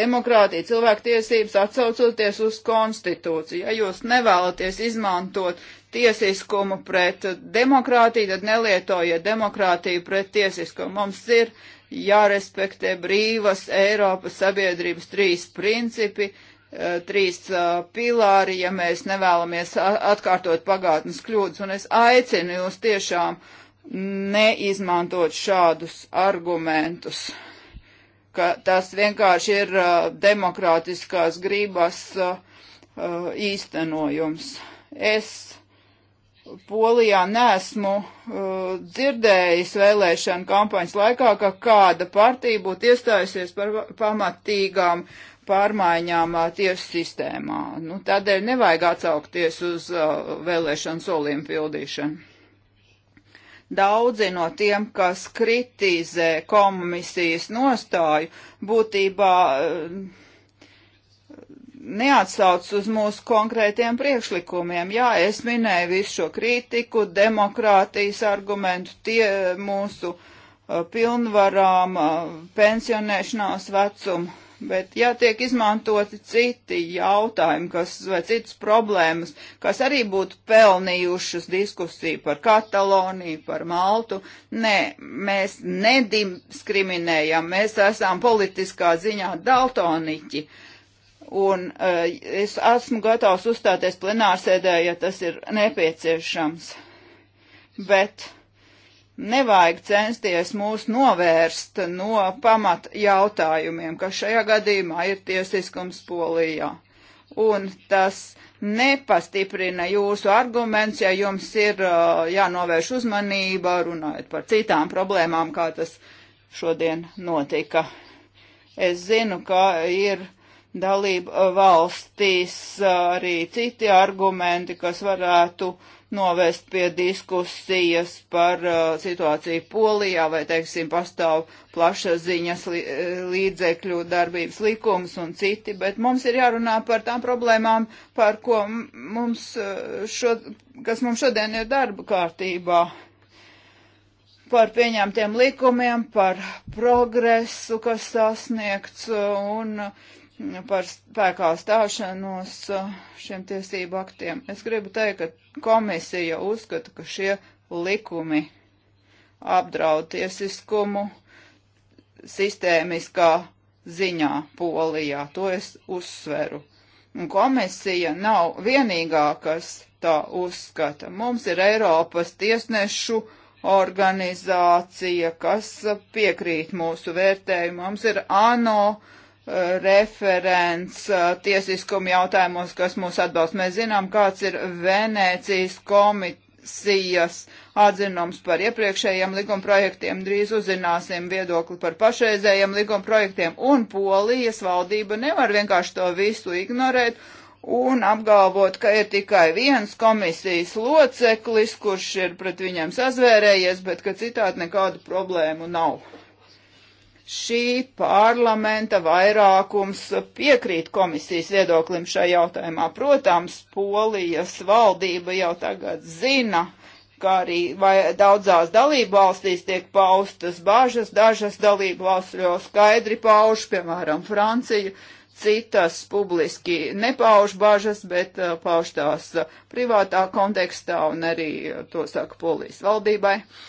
demokrātija cilvēktiesības atsaucoties uz konstitūciju. Ja jūs nevēlaties izmantot tiesiskumu pret demokrātiju, tad nelietojiet demokrātiju pret tiesiskumu. Mums ir uh, jārespektē brīvas Eiropas sabiedrības trīs principi, eh, trīs eh, pilāri, ja mēs nevēlamies atkārtot pagātnes kļūdas. Un es aicinu jūs tiešām neizmantot šādus argumentus, ka tas vienkārši ir eh, demokrātiskās grības īstenojums. Es Polijā nesmu uh, dzirdējis vēlēšanu kampaņas laikā, ka kāda partija būtu iestājusies par pamatīgām pārmaiņām uh, tiesu sistēmā. Nu, tādēļ nevajag atsaukties uz uh, vēlēšanu solījumu pildīšanu. Daudzi no tiem, kas kritizē komisijas nostāju, būtībā. Uh, neatsauc uz mūsu konkrētiem priekšlikumiem. Jā, es minēju visu šo kritiku, demokrātijas argumentu, tie mūsu uh, pilnvarām, uh, pensionēšanās vecumu, bet ja tiek izmantoti citi jautājumi kas, vai citas problēmas, kas arī būtu pelnījušas diskusiju par Kataloniju, par Maltu, nē, mēs nediskriminējam, mēs esam politiskā ziņā daltoniķi. Uh, Un uh, es esmu gatavs uzstāties plenārsēdē, ja tas ir nepieciešams. Bet nevajag censties mūs novērst no pamat jautājumiem, kas šajā gadījumā ir tiesiskums polijā. Un tas nepastiprina jūsu arguments, ja jums ir uh, jānovērš uzmanība, runājot par citām problēmām, kā tas šodien notika. Es zinu, ka ir dalību valstīs arī citi argumenti, kas varētu novest pie diskusijas par uh, situāciju Polijā, vai, teiksim, pastāv plaša ziņas li līdzekļu darbības likums un citi, bet mums ir jārunā par tām problēmām, par ko mums, šo, kas mums šodien ir darba kārtībā, par pieņemtiem likumiem, par progresu, kas sasniegts un uh, par spēkā stāšanos uh, šiem tiesību aktiem. Es gribu teikt, ka komisija uzskata, ka šie likumi apdraud tiesiskumu sistēmiskā ziņā Polijā. To es uzsveru. Un komisija nav vienīgā, kas tā uzskata. Mums ir Eiropas tiesnešu organizācija, kas piekrīt mūsu vērtējumam. Mums ir ANO referents uh, tiesiskuma jautājumos, kas mūs atbalsta. Mēs zinām, kāds ir Venēcijas komisijas atzinums par iepriekšējiem likumprojektiem. Drīz uzzināsim viedokli par pašreizējiem likumprojektiem. Un Polijas valdība nevar vienkārši to visu ignorēt un apgalvot, ka ir tikai viens komisijas loceklis, kurš ir pret viņiem sazvērējies, bet ka citādi nekādu problēmu nav šī parlamenta vairākums piekrīt komisijas viedoklim šajā jautājumā. Protams, Polijas valdība jau tagad zina, kā arī vai daudzās dalību valstīs tiek paustas bažas, dažas dalību valsts jau skaidri pauž, piemēram, Francija, citas publiski nepauž bažas, bet uh, pauž tās uh, privātā kontekstā un arī uh, to saka polijas valdībai. Uh,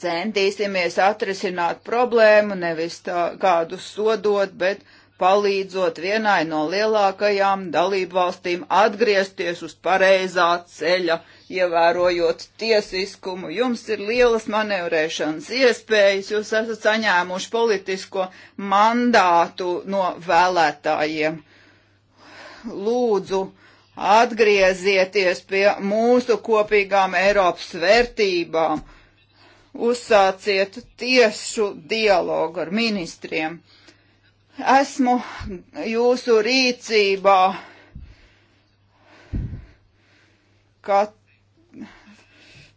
centīsimies atrisināt problēmu, nevis tā, kādu sodot, bet palīdzot vienai no lielākajām dalību valstīm atgriezties uz pareizā ceļa, ievērojot tiesiskumu. Jums ir lielas manevrēšanas iespējas, jūs esat saņēmuši politisko mandātu no vēlētājiem. Lūdzu, atgriezieties pie mūsu kopīgām Eiropas vērtībām uzsāciet tiešu dialogu ar ministriem. Esmu jūsu rīcībā. Kat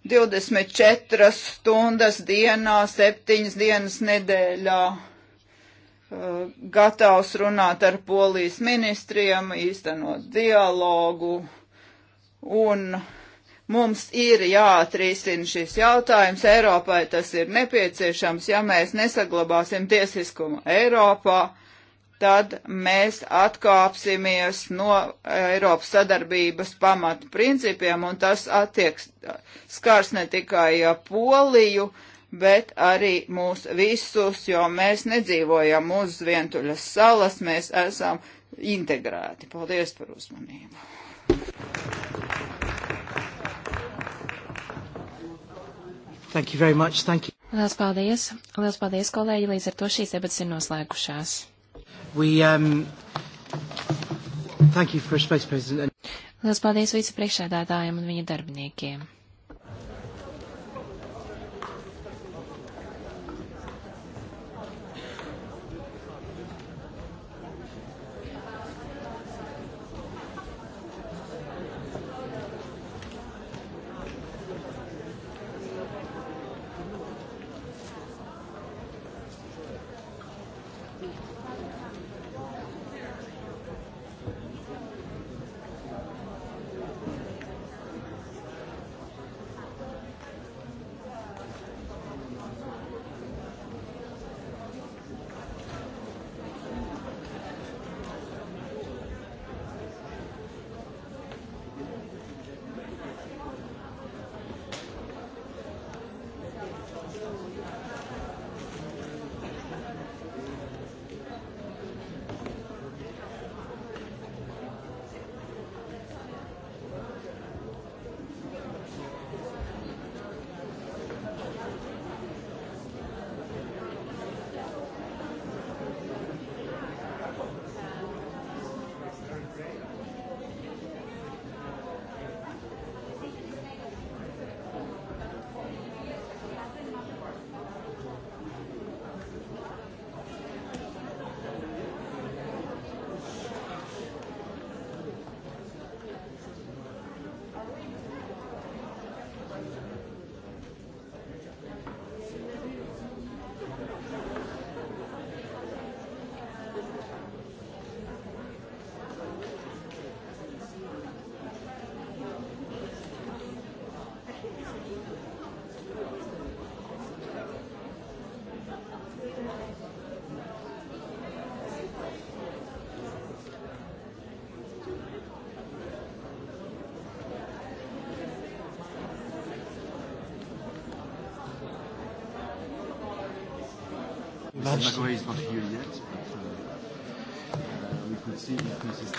24 stundas dienā, 7 dienas nedēļā uh, gatavs runāt ar polijas ministriem, īstenot dialogu un uh, Mums ir jāatrisina šis jautājums. Eiropai tas ir nepieciešams. Ja mēs nesaglabāsim tiesiskumu Eiropā, tad mēs atkāpsimies no Eiropas sadarbības pamatu principiem, un tas attieks, skars ne tikai Poliju, bet arī mūs visus, jo mēs nedzīvojam uz vientuļas salas, mēs esam integrēti. Paldies par uzmanību! Thank you very much. Thank you. Lielas paldies. Lielas paldies, kolēģi. Līdz ar to šīs debatas ir noslēgušās. We, um, thank you for Space President. Lielas paldies vicepriekšēdātājiem un viņa darbiniekiem.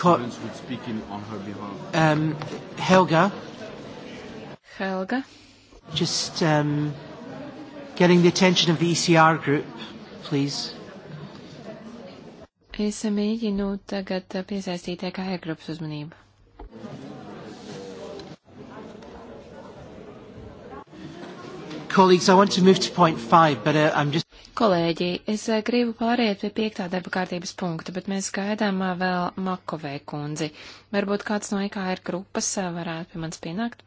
colleagues would speak in, on her behalf. Um, Helga. Helga. Just um, getting the attention of the ECR group, please. Es mēģinu tagad piesaistīt EKR grupas uzmanību. Colleagues, I want to move to point five, but uh, I'm just Kolēģi, es eh, gribu pāriet pie piektā darba kārtības punkta, bet mēs gaidām eh, vēl Makovē kundzi. Varbūt kāds no IKR grupas eh, varētu pie manis pienākt?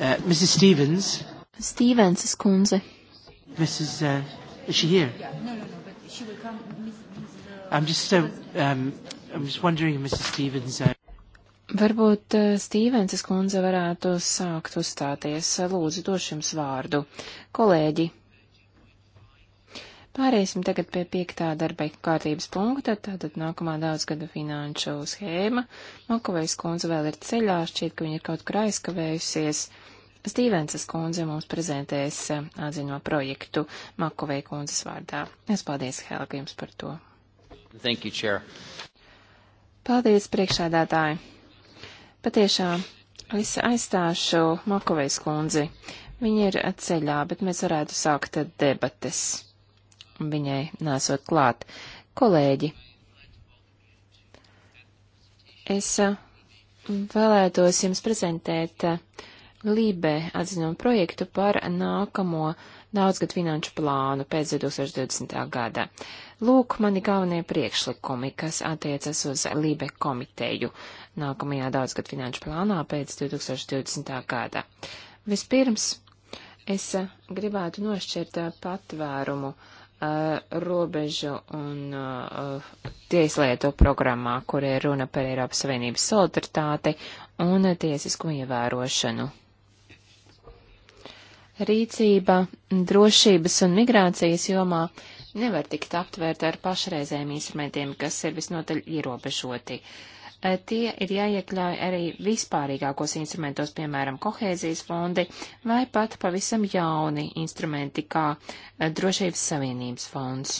Uh, Mrs. Stevens. Stevens kundze. Mrs. Uh, is she here? Yeah, no, no, no, but she will come. Ms. Ms. Uh, I'm just so. Uh, um, I'm just wondering, Mrs. Stevens. Uh, Varbūt uh, Stīvenses kundze varētu sākt uzstāties. Lūdzu, došu jums vārdu. Kolēģi, pāriesim tagad pie piektā darba kārtības punkta, tātad nākamā daudzgada finanšu schēma. Makovejs kundze vēl ir ceļā, šķiet, ka viņa ir kaut kur aizkavējusies. Stīvensas kundze mums prezentēs eh, atziņo projektu Makovei kundzes vārdā. Es paldies, Helga, jums par to. Thank you, Chair. Paldies, priekšādātāji. Patiešām, es aizstāšu Makovejas kundzi. Viņa ir ceļā, bet mēs varētu sākt debates. Viņai nesot klāt. Kolēģi, es eh, vēlētos jums prezentēt uh, Lībē atzinumu projektu par nākamo daudzgad finanšu plānu pēc 2020. gada. Lūk, mani galvenie priekšlikumi, kas attiecas uz Lībe komiteju nākamajā daudzgad finanšu plānā pēc 2020. gada. Vispirms es gribētu nošķirt patvērumu eh, robežu un uh, tieslietu programmā, kur ir runa par Eiropas Savienības solidaritāti un tiesisko ievērošanu Rīcība drošības un migrācijas jomā nevar tikt aptvērta ar pašreizējiem instrumentiem, kas ir visnotaļ ierobežoti. Eh, tie ir jāiekļauj arī vispārīgākos instrumentos, piemēram, kohēzijas fondi vai pat pavisam jauni instrumenti, kā eh, Drošības Savienības fonds.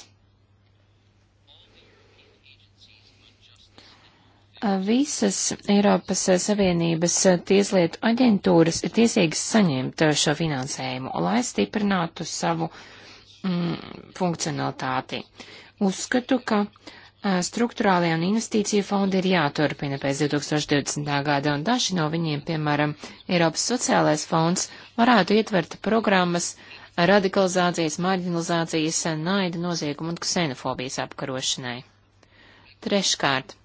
Visas Eiropas Savienības tieslietu aģentūras ir tiesīgas saņemt uh, šo finansējumu, lai stiprinātu savu mm, funkcionalitāti. Uzskatu, ka uh, struktūrālajā un investīciju fonda ir jāturpina pēc 2020. gada, un daži no viņiem, piemēram, Eiropas sociālais fonds, varētu ietvert programmas radikalizācijas, marginalizācijas, naida noziegumu un ksenofobijas apkarošanai. Treškārt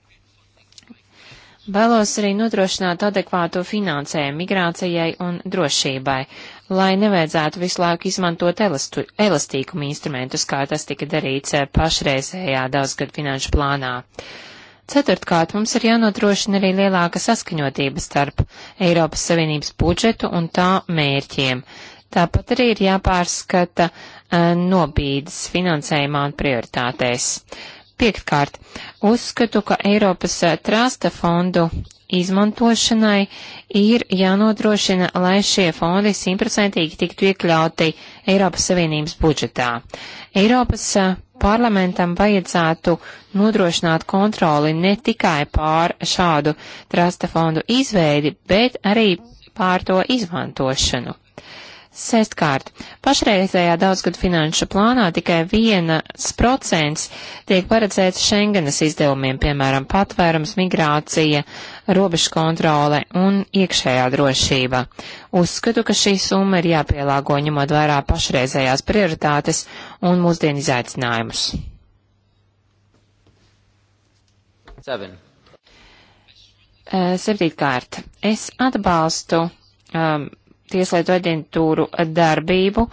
Vēlos arī nodrošināt adekvātu finansējumu migrācijai un drošībai, lai nevajadzētu visu laiku izmantot elastu, elastīkumu instrumentus, kā tas tika darīts eh, pašreizējā daudzgad finanšu plānā. Ceturtkārt, mums ir jānodrošina arī lielāka saskaņotība starp Eiropas Savienības budžetu un tā mērķiem. Tāpat arī ir jāpārskata uh, nobīdes finansējumā un prioritātēs. Uh, Piektkārt, uzskatu, ka Eiropas eh, trāsta fondu izmantošanai ir jānodrošina, lai šie fondi simtprocentīgi tiktu iekļauti Eiropas Savienības budžetā. Eiropas eh, parlamentam vajadzētu nodrošināt kontroli ne tikai pār šādu trasta fondu izveidi, bet arī pār to izmantošanu. Sestkārt, pašreizējā daudzgadu finanšu plānā tikai vienas procents tiek paredzēts Schengenas izdevumiem, piemēram, patvērums, migrācija, robežu kontrole un iekšējā drošība. Uzskatu, ka šī summa ir jāpielāgo ņemot vērā pašreizējās prioritātes un mūsdienu izaicinājumus. Seven. Eh, septītkārt, es atbalstu um, Tieslietu aģentūru darbību,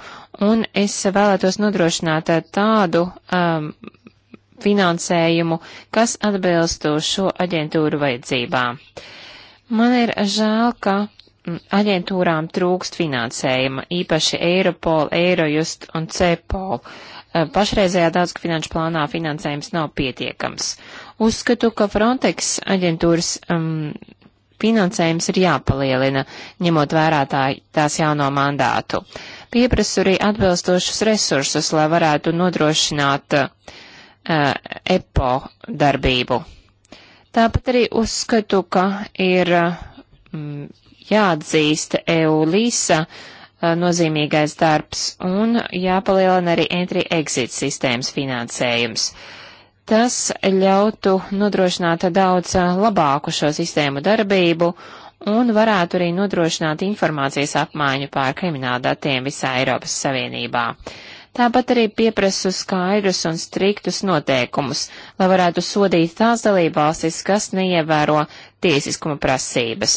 un es vēlētos nodrošināt tādu um, finansējumu, kas atbilstu šo aģentūru vajadzībām. Man ir žēl, ka mm, aģentūrām trūkst finansējuma, īpaši Eiropol, Eirojust un Cepol. Uh, pašreizējā daudzka finanšu plānā finansējums nav pietiekams. Uzskatu, ka Frontex aģentūras um, finansējums ir jāpalielina, ņemot vērā tā, tās jauno mandātu. Pieprasu arī atbilstošus resursus, lai varētu nodrošināt uh, eh, EPO darbību. Tāpat arī uzskatu, ka ir mm, jāatzīst EU-LISA eh, nozīmīgais darbs un jāpalielina arī entry-exit sistēmas finansējums. Uh, Tas ļautu nodrošināt daudz labāku šo sistēmu darbību un varētu arī nodrošināt informācijas apmaiņu pār krimināldatiem visā Eiropas Savienībā. Tāpat arī pieprasu skaidrus un striktus noteikumus, lai varētu sodīt tās dalībvalstis, kas neievēro tiesiskuma prasības.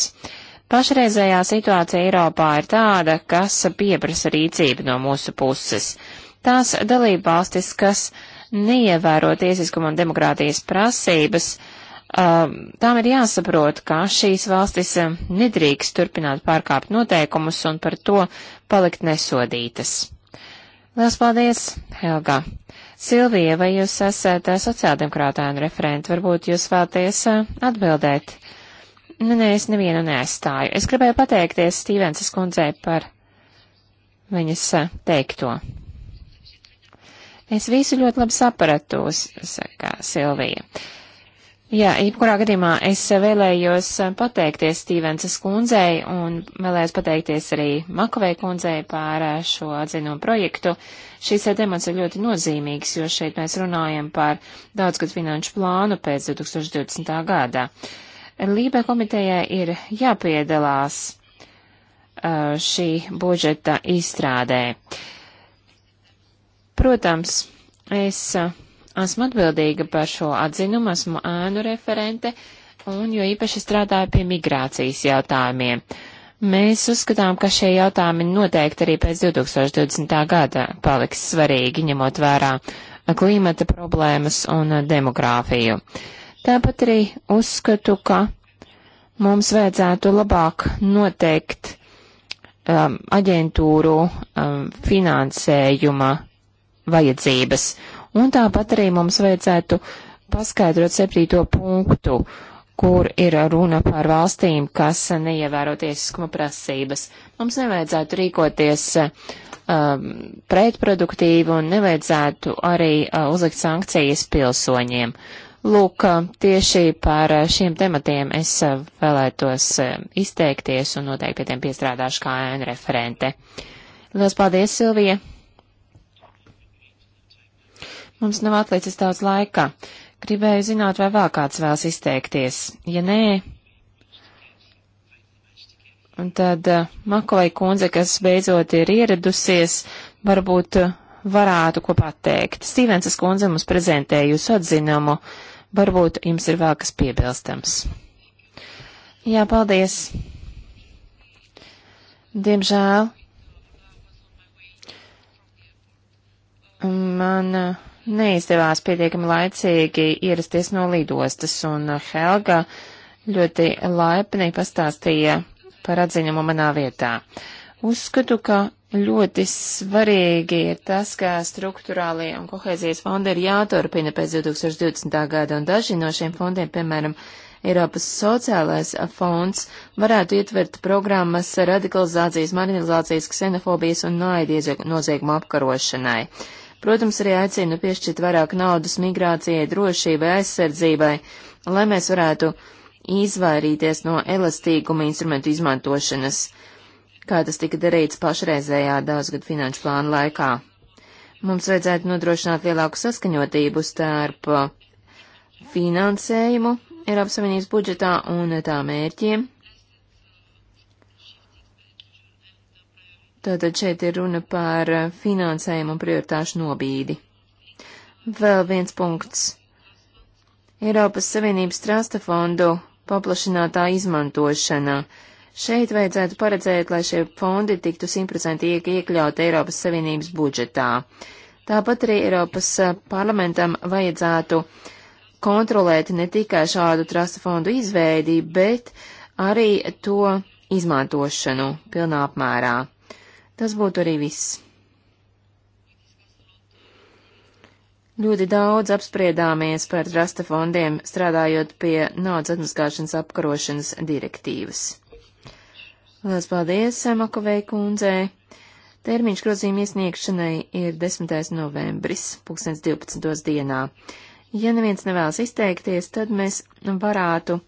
Pašreizējā situācija Eiropā ir tāda, kas pieprasa rīcību no mūsu puses. Tās dalībvalstis, kas neievēro tiesiskuma un demokrātijas prasības, um, tām ir jāsaprot, ka šīs valstis um, nedrīkst turpināt pārkāpt noteikumus un par to palikt nesodītas. Lielas paldies, Helga! Silvija, vai jūs esat uh, sociāldemokrātā un referenti? Varbūt jūs vēlaties uh, atbildēt? Nu, nē, ne, es nevienu neaizstāju. Es gribēju pateikties Stīvensas kundzei par viņas uh, teikto. Es visu ļoti labi sapratos, saka Silvija. Jā, jebkurā gadījumā es vēlējos eh, pateikties Stīvensas kundzei un vēlējos pateikties arī Makovei kundzei par eh, šo atzinumu projektu. Šīs eh, temats ir ļoti nozīmīgs, jo šeit mēs runājam par daudzgad finanšu plānu pēc 2020. gadā. Lībe komitejai ir jāpiedalās šī budžeta izstrādē. Uh, Protams, es esmu atbildīga par šo atzinumu, esmu ēnu referente un jo īpaši strādāju pie migrācijas jautājumiem. Mēs uzskatām, ka šie jautājumi noteikti arī pēc 2020. gada paliks svarīgi, ņemot vērā klimata problēmas un demogrāfiju. Tāpat arī uzskatu, ka mums vajadzētu labāk noteikt um, aģentūru um, finansējuma vajadzības. Un tāpat arī mums vajadzētu paskaidrot septīto punktu, kur ir runa par valstīm, kas neievēro tiesiskuma prasības. Mums nevajadzētu rīkoties um, pretproduktīvi un nevajadzētu arī uh, uzlikt sankcijas pilsoņiem. Lūk, uh, tieši par uh, šiem tematiem es uh, vēlētos izteikties un noteikti pie tiem piestrādāšu kā ēna referente. Lielas paldies, Silvija! Mums nav atlicis daudz laika. Gribēju zināt, vai vēl kāds vēlas izteikties. Ja nē, un tad eh, Makolai kundze, kas beidzot ir ieradusies, varbūt eh, varētu ko pateikt. Stīvensas kundze mums prezentēja jūsu atzinumu. Varbūt jums ir vēl kas piebilstams. Jā, paldies. Diemžēl man eh, neizdevās pietiekami laicīgi ierasties no lidostas, un Helga ļoti laipni pastāstīja par atziņumu manā vietā. Uzskatu, ka ļoti svarīgi ir tas, ka struktūrālie un kohēzijas fondi ir jāturpina pēc 2020. gada, un daži no šiem fondiem, piemēram, Eiropas sociālais fonds varētu ietvert programmas radikalizācijas, marginalizācijas, ksenofobijas un naidieziegumu apkarošanai. Uh, Protams, arī aicinu piešķirt vairāk naudas migrācijai, drošībai, aizsardzībai, lai mēs varētu izvairīties no elastīguma instrumentu izmantošanas, kā tas tika darīts pašreizējā daudzgad finanšu plāna laikā. Mums vajadzētu nodrošināt lielāku saskaņotību starp finansējumu Eiropas Savienības budžetā un tā mērķiem, Tātad šeit ir runa par eh, finansējumu un prioritāšu nobīdi. Vēl viens punkts. Eiropas Savienības trasta fondu paplašinātā izmantošana. Šeit vajadzētu paredzēt, lai šie fondi tiktu simtprocentīgi iek iekļauti Eiropas Savienības budžetā. Tāpat arī Eiropas eh, parlamentam vajadzētu kontrolēt ne tikai šādu trasta fondu izveidi, bet arī to izmantošanu pilnā apmērā. Tas būtu arī viss. Ļoti daudz apspriedāmies par trasta fondiem, strādājot pie naudas atmaskāšanas apkarošanas direktīvas. Lielas paldies, Makovei kundzei! Termiņš grozījuma iesniegšanai ir 10. novembris, 2012. dienā. Ja neviens nevēlas izteikties, tad mēs varētu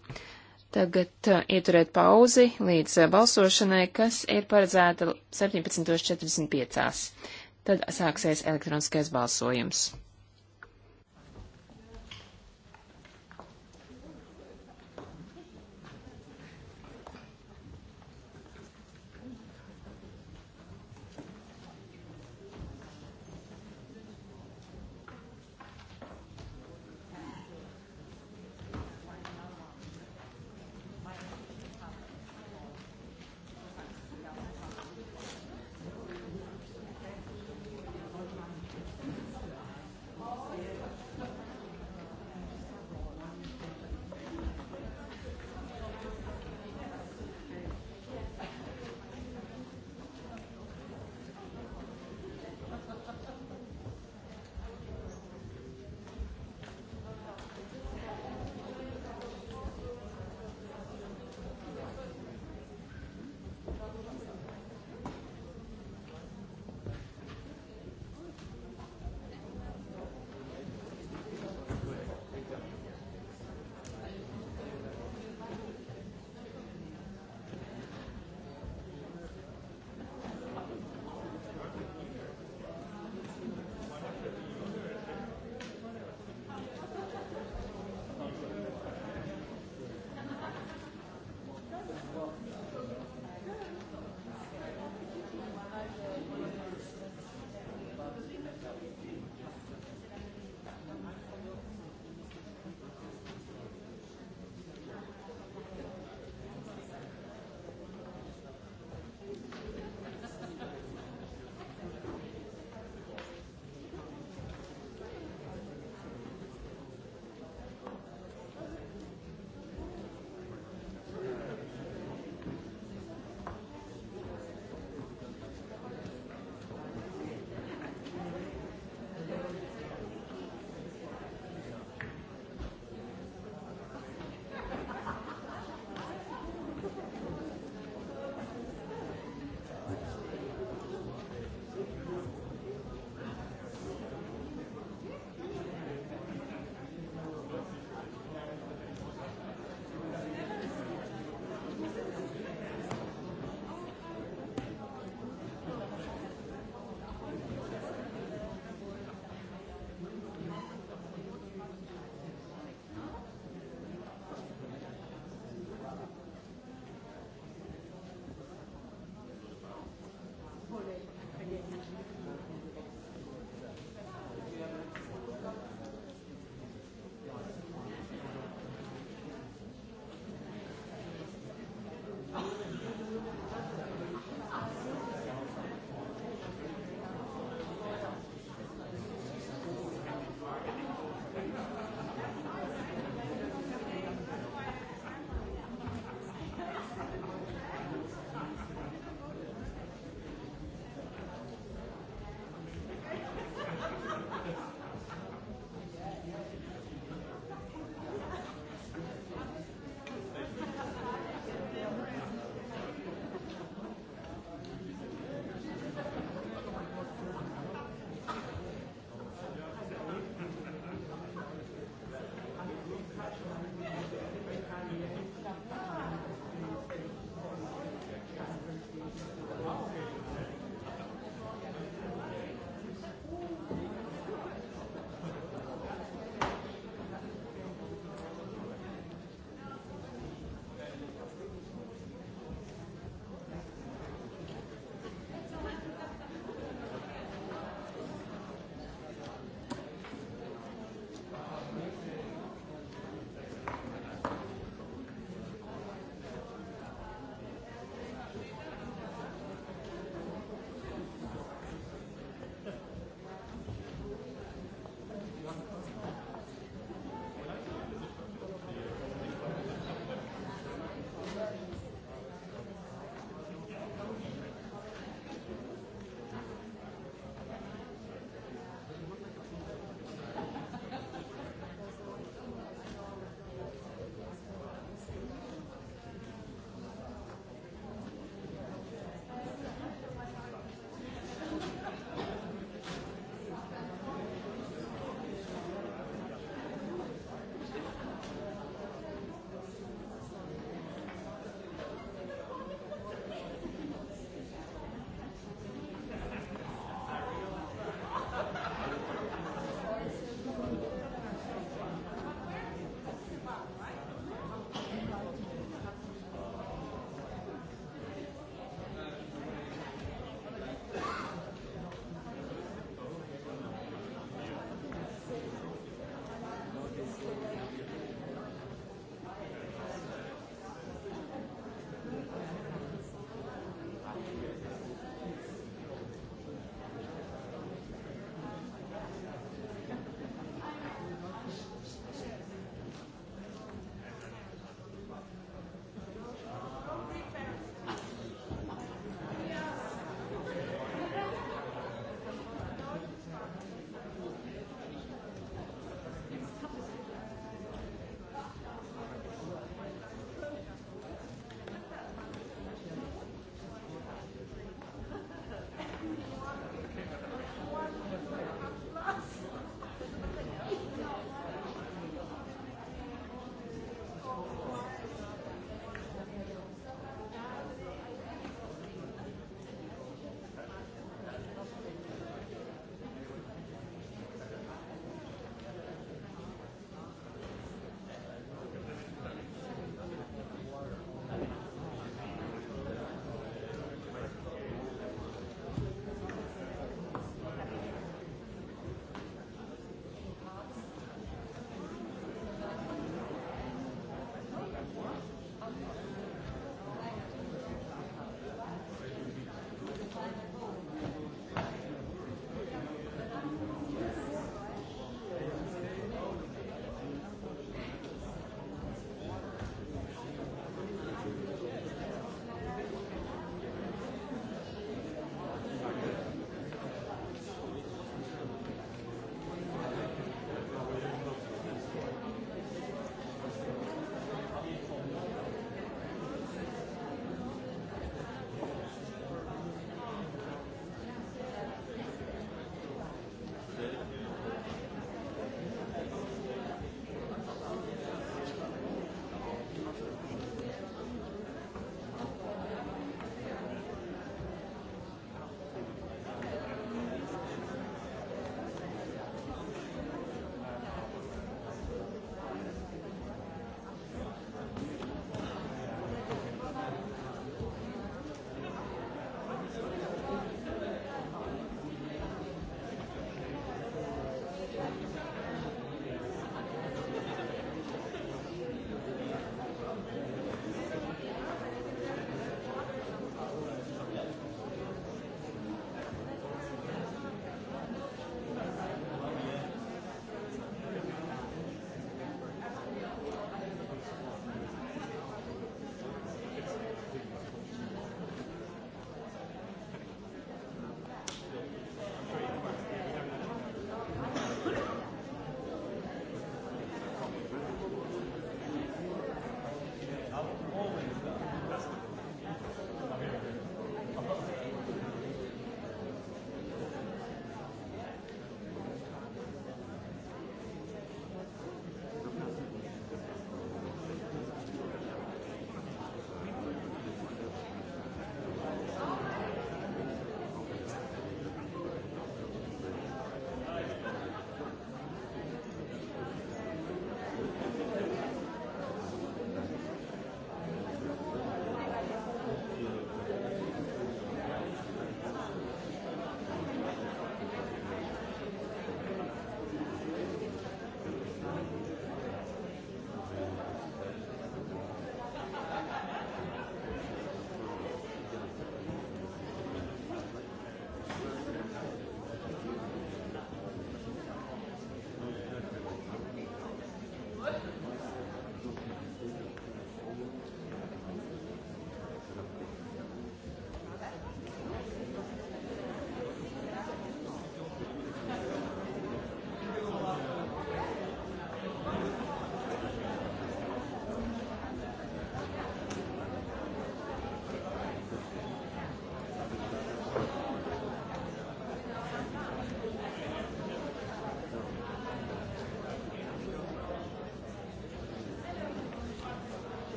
tagad uh, ieturēt pauzi līdz uh, balsošanai, kas ir paredzēta 17.45. Tad sāksies elektroniskais balsojums.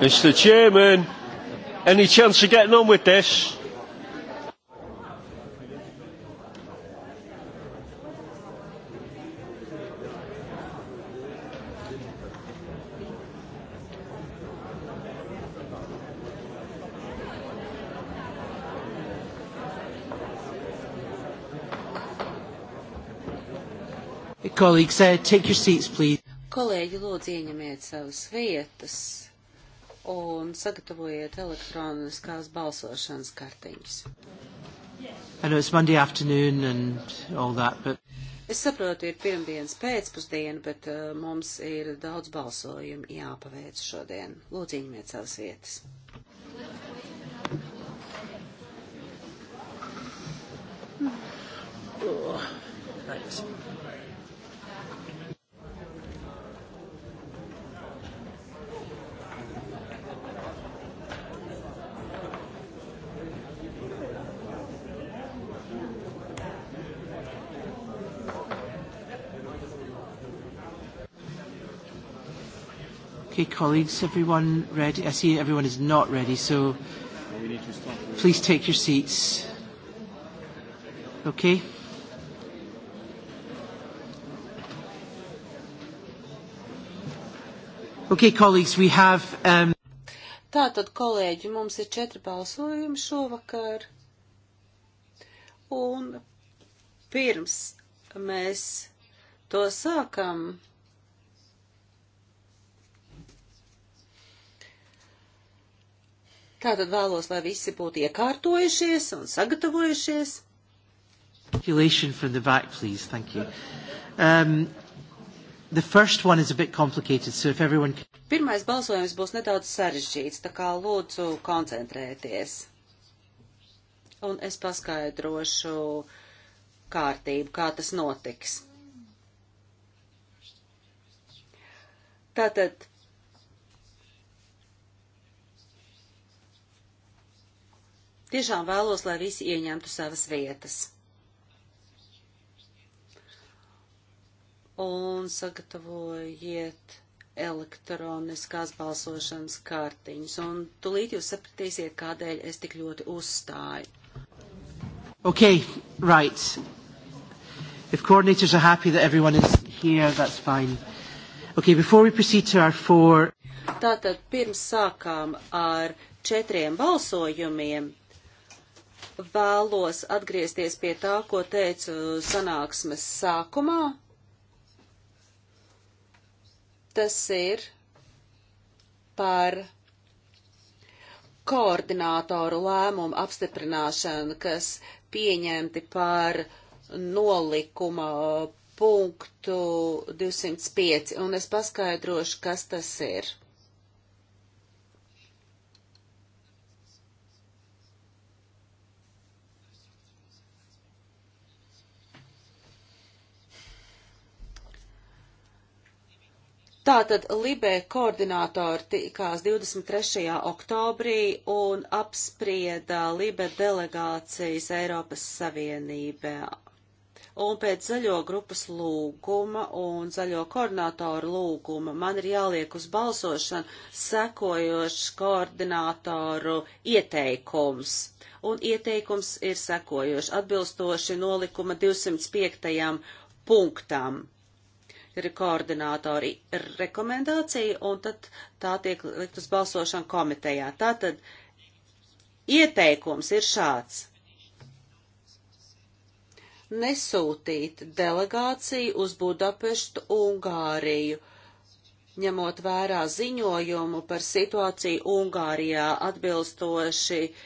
Mr. Chairman, any chance of getting on with this? Colleagues, uh, take your seats, please. Kolēģi, lūdzu, ieņemiet savas vietas un sagatavojiet elektroniskās balsošanas kartiņas. That, but... Es saprotu, ir pirmdienas pēcpusdiena, bet uh, mums ir daudz balsojumu jāpaveic šodien. Lūdzu, ņemiet savas vietas. colleagues, everyone ready? I see everyone is not ready, so please take your seats. Okay? Okay, colleagues, we have. Um... Tātad, kolēģi, mums ir četri balsojumi šovakar. Un pirms mēs to sākam, Tātad vēlos, lai visi būtu iekārtojušies un sagatavojušies. Calculation from the back, please. Thank you. Um, the first one is a bit complicated, so if everyone can... Pirmais balsojums būs nedaudz sarežģīts, tā kā lūdzu koncentrēties. Un es paskaidrošu kārtību, kā tas notiks. Tātad Tiešām vēlos, lai visi ieņemtu savas vietas. Un sagatavojiet elektroniskās balsošanas kartiņas. Un tulīt jūs sapratīsiet, kādēļ es tik ļoti uzstāju. Okay, right. If coordinators are happy that everyone is here, that's fine. Okay, before we proceed to our four... Tātad pirms sākām ar četriem balsojumiem, vēlos atgriezties pie tā, ko teicu sanāksmes sākumā. Tas ir par koordinātoru lēmumu apstiprināšanu, kas pieņemti par nolikuma punktu 205, un es paskaidrošu, kas tas ir. Tātad Libē koordinātori tikās 23. oktobrī un apsprieda Libē delegācijas Eiropas Savienībā. Un pēc zaļo grupas lūguma un zaļo koordinātoru lūguma man ir jāliek uz balsošanu sekojošs koordinātoru ieteikums. Un ieteikums ir sekojošs atbilstoši nolikuma 205. punktam ir koordinātori rekomendācija, un tad tā tiek likt uz balsošanu komitejā. Tātad ieteikums ir šāds. Nesūtīt delegāciju uz Budapeštu, Ungāriju, ņemot vērā ziņojumu par situāciju Ungārijā atbilstoši uh,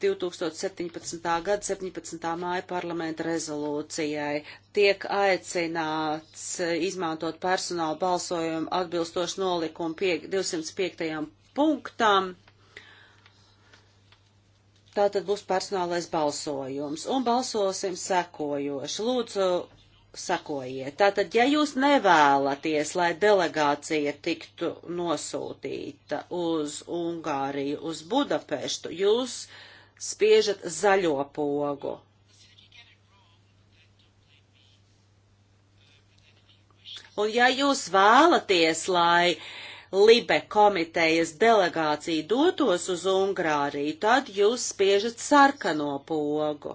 2017. gada 17. māja parlamenta rezolūcijai tiek aicināts izmantot personāla balsojumu atbilstoši nolikumu 205. punktam. Tā tad būs personālais balsojums. Un balsosim sekojoši. Lūdzu, sekojiet. Tātad, ja jūs nevēlaties, lai delegācija tiktu nosūtīta uz Ungāriju, uz Budapeštu, jūs uh, spiežat zaļo pogu. Un ja jūs vēlaties, lai Libe komitejas delegācija dotos uz Ungāriju, tad jūs spiežat sarkano pogu.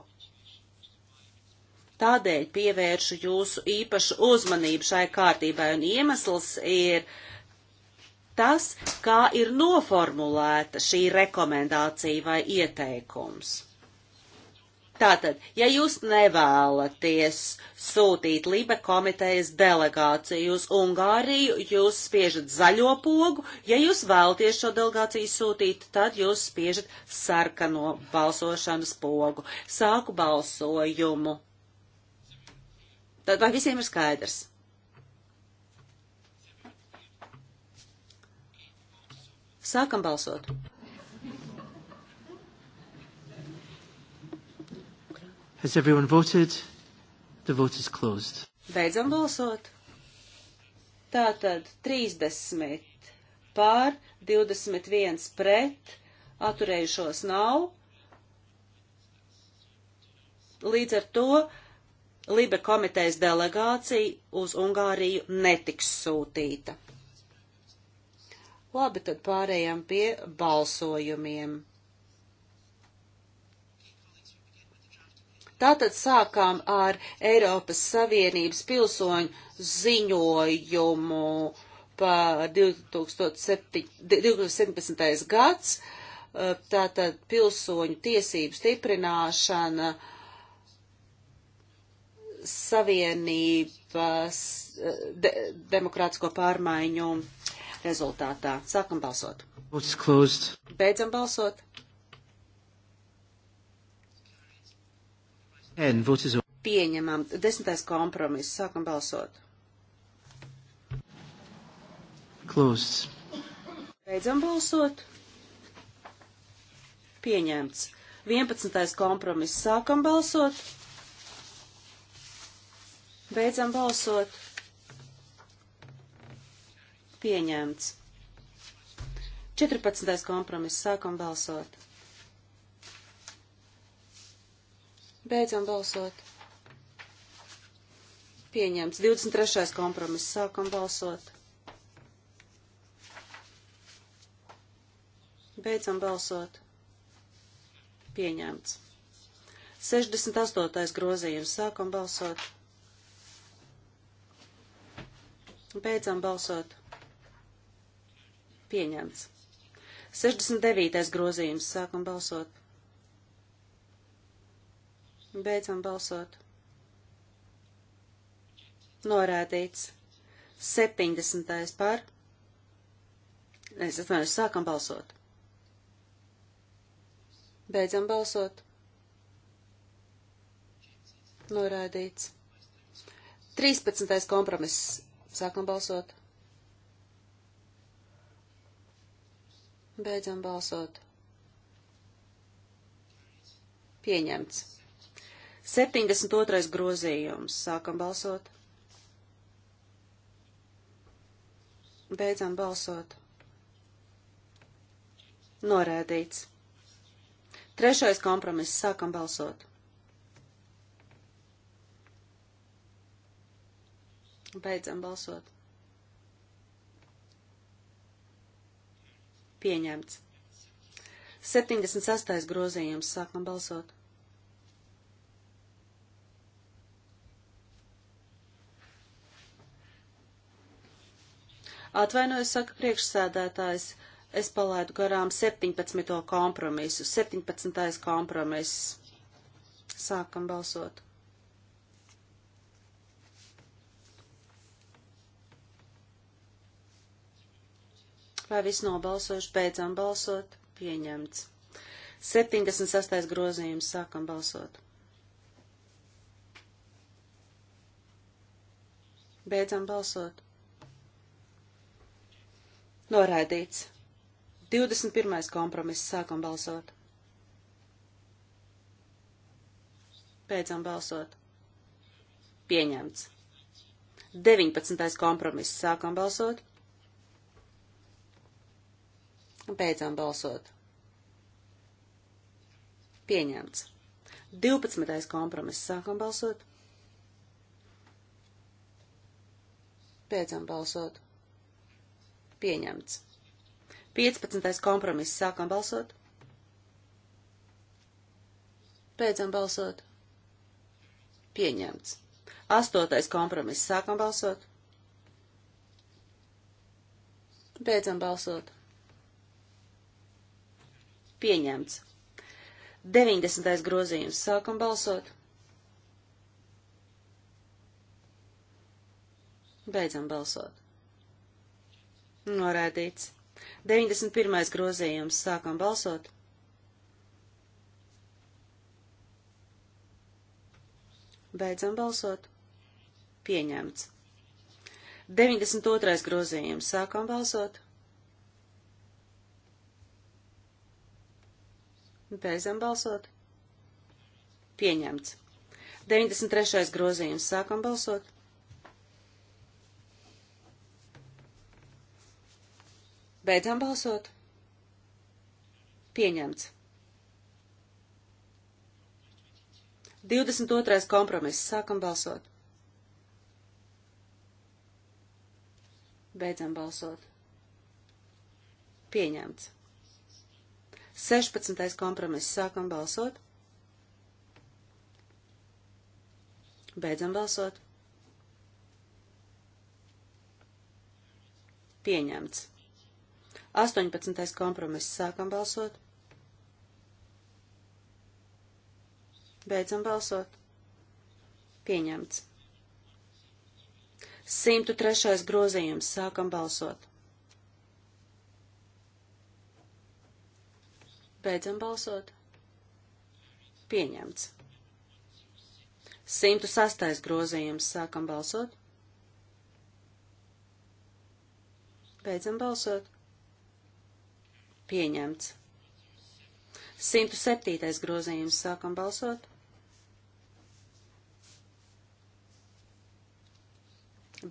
Tādēļ pievēršu jūsu īpašu uzmanību šai kārtībai, un iemesls ir uh, tas, kā ir noformulēta šī rekomendācija vai ieteikums. Tātad, ja jūs nevēlaties sūtīt Libe komitejas delegāciju uz Ungāriju, jūs spiežat zaļo pogu, ja jūs vēlaties šo delegāciju sūtīt, tad jūs spiežat sarkano balsošanas pogu. Sāku balsojumu. Tad vai visiem ir skaidrs? Sākam balsot. Has everyone voted? The vote is closed. Beidzam balsot. Tātad 30 pār, 21 pret, atturējušos nav. Līdz ar to Libe komitejas delegācija uz Ungāriju netiks sūtīta. Labi, tad pārējām pie balsojumiem. Tātad sākām ar Eiropas Savienības pilsoņu ziņojumu par 2017, 2017. gads, eh, tātad pilsoņu tiesību stiprināšana Savienības eh, de, demokrātisko pārmaiņu uh, rezultātā. Sākam balsot. Beidzam balsot. Pieņemam. Desmitais kompromiss. Sākam balsot. Closed. Beidzam balsot. Pieņemts. 11. kompromiss. Sākam balsot. Beidzam balsot. Pieņemts. 14. kompromiss. Sākam balsot. Beidzam balsot. Pieņemts. 23. kompromiss. Sākam balsot. Beidzam balsot. Pieņemts. 68. grozījums. Sākam balsot. Beidzam balsot. Pieņemts. 69. grozījums. Sākam balsot. Beidzam balsot. Norādīts. 70. par. Es atvainojos, sākam balsot. Beidzam balsot. Norādīts. 13. kompromiss. Sākam balsot. Beidzam balsot. Pieņemts. 72. grozījums. Sākam balsot. Beidzam balsot. Norēdīts. Trešais kompromiss. Sākam balsot. Beidzam balsot. Pieņemts. 76. grozījums. Sākam balsot. Atvainojos, saka priekšsēdētājs, es palaidu garām 17. kompromisu. 17. kompromiss. Sākam balsot. Vai viss nobalsojuši? Beidzam balsot. Pieņemts. 76. grozījums. Sākam balsot. Beidzam balsot. Noraidīts. 21. kompromiss. Sākam balsot. Beidzam balsot. Pieņemts. 19. kompromiss. Sākam balsot. Beidzam balsot. Pieņemts. 12. kompromiss. Sākam balsot. Beidzam balsot. Pieņemts. 15. kompromiss. Sākam balsot. Beidzam balsot. Pieņemts. 8. kompromiss. Sākam balsot. Beidzam balsot. Pieņemts. 90. grozījums. Sākam balsot. Beidzam balsot. Norādīts. 91. grozījums. Sākam balsot. Beidzam balsot. Pieņemts. 92. grozījums. Sākam balsot. Beidzam balsot. Pieņemts. 93. grozījums. Sākam balsot. Beidzam balsot. Pieņemts. 22. kompromiss. Sākam balsot. Beidzam balsot. Pieņemts. 16. kompromiss. Sākam balsot. Beidzam balsot. Pieņemts. 18. kompromiss. Sākam balsot. Beidzam balsot. Pieņemts. 103. grozījums. Sākam balsot. Beidzam balsot. Pieņemts. 106. grozījums. Sākam balsot. Beidzam balsot. Pieņemts. 107. grozījums. Sākam balsot.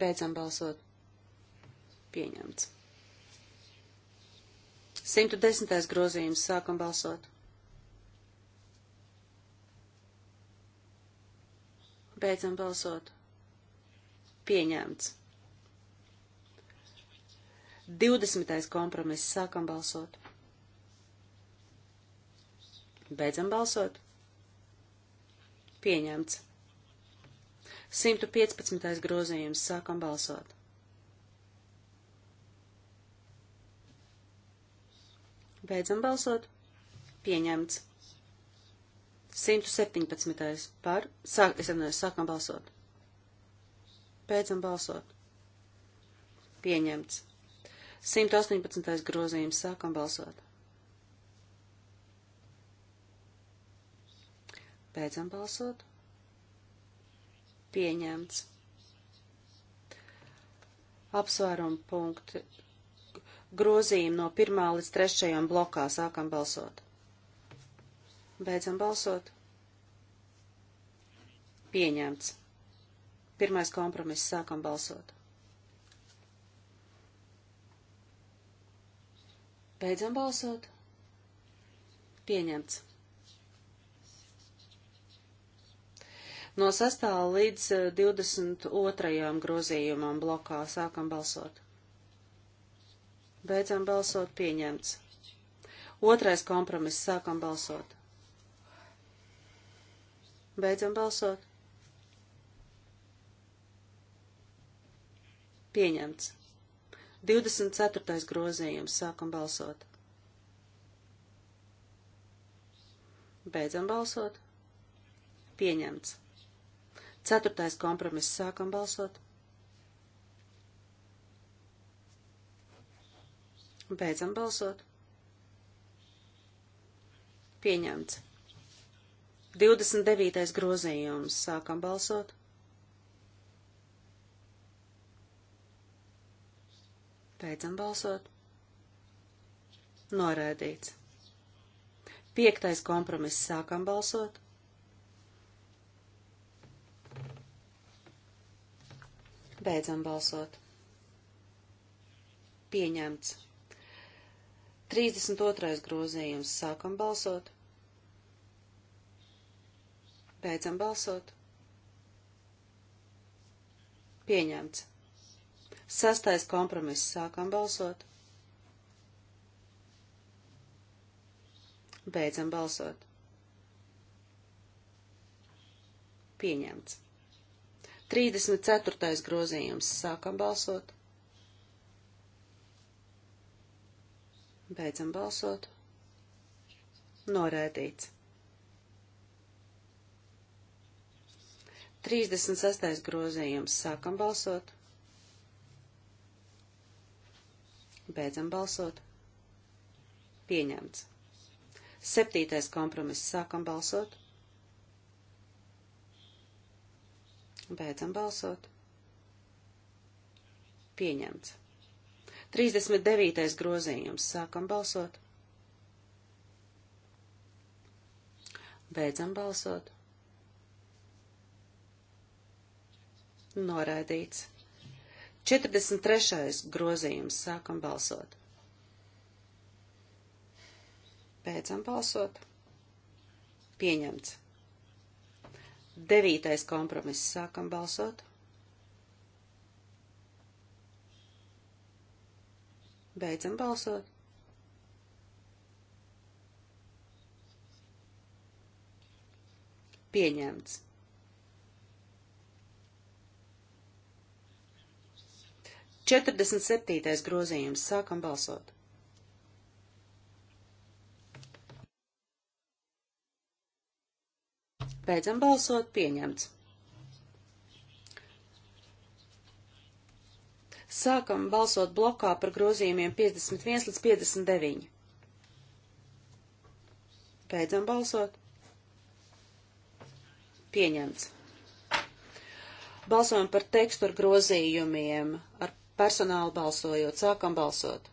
Beidzam balsot. Pieņemts. 110. grozījums. Sākam balsot. Beidzam balsot. Pieņemts. 20. kompromiss. Sākam balsot. Beidzam balsot. Pieņemts. 115. grozījums. Sākam balsot. Beidzam balsot. Pieņemts. 117. par. Sāk, es atnāju, sākam balsot. Beidzam balsot. Pieņemts. 118. grozījums. Sākam balsot. Beidzam balsot. Pieņemts. Apsvērumu punkti grozījumu no 1. līdz 3. blokā. Sākam balsot. Beidzam balsot. Pieņemts. Pirmais kompromiss. Sākam balsot. Beidzam balsot. Pieņemts. No 6. līdz 22. Eh, grozījumam blokā sākam balsot. Beidzam balsot pieņemts. Otrais kompromiss. Sākam balsot. Beidzam balsot. Pieņemts. 24. grozījums. Sākam balsot. Beidzam balsot. Pieņemts. Ceturtais kompromiss. Sākam balsot. Beidzam balsot. Pieņemts. 29. grozījums. Sākam balsot. Beidzam balsot. Norēdīts. Piektais kompromiss. Sākam balsot. Beidzam balsot. Pieņemts. 32. grozījums. Sākam balsot. Beidzam balsot. Pieņemts. Sastais kompromiss. Sākam balsot. Beidzam balsot. Pieņemts. 34. grozījums. Sākam balsot. Beidzam balsot. Norēdīts. 36. grozījums. Sākam balsot. Beidzam balsot. Pieņemts. Septītais kompromiss. Sākam balsot. Beidzam balsot. Pieņemts. 39. grozījums. Sākam balsot. Beidzam balsot. Noraidīts. 43. grozījums. Sākam balsot. Beidzam balsot. Pieņemts. Devītais kompromiss. Sākam balsot. Beidzam balsot. Pieņemts. Četrdesmit septītais grozījums. Sākam balsot. Beidzam balsot. Pieņemts. Sākam balsot blokā par grozījumiem 51 līdz 59. Beidzam balsot. Pieņemts. Balsojam par tekstu ar grozījumiem, ar personālu balsojot. Sākam balsot.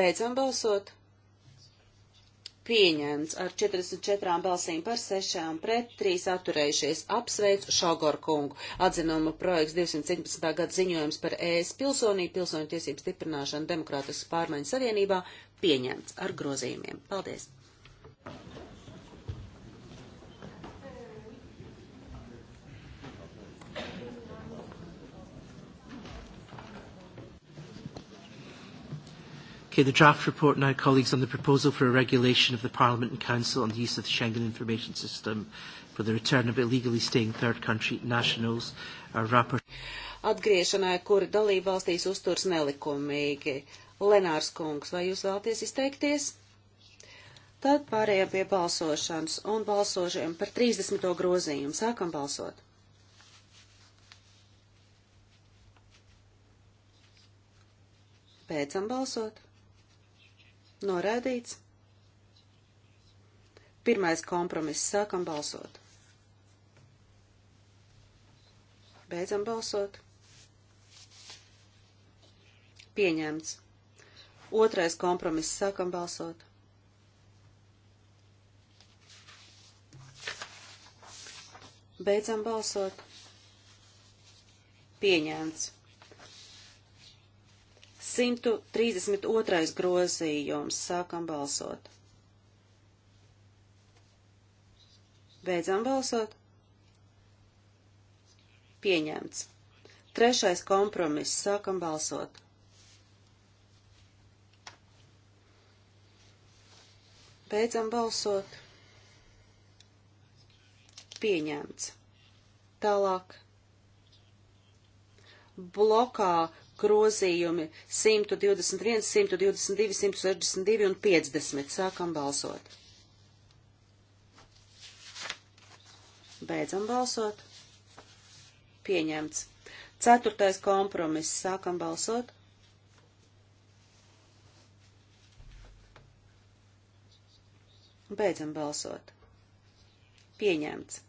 Beidzam balsot pieņemts ar 44 balsīm par 6 pret 3 atturējušies. Apsveicu Šogor kungu. Atzinuma projekts 217. gada ziņojums par ES pilsonību, pilsoņu tiesību stiprināšanu demokrātiskas pārmaiņas savienībā pieņemts ar grozījumiem. Paldies! Okay, the draft report now, colleagues, on the proposal for a regulation of the Parliament and Council on the use of the Schengen Information System for the return of illegally staying third country nationals. Our rapport... Atgriešanai, kuri dalība valstīs uzturs nelikumīgi. Lenārs kungs, vai jūs vēlaties izteikties? Tad pārējām pie balsošanas un balsošiem par 30. grozījumu. Sākam balsot. Beidzam balsot. Norādīts. Pirmais kompromiss. Sākam balsot. Beidzam balsot. Pieņemts. Otrais kompromiss. Sākam balsot. Beidzam balsot. Pieņemts. 132. grozījums. Sākam balsot. Beidzam balsot. Pieņemts. Trešais kompromiss. Sākam balsot. Beidzam balsot. Pieņemts. Tālāk. Blokā grozījumi 121, 122, 162 un 50. Sākam balsot. Beidzam balsot. Pieņemts. Ceturtais kompromiss. Sākam balsot. Beidzam balsot. Pieņemts.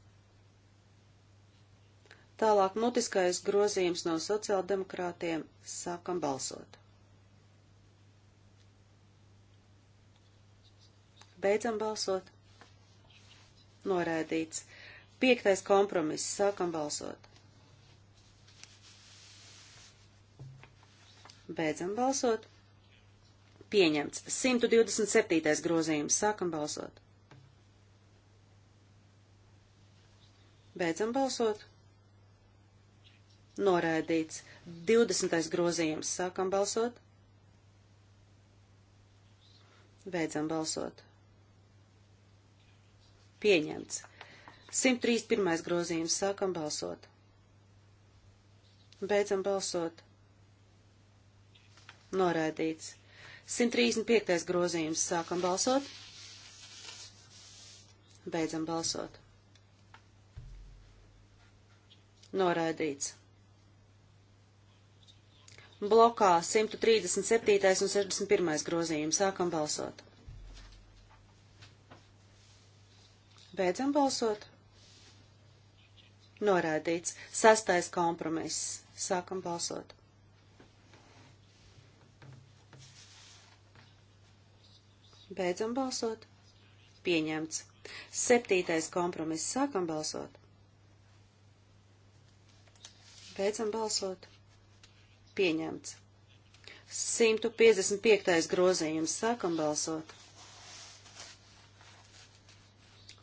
Tālāk mutiskais grozījums no sociāldemokrātiem. Sākam balsot. Beidzam balsot. Noraidīts. Piektais kompromiss. Sākam balsot. Beidzam balsot. Pieņemts. 127. grozījums. Sākam balsot. Beidzam balsot. Noraidīts. 20. grozījums. Sākam balsot. Beidzam balsot. Pieņemts. 131. grozījums. Sākam balsot. Beidzam balsot. Noraidīts. 135. grozījums. Sākam balsot. Beidzam balsot. Noraidīts blokā 137. un 61. grozījums. Sākam balsot. Beidzam balsot. Norādīts. Sastais kompromiss. Sākam balsot. Beidzam balsot. Pieņemts. Septītais kompromiss. Sākam balsot. Beidzam balsot. Pieņemts. 155. grozījums. Sākam balsot.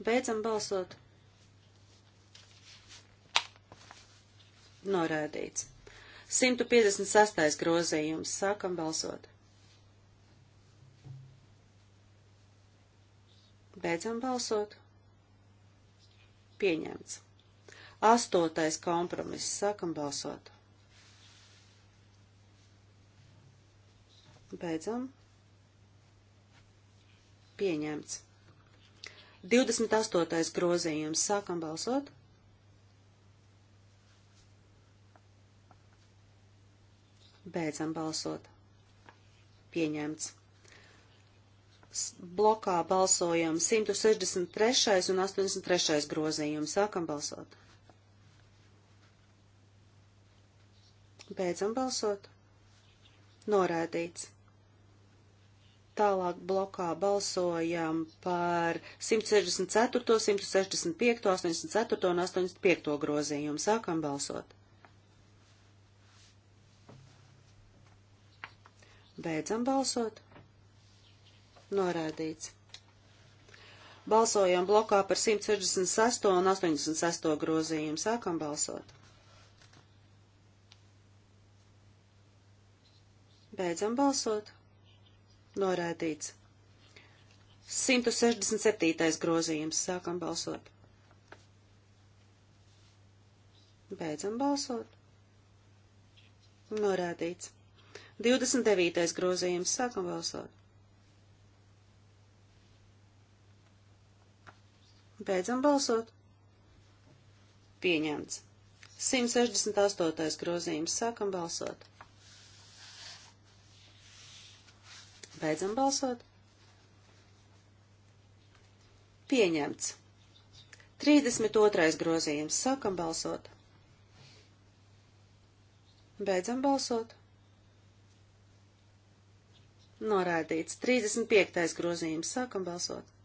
Beidzam balsot. Norādīts. 156. grozījums. Sākam balsot. Beidzam balsot. Pieņemts. Astotais kompromiss. Sākam balsot. Beidzam. Pieņemts. 28. grozījums. Sākam balsot. Beidzam balsot. Pieņemts blokā balsojam 163. un 83. grozījumu. Sākam balsot. Beidzam balsot. Norādīts. Tālāk blokā balsojam par 164, 165, 84 un 85 grozījumu. Sākam balsot. Beidzam balsot. Norādīts. Balsojam blokā par 166 un 86 grozījumu. Sākam balsot. Beidzam balsot. Norādīts. 167. grozījums. Sākam balsot. Beidzam balsot. Norādīts. 29. grozījums. Sākam balsot. Beidzam balsot. Pieņemts. 168. grozījums. Sākam balsot. Beidzam balsot. Pieņemts. 32. grozījums. Sākam balsot. Beidzam balsot. Norādīts. 35. grozījums. Sākam balsot.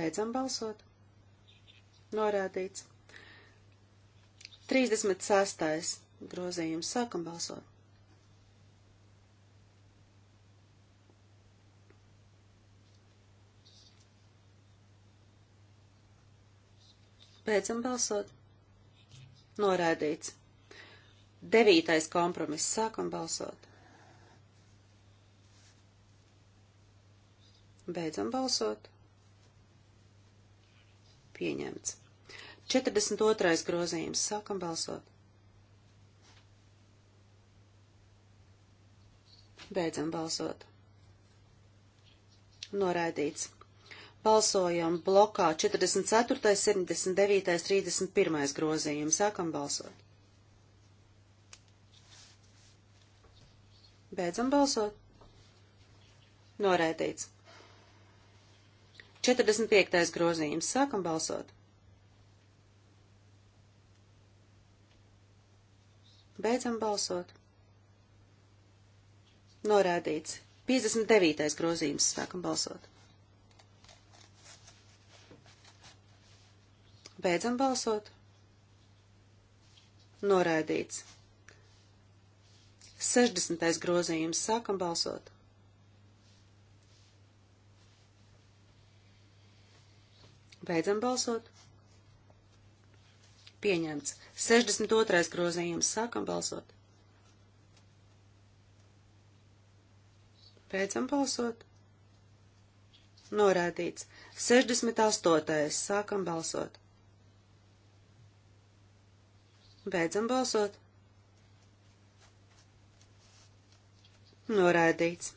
Beidzam balsot. Norādīts. 36 grozījums. Sākam balsot. Beidzam balsot. Noraidīts. Devītais kompromiss. Sākam balsot. Beidzam balsot. Pieņemts. 42. grozījums. Sākam balsot. Beidzam balsot. Noraidīts. Balsojam blokā 44., 79., 31. grozījums. Sākam balsot. Beidzam balsot. Noraidīts. 45. grozījums. Sākam balsot. Beidzam balsot. Norādīts. 59. grozījums. Sākam balsot. Beidzam balsot. Noraidīts. 60. grozījums. Sākam balsot. Beidzam balsot. Pieņemts. 62. grozījums. Sākam balsot. Beidzam balsot. Norādīts. 68. Sākam balsot. Beidzam balsot. Norādīts.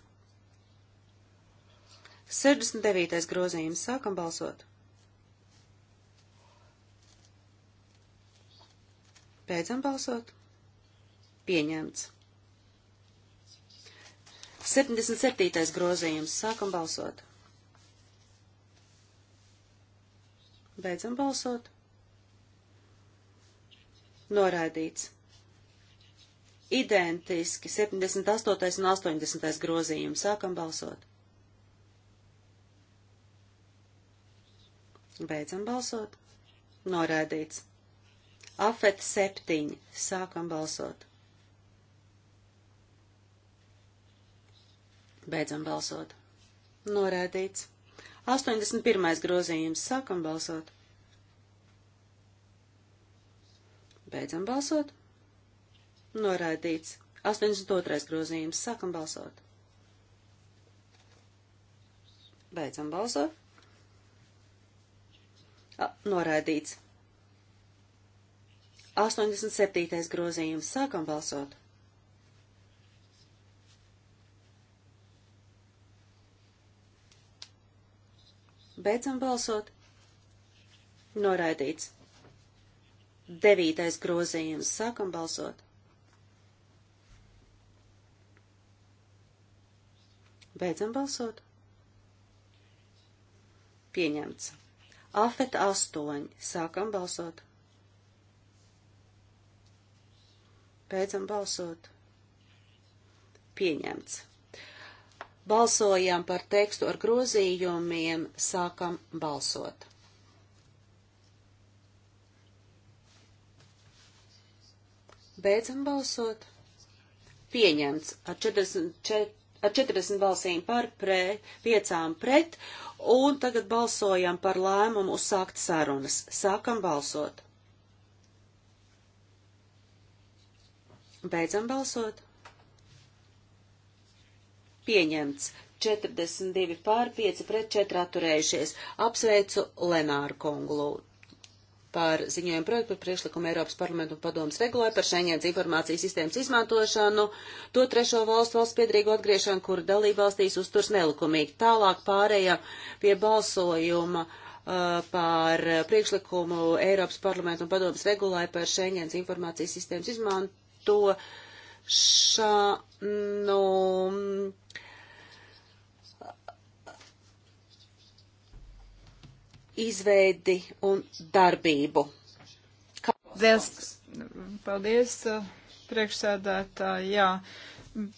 69. grozījums. Sākam balsot. Beidzam balsot. Pieņemts. 77. grozījums. Sākam balsot. Beidzam balsot. Noraidīts. Identiski 78. un 80. grozījums. Sākam balsot. Beidzam balsot. Noraidīts. Afet 7. Sākam balsot. Beidzam balsot. Norēdīts. 81. grozījums. Sākam balsot. Beidzam balsot. Norādīts. 82. grozījums. Sākam balsot. Beidzam balsot. A, norādīts. 87. grozījums. Sākam balsot. Beidzam balsot. Noraidīts. Devītais grozījums. Sākam balsot. Beidzam balsot. Pieņemts. Afet 8. Sākam balsot. Beidzam balsot. Pieņemts. Balsojam par tekstu ar grozījumiem, sākam balsot. Beidzam balsot. Pieņemts ar 44, ar 40 balsīm par pret, 5 pret, un tagad balsojam par lēmumu uzsākt sarunas. Sākam balsot. Beidzam balsot. Pieņemts. 42 pār 5 pret 4 atturējušies. Apsveicu Lenāru Konglu par ziņojumu projektu par priekšlikumu Eiropas parlamentu un padomas regulai par Schengens informācijas sistēmas izmantošanu, to trešo valstu valsts piedrīgu atgriešanu, kur dalībvalstīs uzturs nelikumīgi. Tālāk pārēja pie balsojuma uh, par priekšlikumu Eiropas parlamentu un padomas regulai par Schengens informācijas sistēmas izmantošanu no nu, izveidi un darbību. Liels paldies, uh, priekšsēdētāji. Jā,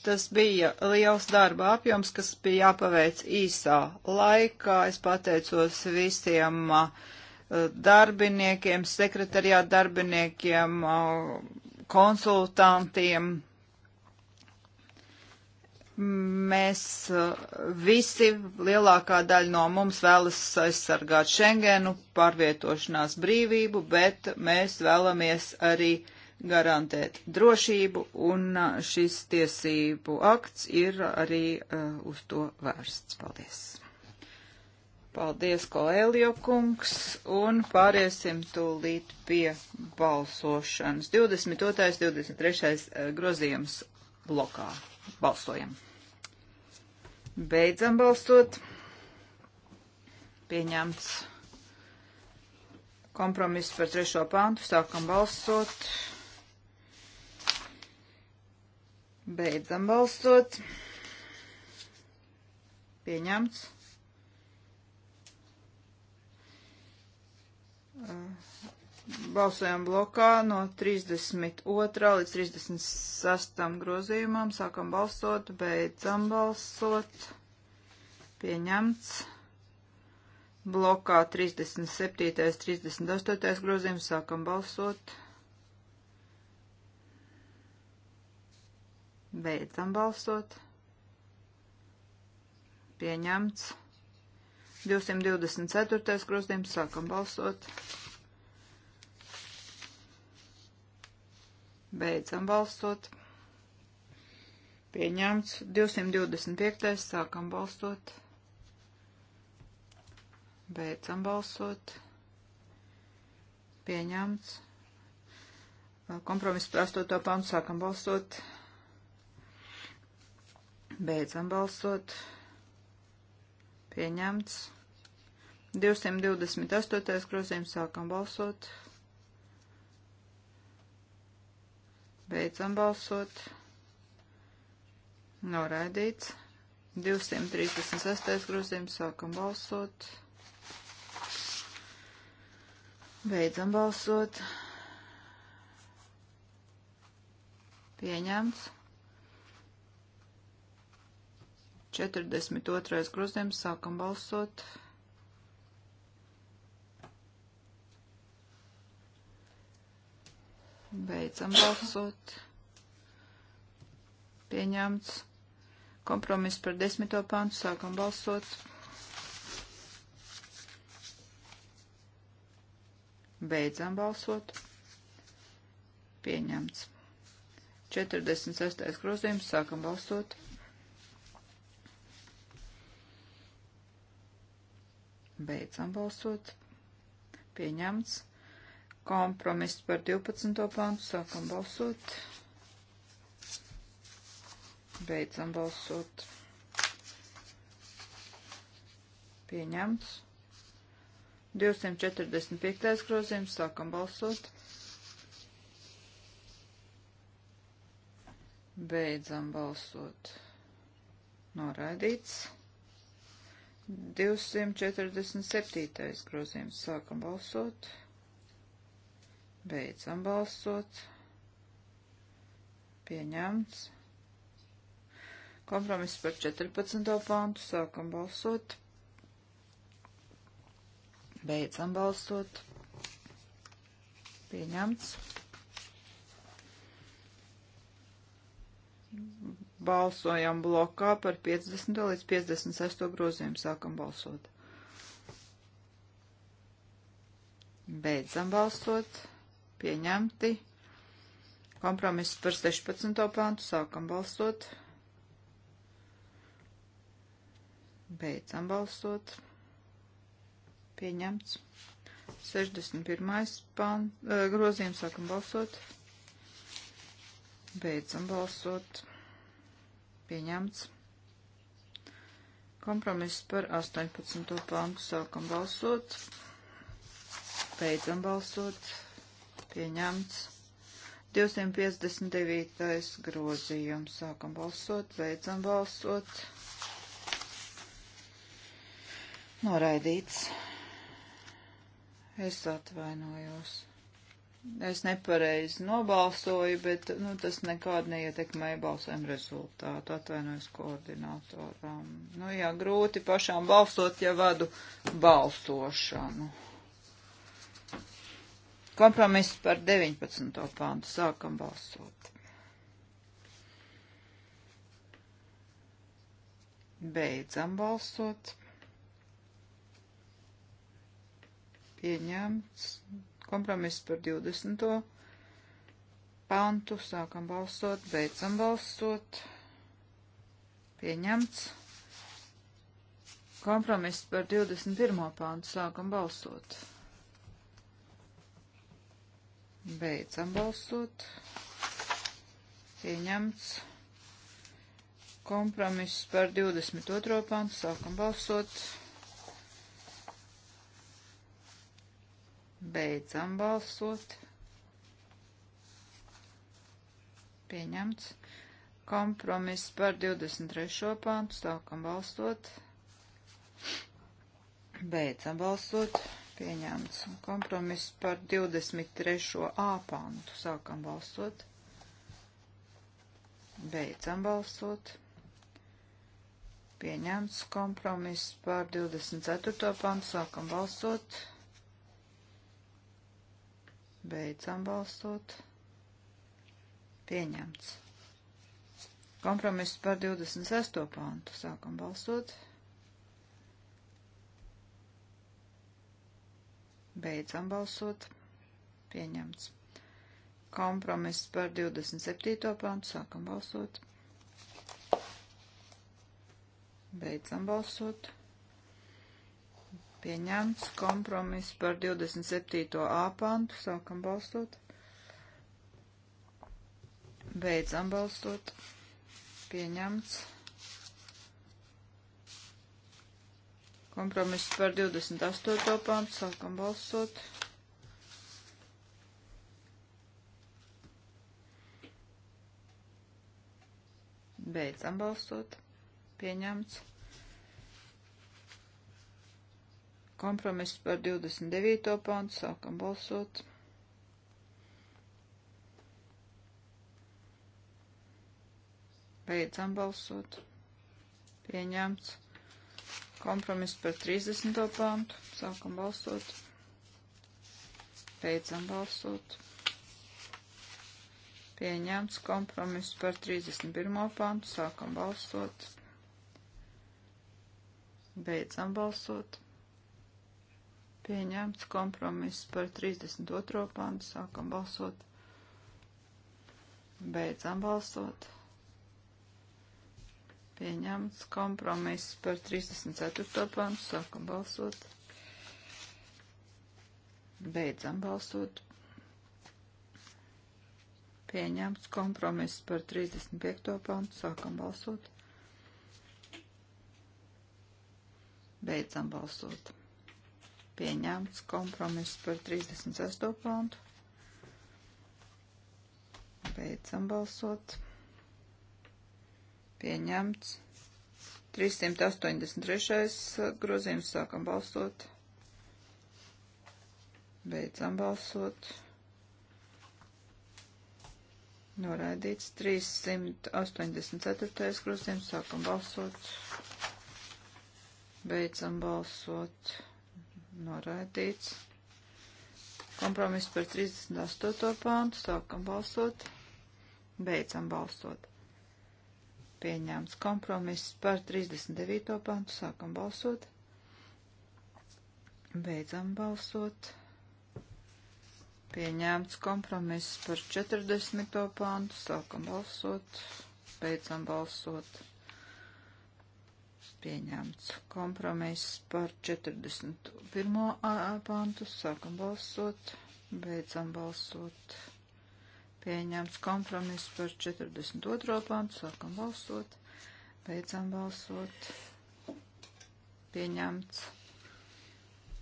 tas bija liels darba apjoms, kas bija jāpaveic īsā laikā. Es pateicos visiem uh, darbiniekiem, sekretariāt darbiniekiem, uh, konsultantiem, Mēs uh, visi, lielākā daļa no mums vēlas aizsargāt Schengenu, pārvietošanās brīvību, bet mēs vēlamies arī garantēt drošību, un uh, šis tiesību akts ir arī uh, uz to vērsts. Paldies! Paldies, Koelio kungs, un pāriesim tūlīt pie balsošanas. 22. 23. Uh, grozījums blokā. Balsojam! Beidzam balsot. Pieņemts kompromiss par trešo pāntu. Sākam balsot. Beidzam balsot. Pieņemts. Balsojam blokā no 32. līdz 36. grozījumam. Sākam balsot, beidzam balsot. Pieņemts. Blokā 37. 38. grozījums. Sākam balsot. Beidzam balsot. Pieņemts. 224. grozījums. Sākam balsot. Pieņemts. Beidzam balsot. Pieņemts. 225. Sākam balsot. Beidzam balsot. Pieņemts. Kompromiss par 8. pantu sākam balsot. Beidzam balsot. Pieņemts. 228. grozījums sākam balsot. Beidzam balsot. Noraidīts. 236. grozījums. Sākam balsot. Beidzam balsot. Pieņemts. 42. grozījums. Sākam balsot. Pieņemts. Beidzam balsot. Pieņemts. Kompromiss par desmito pantu. Sākam balsot. Beidzam balsot. Pieņemts. 46. grozījums. Sākam balsot. Beidzam balsot. Pieņemts. Kompromiss par 12. pāntu. Sākam balsot. Beidzam balsot. Pieņemts. 245. grozījums. Sākam balsot. Beidzam balsot. Noraidīts. 247. grozījums. Sākam balsot. Balsot. Beidzam balsot. Pieņemts. Kompromiss par 14. pāntu. Sākam balsot. Beidzam balsot. Pieņemts. Balsojam blokā par 50. līdz 56. grozījumu. Sākam balsot. Beidzam balsot pieņemti. Kompromiss par 16. pāntu sākam balsot. Beidzam balsot. Pieņemts. 61. Pān, eh, grozījums sākam balsot. Beidzam balsot. Pieņemts. Kompromiss par 18. pāntu sākam balsot. Beidzam balsot pieņemts. 259. grozījums. Sākam balsot, beidzam balsot. Noraidīts. Es atvainojos. Es nepareizi nobalsoju, bet nu, tas nekādu neietekmēja balsojumu rezultātu. Atvainojos koordinatoram. Nu jā, grūti pašām balsot, ja vadu balsošanu. Kompromiss par 19. pāntu. Sākam balsot. Beidzam balsot. Pieņemts. Kompromiss par 20. pantu. Sākam balsot. Beidzam balsot. Pieņemts. Kompromiss par 21. pantu. Sākam balsot. Beidzam balsot. Pieņemts. Kompromiss par 22. pantu. Sākam balsot. Beidzam balsot. Pieņemts. Kompromiss par 23. pantu. Sākam balsot. Beidzam balsot pieņemts. Kompromiss par 23. āpantu. Sākam balsot. Beidzam balsot. Pieņemts kompromiss par 24. pantu. Sākam balsot. Beidzam balsot. Pieņemts. Kompromiss par 26. pantu. Sākam balsot. Pieņemts. Beidzam balsot. Pieņemts. Kompromiss par 27. pantu. Sākam balsot. Beidzam balsot. Pieņemts kompromiss par 27. A pantu. Sākam balsot. Beidzam balsot. Pieņemts. Kompromiss par 28. pāntu. Sākam balsot. Beidzam balsot. Pieņemts. Kompromiss par 29. pāntu. Sākam balsot. Beidzam balsot. Pieņemts. Kompromiss par 30. pāntu. Sākam balsot. Beidzam balsot. Pieņemts kompromiss par 31. pāntu. Sākam balsot. Beidzam balsot. Pieņemts kompromiss par 32. pāntu. Sākam balsot. Beidzam balsot. Pieņemts kompromiss par 34. pantu. Sākam balsot. Beidzam balsot. Pieņemts kompromiss par 35. pantu. Sākam balsot. Beidzam balsot. Pieņemts kompromiss par 36. pantu. Beidzam balsot Pieņemts. 383. grozījums sākam balsot. Beidzam balsot. Noraidīts 384. grozījums sākam balsot. Beidzam balsot. Noraidīts. Kompromiss par 38. pāntu sākam balsot. Beidzam balsot pieņemts. Kompromiss par 39. pantu sākam balsot. Beidzam balsot. Pieņemts kompromiss par 40. pantu sākam balsot. Beidzam balsot. Pieņemts kompromiss par 41. pantu sākam balsot. Beidzam balsot pieņemts kompromiss par 42. pantu, sākam balsot, beidzam balsot, pieņemts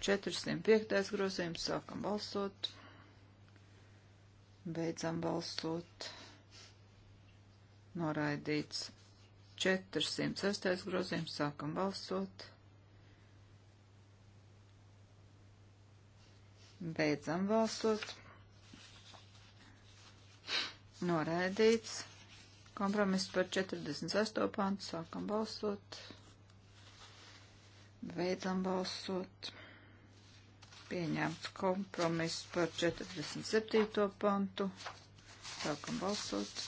405. grozījums, sākam balsot, beidzam balsot, noraidīts 406. grozījums, sākam balsot, beidzam balsot. Noraidīts. Kompromiss par 48. pantu. Sākam balsot. Beidzam balsot. Pieņemts kompromiss par 47. pantu. Sākam balsot.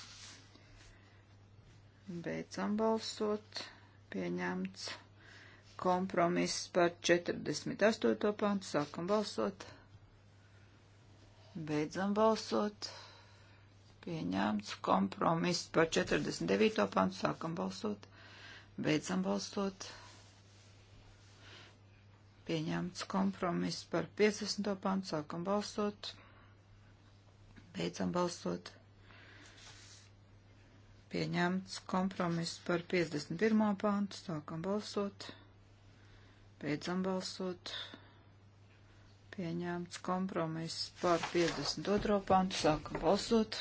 Beidzam balsot. Pieņemts kompromiss par 48. pantu. Sākam balsot. Beidzam balsot. Pieņemts kompromiss par 49. pantu. Sākam balsot. Beidzam balsot. Pieņemts kompromiss par 50. pantu. Sākam balsot. Beidzam balsot. Pieņemts kompromiss par 51. pantu. Sākam balsot. Beidzam balsot. Pieņemts kompromiss par 52. pantu. Sākam balsot.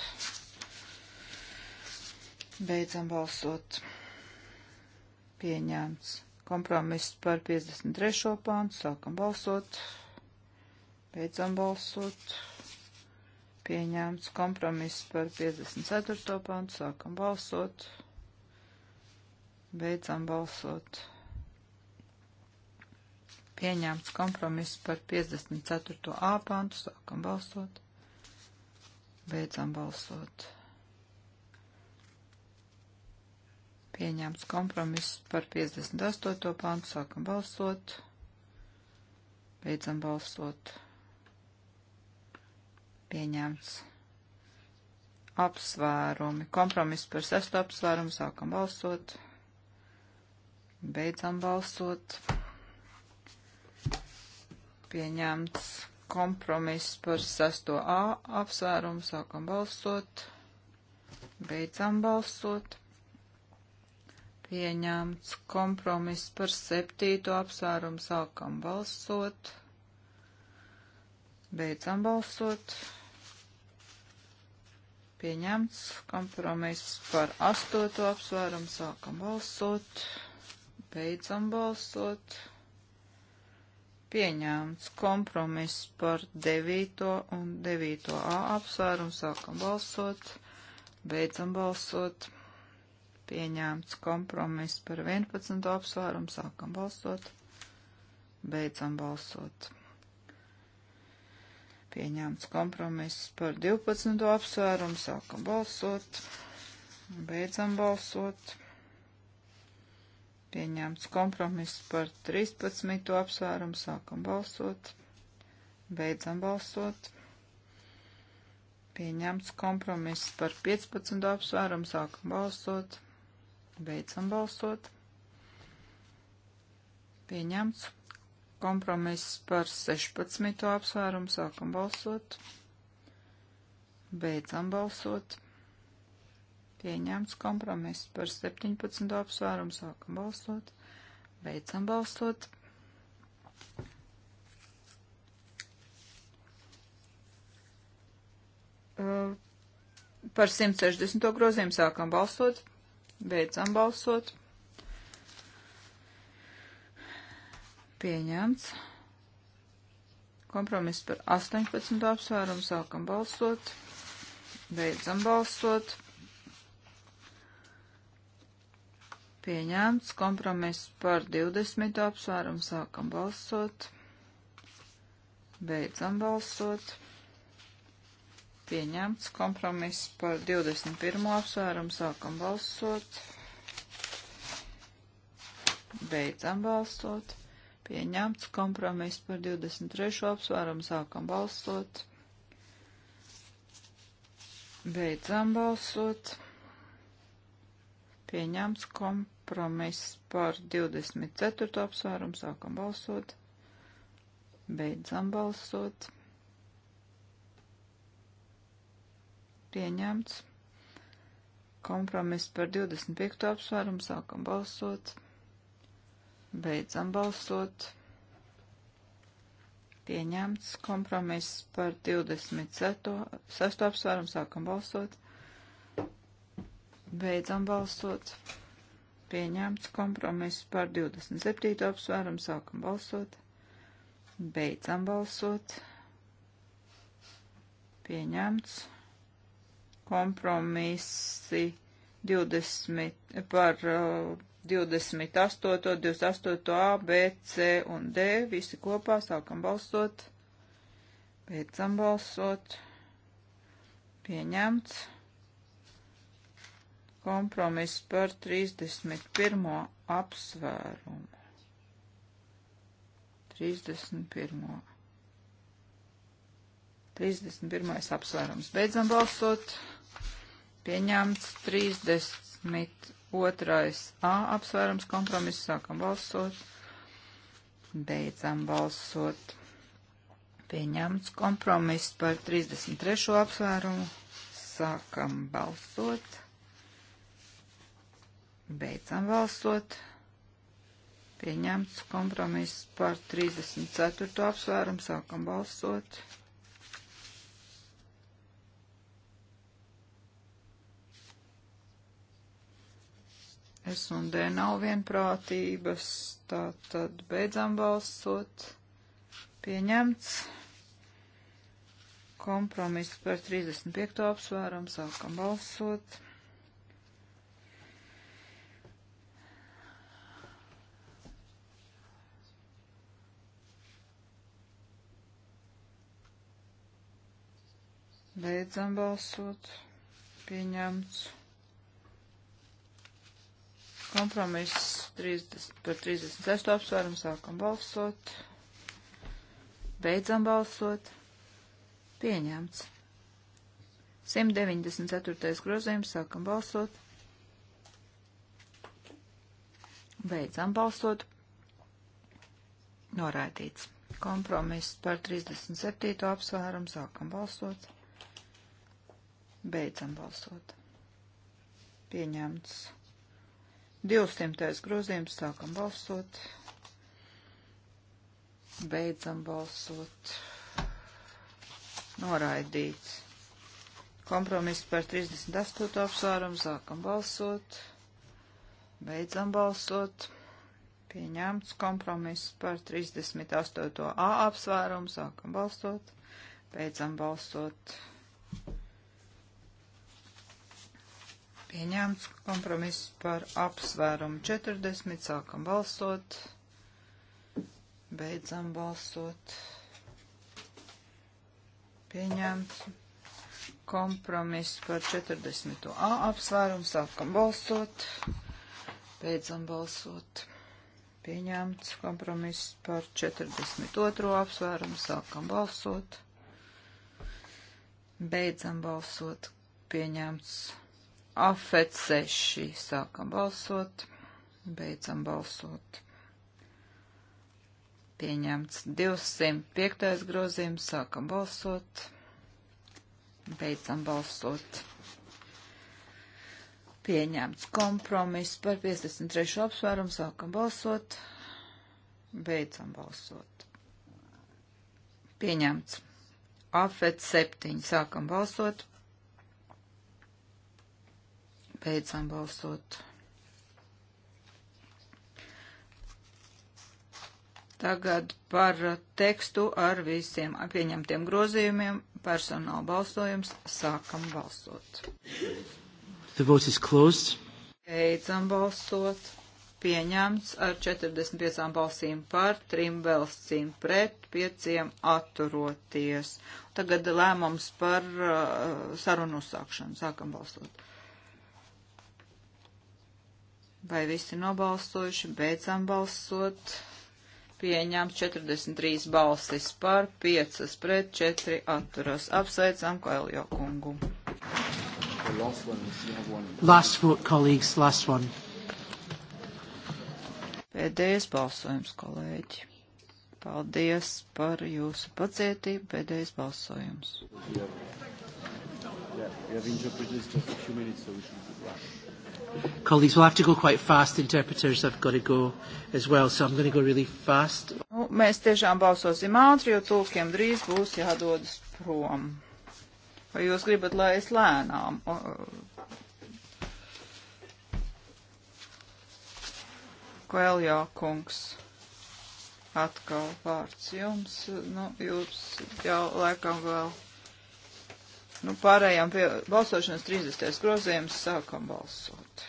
Beidzam balsot. Pieņemts kompromiss par 53. pantu. Sākam balsot. Beidzam balsot. Pieņemts kompromiss par 54. pantu. Sākam balsot. Beidzam balsot pieņemts kompromiss par 54. A pantu. Sākam balsot. Beidzam balsot. Pieņemts kompromiss par 58. pantu. Sākam balsot. Beidzam balsot. Pieņemts. Apsvērumi. Kompromiss par sesto apsvērumu. Sākam balsot. Beidzam balsot pieņemts kompromiss par 6a apsvērumu. Sākam balsot, beidzam balsot. Pieņemts kompromiss par 7. apsvērumu. Sākam balsot, beidzam balsot. Pieņemts kompromiss par 8. apsvērumu. Sākam balsot, beidzam balsot pieņēmts kompromiss par 9. un 9a apsvērumu. Sākam balsot, beidzam balsot. Pieņēmts kompromiss par 11. apsvērumu. Sākam balsot, beidzam balsot. Pieņēmts kompromiss par 12. apsvērumu. Sākam balsot, beidzam balsot Pieņemts kompromiss par 13. apsvērumu. Sākam balsot. Beidzam balsot. Pieņemts kompromiss par 15. apsvērumu. Sākam balsot. Beidzam balsot. Pieņemts kompromiss par 16. apsvērumu. Sākam balsot. Beidzam balsot. Pieņemts kompromiss par 17. apsvērumu. Sākam balsot. Beidzam balsot. Uh, par 160. grozījumu sākam balsot. Beidzam balsot. Pieņemts. Kompromiss par 18. apsvērumu sākam balsot. Beidzam balsot. Pieņemts kompromiss par 20. apsvērumu. Sākam balsot. Beidzam balsot. Pieņemts kompromiss par 21. apsvērumu. Sākam balsot. Beidzam balsot. Pieņemts kompromiss par 23. apsvērumu. Sākam balsot. Beidzam balsot pieņemts kompromiss par 24. apsvērumu. Sākam balsot. Beidzam balsot. Pieņemts. Kompromiss par 25. apsvērumu. Sākam balsot. Beidzam balsot. Pieņemts kompromiss par 26. apsvērumu. Sākam balsot. Beidzam balsot. Pieņemts kompromiss par 27. apsvērumu. Sākam balsot. Beidzam balsot. Pieņemts kompromisi 20, par uh, 28, 28 A, B, C un D. Visi kopā sākam balsot, beidzam balsot, pieņemts kompromiss par 31. apsvērumu. 31. 31. apsvērums. Beidzam balsot. Pieņemts 32. A apsvērums kompromiss. Sākam balsot. Beidzam balsot. Pieņemts kompromiss par 33. apsvērumu. Sākam balsot. Beidzam balsot. Pieņemts kompromiss par 34. apsvērumu. Sākam balsot. Es un D nav vienprātības, tā tad beidzam balsot. Pieņemts. Kompromiss par 35. apsvērumu. Sākam balsot. Beidzam balsot. Pieņemts. Kompromiss 30, par 36 apsvērumu sākam balsot. Beidzam balsot. Pieņemts. 194. grozījums sākam balsot. Beidzam balsot. Noraidīts. Kompromiss par 37. apsvērumu sākam balsot. Beidzam balsot. Pieņemts. 200. grozījums. Sākam balsot. Beidzam balsot. Noraidīts. Kompromiss par 38. apsvērumu. Sākam balsot. Beidzam balsot. Pieņemts kompromiss par 38. A apsvērumu. Sākam balsot. Beidzam balsot Pieņemts kompromiss par apsvērumu 40. Sākam balsot. Beidzam balsot. Pieņemts kompromiss par 40. A apsvērumu. Sākam balsot. Beidzam balsot. Pieņemts kompromiss par 42. apsvērumu. Sākam balsot. Beidzam balsot. Pieņemts kompromiss Afet 6. Sākam balsot. Beidzam balsot. Pieņemts 205. grozījums. Sākam balsot. Beidzam balsot. Pieņemts kompromiss par 53. apsvērumu. Sākam balsot. Beidzam balsot. Pieņemts. Afet 7. Sākam balsot. Beidzam balsot. Tagad par tekstu ar visiem pieņemtiem grozījumiem personāla balsojums sākam balsot. The vote is closed. Beidzam balsot. Pieņemts ar 45 balsīm par, 3 balsīm pret, 5 atturoties. Tagad lēmums par uh, sarunu uzsākšanu. Sākam balsot. Vai visi nobalsojuši? Beidzam balsot. Pieņemts 43 balsis par, 5 pret, 4 atturas. Apsveicam Koeljo kungu. Last vote, colleagues, last one. Pēdējais balsojums, kolēģi. Paldies par jūsu pacietību. Pēdējais balsojums. Yeah. Yeah. Colleagues, we'll have to go quite fast. Interpreters have got to go as well, so I'm going to go really fast. Nu, mēs tiešām balsosim ātri, jo tulkiem drīz būs jādodas prom. Vai jūs gribat, lai es lēnām? Koeljā kungs, atkal vārds jums. Nu, jūs jau laikam vēl Nu, pārējām pie balsošanas 30. grozījums sākam balsot.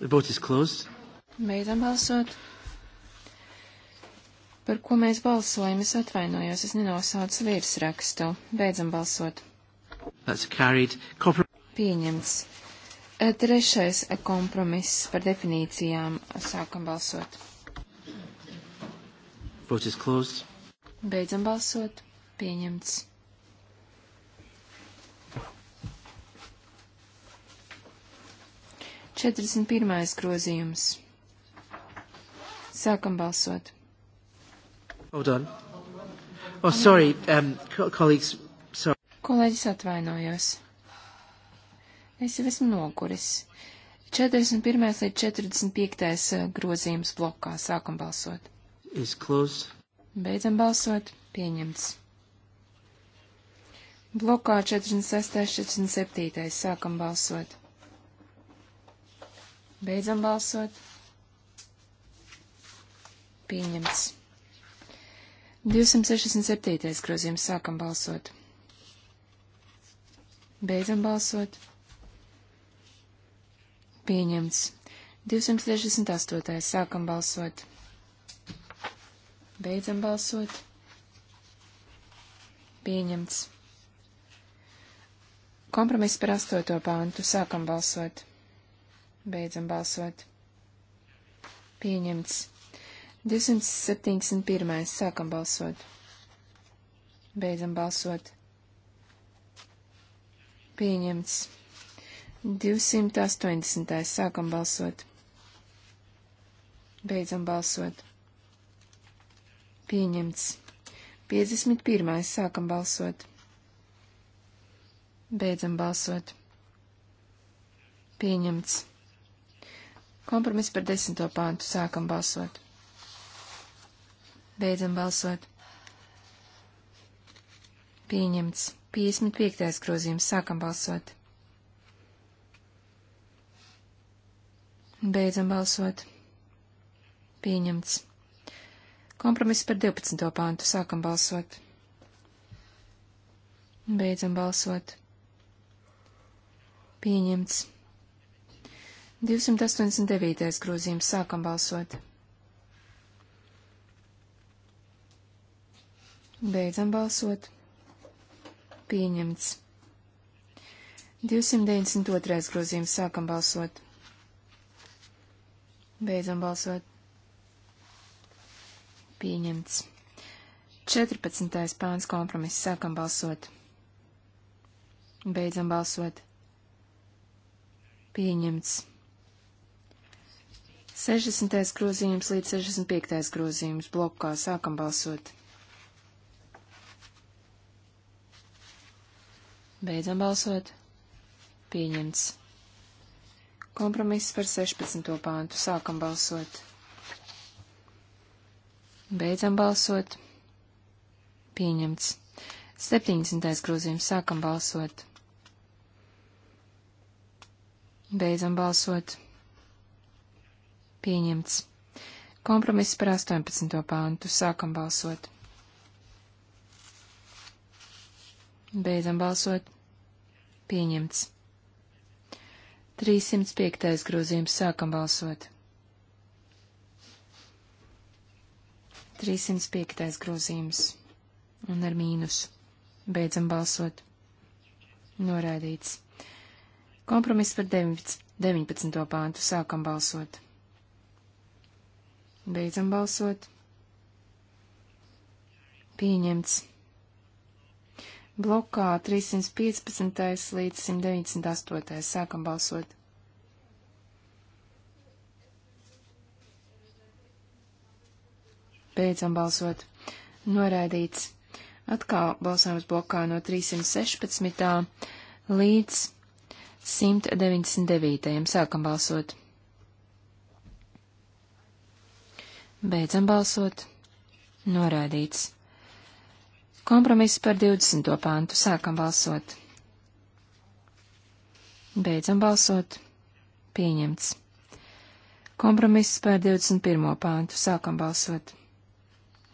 The vote is closed. Beidzam balsot. Par ko mēs balsojam? Es atvainojos, es nenosaucu virsrakstu. Beidzam balsot. That's carried. Compr Pieņemts. Eh, trešais eh, kompromiss par definīcijām. Sākam balsot. Vote is closed. Beidzam balsot. Pieņemts. 41. grozījums. Sākam balsot. Hold on. Oh, sorry, um, colleagues, sorry. Kolēģis atvainojos. Es jau esmu noguris. 41. līdz 45. Uh, grozījums blokā. Sākam balsot. Is closed. Beidzam balsot. Pieņemts. Blokā 46. 47. sākam balsot. Beidzam balsot. Pieņemts. 267. grozījums sākam balsot. Beidzam balsot. Pieņemts. 268. sākam balsot. Beidzam balsot. Pieņemts. Kompromiss par 8. pāntu sākam balsot. Beidzam balsot. Pieņemts. 271. Sākam balsot. Beidzam balsot. Pieņemts. 280. Sākam balsot. Beidzam balsot. Pieņemts. 51. Sākam balsot. Beidzam balsot. Pieņemts. Kompromiss par desmito pāntu. Sākam balsot. Beidzam balsot. Pieņemts. 55. grozījums. Sākam balsot. Beidzam balsot. Pieņemts. Kompromiss par 12. pāntu. Sākam balsot. Beidzam balsot. Pieņemts. 289. grozījums sākam balsot. Beidzam balsot. Pieņemts. 292. grozījums sākam balsot. Beidzam balsot. Pieņemts. 14. pāns kompromiss sākam balsot. Beidzam balsot. Pieņemts. 60. grozījums līdz 65. grozījums blokā sākam balsot. Beidzam balsot. Pieņemts. Kompromiss par 16. pāntu sākam balsot. Beidzam balsot. Pieņemts. 70. grozījums sākam balsot. Beidzam balsot. Pieņemts. Kompromiss par 18. pāntu. Sākam balsot. Beidzam balsot. Pieņemts. 305. grozījums. Sākam balsot. 305. grozījums. Un ar mīnusu. Beidzam balsot. Noraidīts. Kompromiss par 19. pāntu. Sākam balsot. Beidzam balsot. Pieņemts. Blokā 315. līdz 198. sākam balsot. Beidzam balsot. Noraidīts. Atkal balsojums blokā no 316. līdz 199. sākam balsot. Beidzam balsot. Norādīts. Kompromiss par 20. pāntu. Sākam balsot. Beidzam balsot. Pieņemts. Kompromiss par 21. pāntu. Sākam balsot.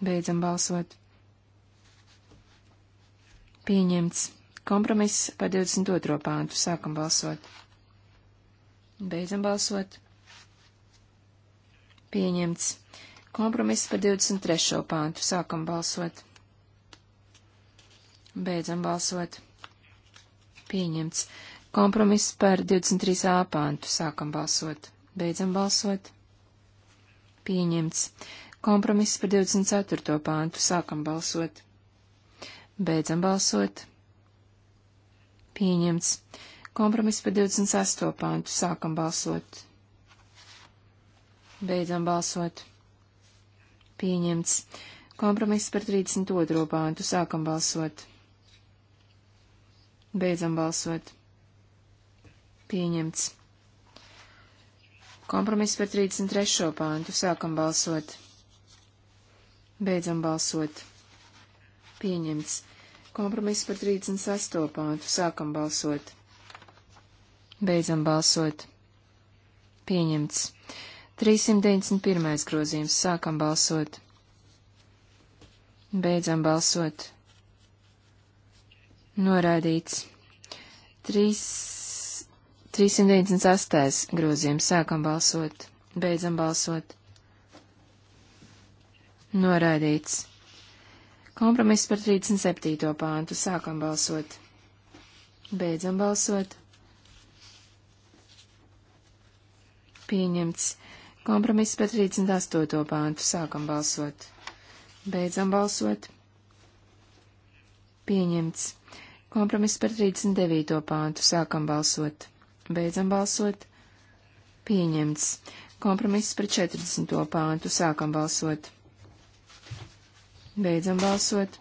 Beidzam balsot. Pieņemts. Kompromiss par 22. pāntu. Sākam balsot. Beidzam balsot. Pieņemts. Kompromiss par 23. pāntu. Sākam balsot. Beidzam balsot. Pieņemts. Kompromiss par 23. pāntu. Sākam balsot. Beidzam balsot. Pieņemts. Kompromiss par 24. pāntu. Sākam balsot. Beidzam balsot. Pieņemts. Kompromiss par 28. pāntu. Sākam balsot. Beidzam balsot. Pieņemts. Kompromiss par 32. pāntu. Sākam balsot. Beidzam balsot. Pieņemts. Kompromiss par 33. pāntu. Sākam balsot. Beidzam balsot. Pieņemts. Kompromiss par 36. pāntu. Sākam balsot. Beidzam balsot. Pieņemts. 391. grozījums. Sākam balsot. Beidzam balsot. Noraidīts. 3... 398. grozījums. Sākam balsot. Beidzam balsot. Noraidīts. Kompromiss par 37. pāntu. Sākam balsot. Beidzam balsot. Pieņemts. Kompromiss par 38. pāntu. Sākam balsot. Beidzam balsot. Pieņemts. Kompromiss par 39. pāntu. Sākam balsot. Beidzam balsot. Pieņemts. Kompromiss par 40. pāntu. Sākam balsot. Beidzam balsot.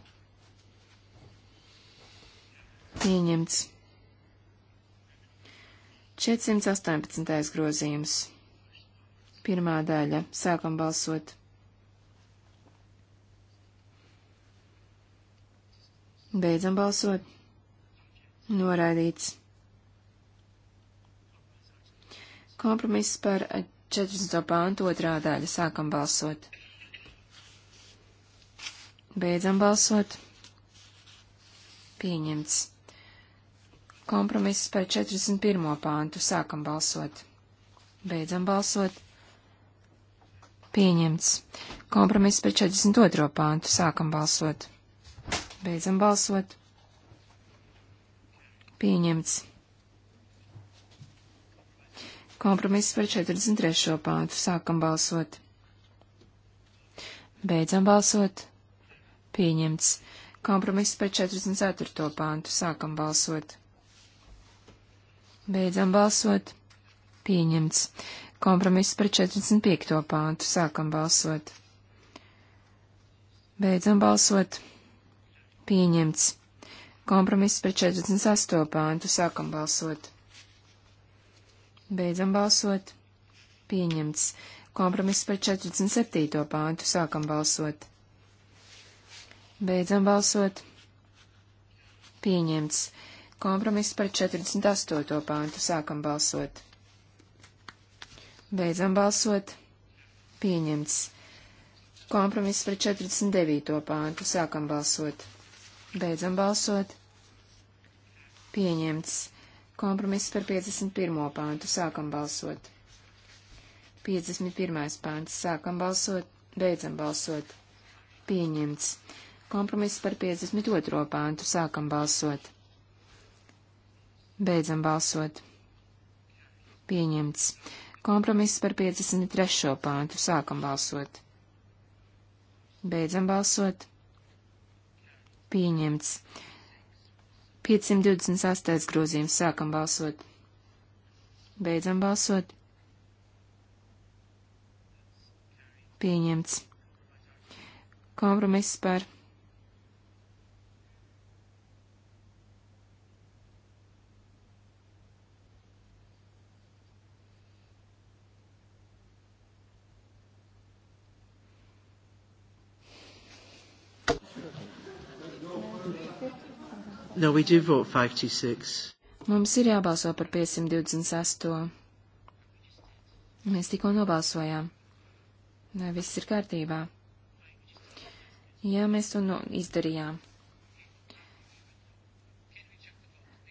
Pieņemts. 418. grozījums. Pirmā daļa. Sākam balsot. Beidzam balsot. Noraidīts. Kompromiss par 14. pāntu otrā daļa. Sākam balsot. Beidzam balsot. Pieņemts. Kompromiss par 41. pāntu. Sākam balsot. Beidzam balsot. Pieņemts. Kompromiss par 42. pāntu. Sākam balsot. Beidzam balsot. Pieņemts. Kompromiss par 43. pāntu. Sākam balsot. Beidzam balsot. Pieņemts. Kompromiss par 44. pāntu. Sākam balsot. Beidzam balsot. Pieņemts. Kompromiss par 45. pāntu. Sākam balsot. Beidzam balsot. Pieņemts. Kompromiss par 48. pāntu. Sākam balsot. Beidzam balsot. Pieņemts. Kompromiss par 47. pāntu. Sākam balsot. Beidzam balsot. Pieņemts. Kompromiss par 48. pāntu. Sākam balsot. Beidzam balsot. Pieņemts. Kompromiss par 49. pāntu. Sākam balsot. Beidzam balsot. Pieņemts. Kompromiss par 51. pāntu. Sākam balsot. 51. pāns. Sākam balsot. Beidzam balsot. Pieņemts. Kompromiss par 52. pāntu. Sākam balsot. Beidzam balsot. Pieņemts. Kompromiss par 53. pāntu. Sākam balsot. Beidzam balsot. Pieņemts. 528. grozījums. Sākam balsot. Beidzam balsot. Pieņemts. Kompromiss par 53. No, we do vote 526. Mums ir jābalso par 528. Mēs tikko nobalsojām. Vai viss ir kārtībā? Jā, mēs to no izdarījām.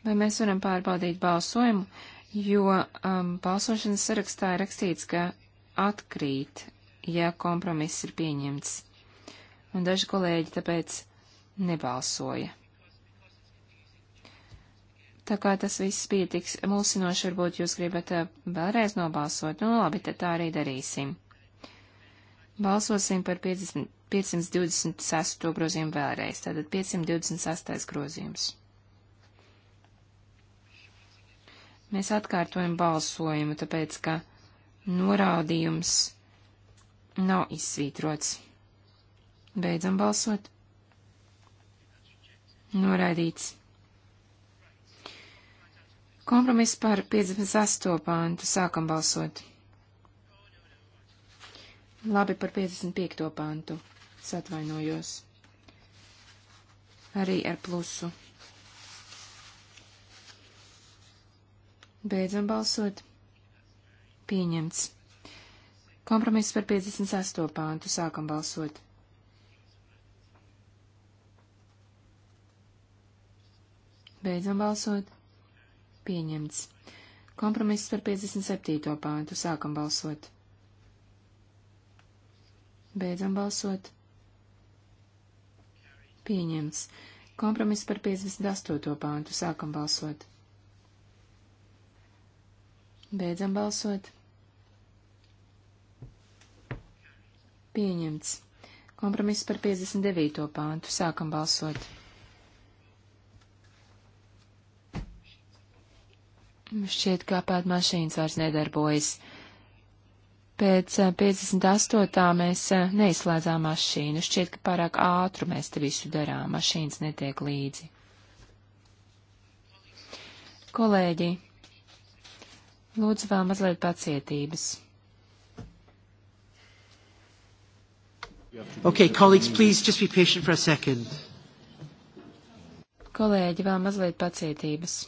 Vai mēs varam pārbaudīt balsojumu, jo um, balsošanas sarakstā ir rakstīts, ka atkrīt, ja kompromiss ir pieņemts. Un daži kolēģi tāpēc nebalsoja. Tā kā tas viss bija tik mulsinoši, varbūt jūs gribat eh, vēlreiz nobalsot. Nu, labi, tad tā arī darīsim. Balsosim par 50, 526. grozījumu vēlreiz. Tātad 526. grozījums. Mēs atkārtojam balsojumu, tāpēc, ka norādījums nav izsvītrots. Beidzam balsot. Noraidīts. Kompromiss par 58. pāntu. Sākam balsot. Labi par 55. pāntu. Satvainojos. Arī ar plusu. Beidzam balsot. Pieņemts. Kompromiss par 58. pāntu. Sākam balsot. Beidzam balsot pieņemts. Kompromiss par 57. pāntu. Sākam balsot. Beidzam balsot. Pieņemts. Kompromiss par 58. pāntu. Sākam balsot. Beidzam balsot. Pieņemts. Kompromiss par 59. pāntu. Sākam balsot. Šķiet, kā pēd mašīnas vairs nedarbojas. Pēc 58. Eh, mēs eh, neizslēdzām mašīnu. Šķiet, ka pārāk ātru mēs te visu darām. Mašīnas netiek līdzi. Kolēģi, lūdzu vēl mazliet pacietības. Okay, colleagues, please just be patient for a second. Kolēģi, vēl mazliet pacietības.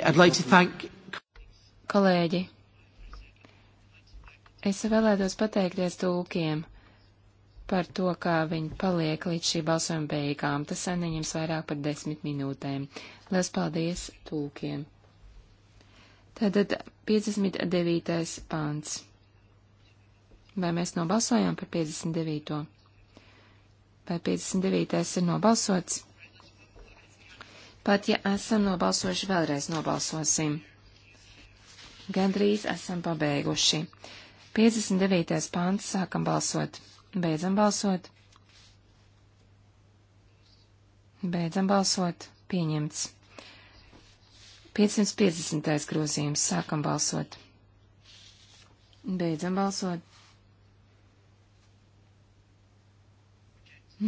I'd like to thank... Kolēģi, es vēlētos pateikties tūkiem par to, kā viņi paliek līdz šī balsojuma beigām. Tas saņems vairāk par desmit minūtēm. Lielas paldies tūkiem. Tātad 59. pāns. Vai mēs nobalsojām par 59. Vai 59. ir nobalsots? Pat ja esam nobalsojuši, vēlreiz nobalsosim. Gandrīz esam pabeiguši. 59. pāns sākam balsot. Beidzam balsot. Beidzam balsot. Pieņemts. 550. grozījums. Sākam balsot. Beidzam balsot.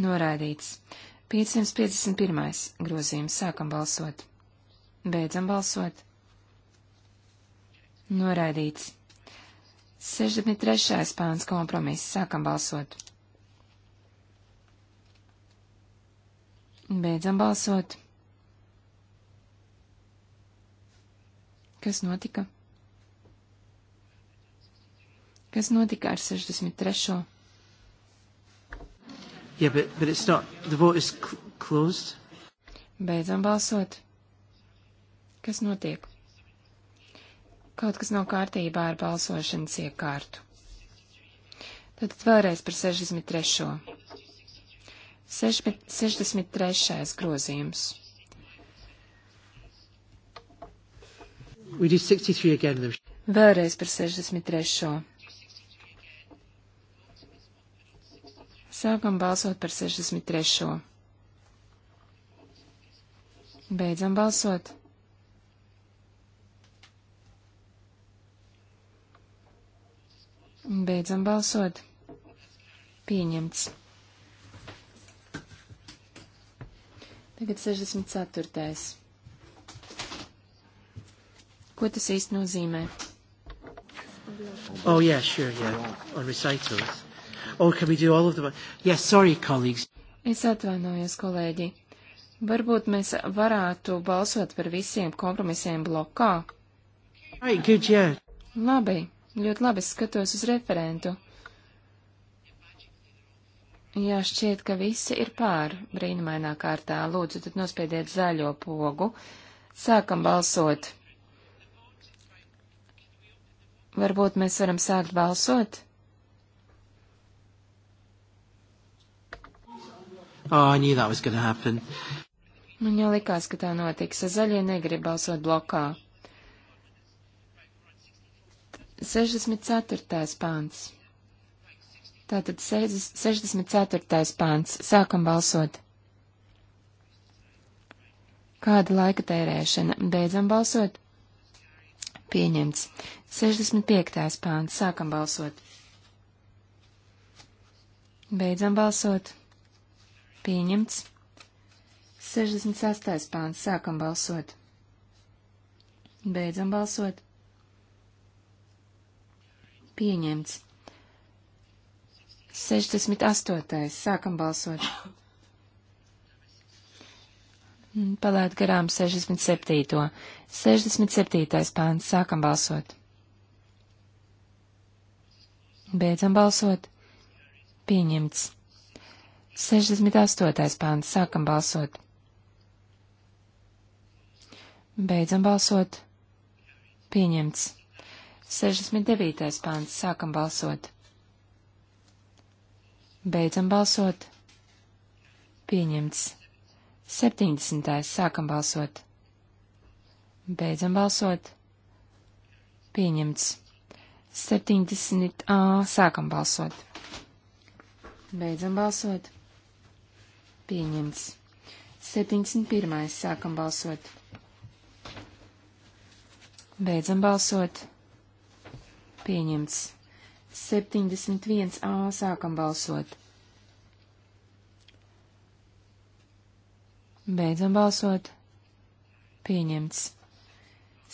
Noraidīts. 551. grozījums. Sākam balsot. Beidzam balsot. Noraidīts. 63. pāns kompromiss. Sākam balsot. Beidzam balsot. Kas notika? Kas notika ar 63. Yeah, but, but it's not. The vote is cl closed. Beidzam balsot. Kas notiek? Kaut kas nav kārtībā ar balsošanas iekārtu. Tad vēlreiz par 63. 60, 63. grozījums. Vēlreiz par 63. Sākam balsot par 63. Beidzam balsot. Beidzam balsot. Pieņemts. Tagad 64. Ko tas īsti nozīmē? Oh, yeah, sure, yeah. On recitals or oh, can we do all of them? Yes, sorry, colleagues. Es atvainojos, kolēģi. Varbūt mēs varētu balsot par visiem kompromisiem blokā. Right, good, yeah. Labi, ļoti labi skatos uz referentu. Jā, šķiet, ka visi ir pār brīnumainā kārtā. Lūdzu, tad nospiediet zaļo pogu. Sākam balsot. Varbūt mēs varam sākt balsot? Oh, I knew that was going to happen. Man jau likās, ka tā notiks. Zaļie negrib balsot blokā. 64. pāns. Tātad 64. pāns. Sākam balsot. Kāda laika tērēšana? Beidzam balsot. Pieņemts. 65. pāns. Sākam balsot. Beidzam balsot. Pieņemts. 66. pāns. Sākam balsot. Beidzam balsot. Pieņemts. 68. Sākam balsot. Palēt garām 67. 67. pāns. Sākam balsot. Beidzam balsot. Pieņemts. 68. pāns. Sākam balsot. Beidzam balsot. Pieņemts. 69. pāns. Sākam balsot. Beidzam balsot. Pieņemts. 70. Sākam balsot. Beidzam balsot. Pieņemts. 70. Ā, sākam balsot. Beidzam balsot. Pieņemts. 71. Sākam balsot. Beidzam balsot. Pieņemts. 71. A. Sākam balsot. Beidzam balsot. Pieņemts.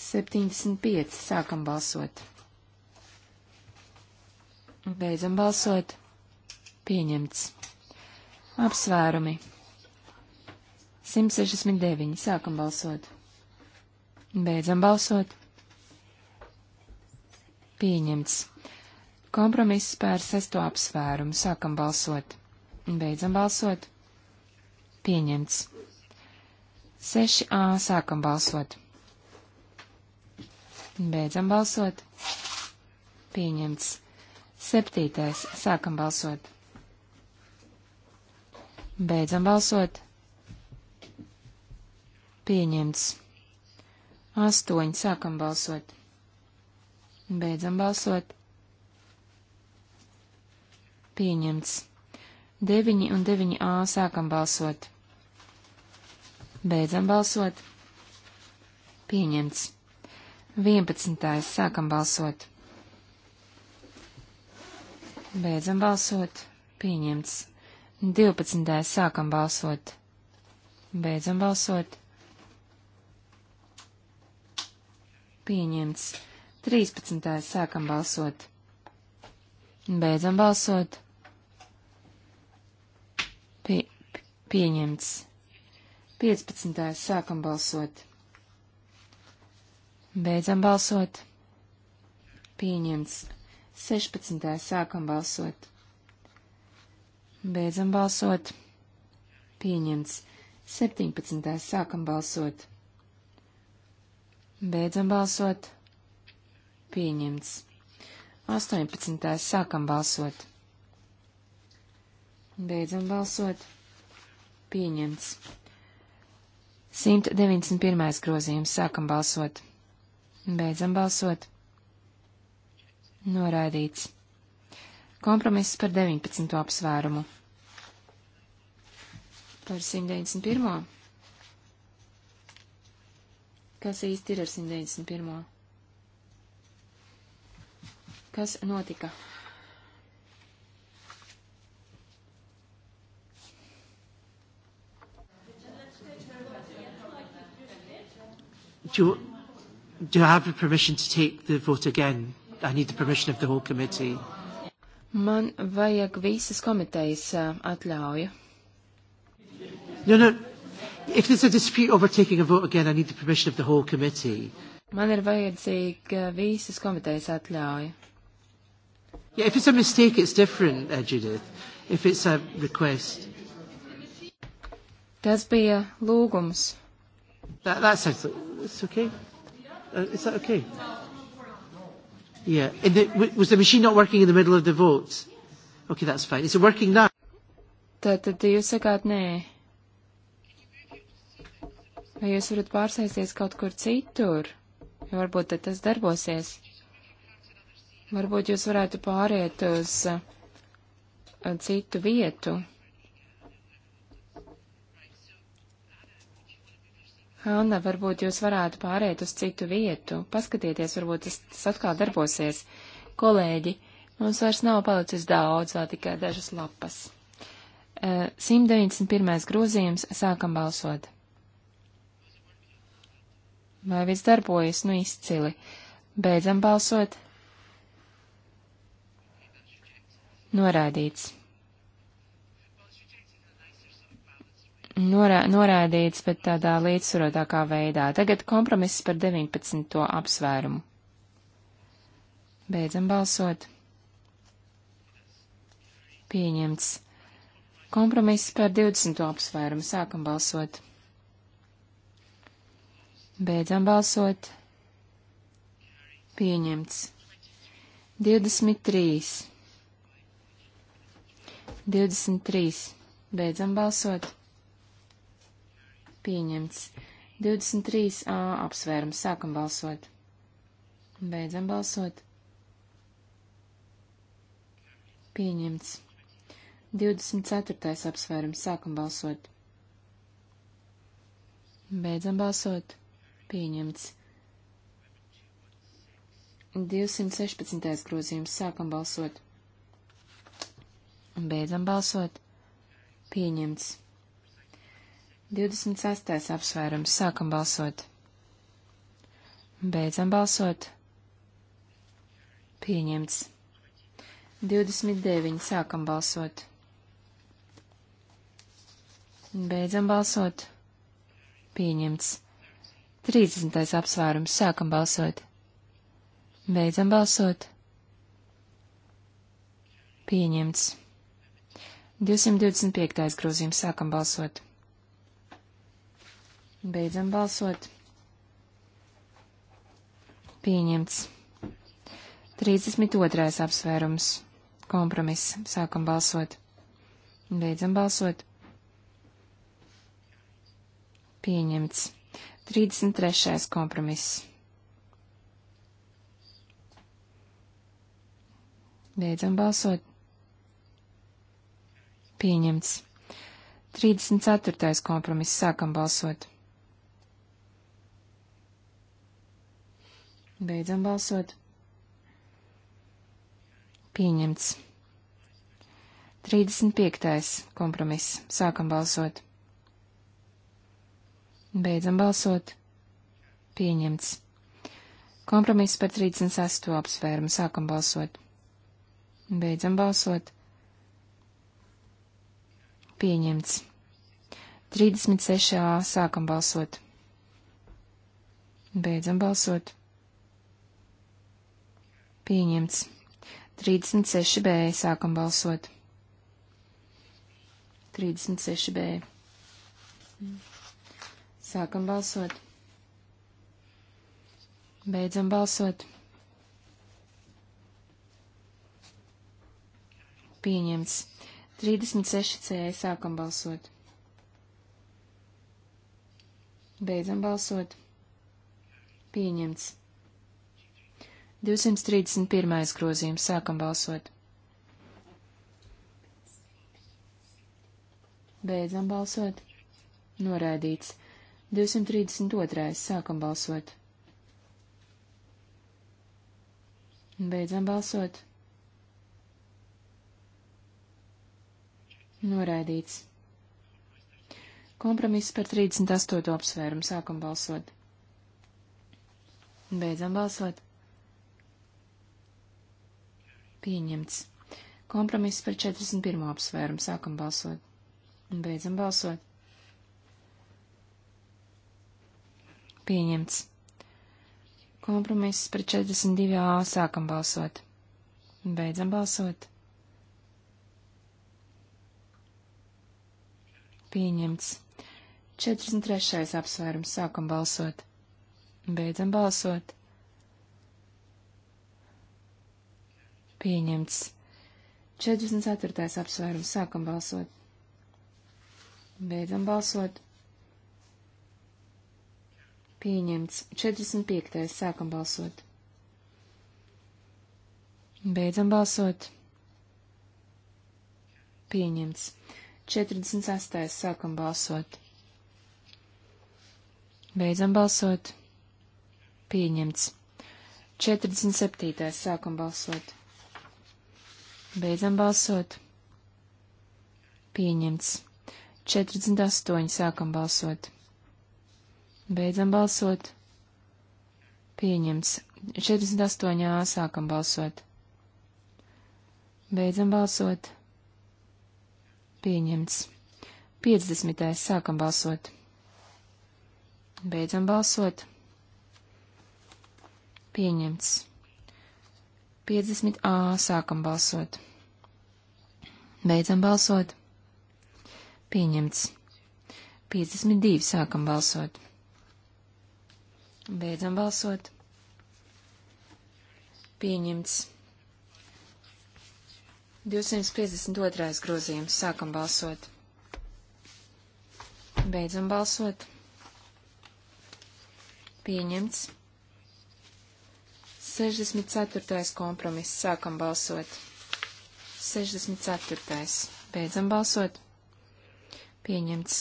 75. Sākam balsot. Beidzam balsot. Pieņemts. Apsvērumi. 169. Sākam balsot. Beidzam balsot. Pieņemts. Kompromiss pār sesto apsvērumu. Sākam balsot. Beidzam balsot. Pieņemts. 6a. Sākam balsot. Beidzam balsot. Pieņemts. Septītais. Sākam balsot. Beidzam balsot. Pieņemts. Astoņi. Sākam balsot. Beidzam balsot. Pieņemts. Deviņi un deviņi A. Sākam balsot. Beidzam balsot. Pieņemts. Vienpadsmitais. Sākam balsot. Beidzam balsot. Pieņemts. 12. sākam balsot. Beidzam balsot. Pieņemts. 13. sākam balsot. Beidzam balsot. Pie, pieņemts. 15. sākam balsot. Beidzam balsot. Pieņemts. 16. sākam balsot. Beidzam balsot. Pieņemts. 17. Sākam balsot. Beidzam balsot. Pieņemts. 18. Sākam balsot. Beidzam balsot. Pieņemts. 191. grozījums. Sākam balsot. Beidzam balsot. Noraidīts. Kompromiss par 19. apsvērumu. Par 191. Kas īsti ir ar 191? Kas notika? Do you, do you have the permission to take the vote again? I need the permission of the whole committee. Man vajag visas komitejas atļauju. No, no. If there's a dispute over taking a vote again, I need the permission of the whole committee. Man ir vajadzīga visas komitejas atļauja. Yeah, if it's a mistake, it's different, uh, Judith. If it's a request. Tas bija lūgums. That, that sounds, it's okay. Uh, is that okay? No. Yeah. In the, was the machine not working in the middle of the vote? Okay, that's fine. Is it working now? Tātad jūs sakāt nē. Vai jūs varat pārsēsties kaut kur citur? Jo varbūt tad tas darbosies. Varbūt jūs varētu pāriet uz uh, citu vietu. Anna, varbūt jūs varētu pārēt uz citu vietu. Paskatieties, varbūt tas, tas atkal darbosies. Kolēģi, mums vairs nav palicis daudz, vēl tikai dažas lapas. 191. Eh, grozījums, sākam balsot. Vai viss darbojas? Nu, izcili. Beidzam balsot. Norādīts. norā, norādīts, bet tādā līdzsvarotākā veidā. Tagad kompromiss par 19. apsvērumu. Beidzam balsot. Pieņemts. Kompromiss par 20. apsvērumu. Sākam balsot. Beidzam balsot. Pieņemts. 23. 23. Beidzam balsot. Pieņemts. 23a apsvērums. Sākam balsot. Beidzam balsot. Pieņemts. 24. apsvērums. Sākam balsot. Beidzam balsot. Pieņemts. 216. grozījums. Sākam balsot. Beidzam balsot. Pieņemts. 26. apsvērums. Sākam balsot. Beidzam balsot. Pieņemts. 29. Sākam balsot. Beidzam balsot. Pieņemts. 30. apsvērums. Sākam balsot. Beidzam balsot. Pieņemts. 225. grozījums. Sākam balsot. Beidzam balsot. Pieņemts. 32. apsvērums. Kompromiss. Sākam balsot. Beidzam balsot. Pieņemts. 33. kompromiss. Beidzam balsot. Pieņemts. 34. kompromiss. Sākam balsot. Beidzam balsot. Pieņemts. 35. kompromiss. Sākam balsot. Beidzam balsot. Pieņemts. Kompromiss par 36. apsvērumu. Sākam balsot. Beidzam balsot. Pieņemts. 36. sākam balsot. Beidzam balsot. Pieņemts. 36 B. Sākam balsot. 36 B. Sākam balsot. Beidzam balsot. Pieņemts. 36 C. Sākam balsot. Beidzam balsot. Pieņemts. 231. grozījums. Sākam balsot. Beidzam balsot. Noraidīts. 232. Sākam balsot. Beidzam balsot. Noraidīts. Kompromiss par 38. apsvērumu. Sākam balsot. Beidzam balsot. Pieņemts. Kompromiss par 41. apsvērumu. Sākam balsot. Un beidzam balsot. Pieņemts. Kompromiss par 42. A. Sākam balsot. Un beidzam balsot. Pieņemts. 43. apsvērums. Sākam balsot. Un beidzam balsot. Pieņemts. 44. apsvērums. Sākam balsot. Beidzam balsot. Pieņemts. 45. Sākam balsot. Beidzam balsot. Pieņemts. 48. Sākam balsot. Beidzam balsot. Pieņemts. 47. Sākam balsot. Beidzam balsot. Pieņemts. 48. Sākam balsot. Beidzam balsot. Pieņemts. 48. A. Sākam balsot. Beidzam balsot. Pieņemts. 50. Sākam balsot. Beidzam balsot. Pieņemts. 50a sākam balsot. Beidzam balsot. Pieņemts. 52 sākam balsot. Beidzam balsot. Pieņemts. 252. grozījums. Sākam balsot. Beidzam balsot. Pieņemts. 64. kompromiss. Sākam balsot. 64. Beidzam balsot. Pieņemts.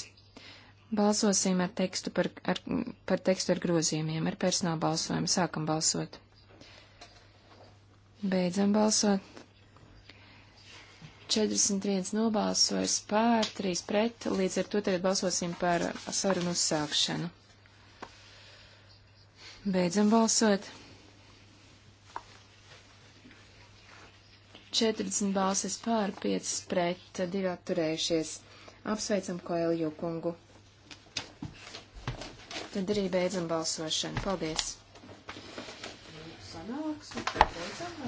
Balsosim ar tekstu par, ar, par tekstu ar grozījumiem, ar personālu balsojumu. Sākam balsot. Beidzam balsot. 41 nobalsojas pār, 3 pret, līdz ar to tagad balsosim par sarunu uzsākšanu. Beidzam balsot. 40 balsis pār, 5 pret, 2 atturējušies. Apsveicam Koelju kungu. Tad arī beidzam balsošanu. Paldies! Sanāks, beidzam,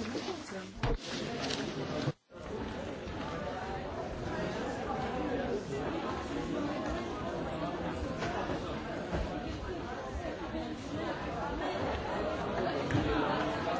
beidzam.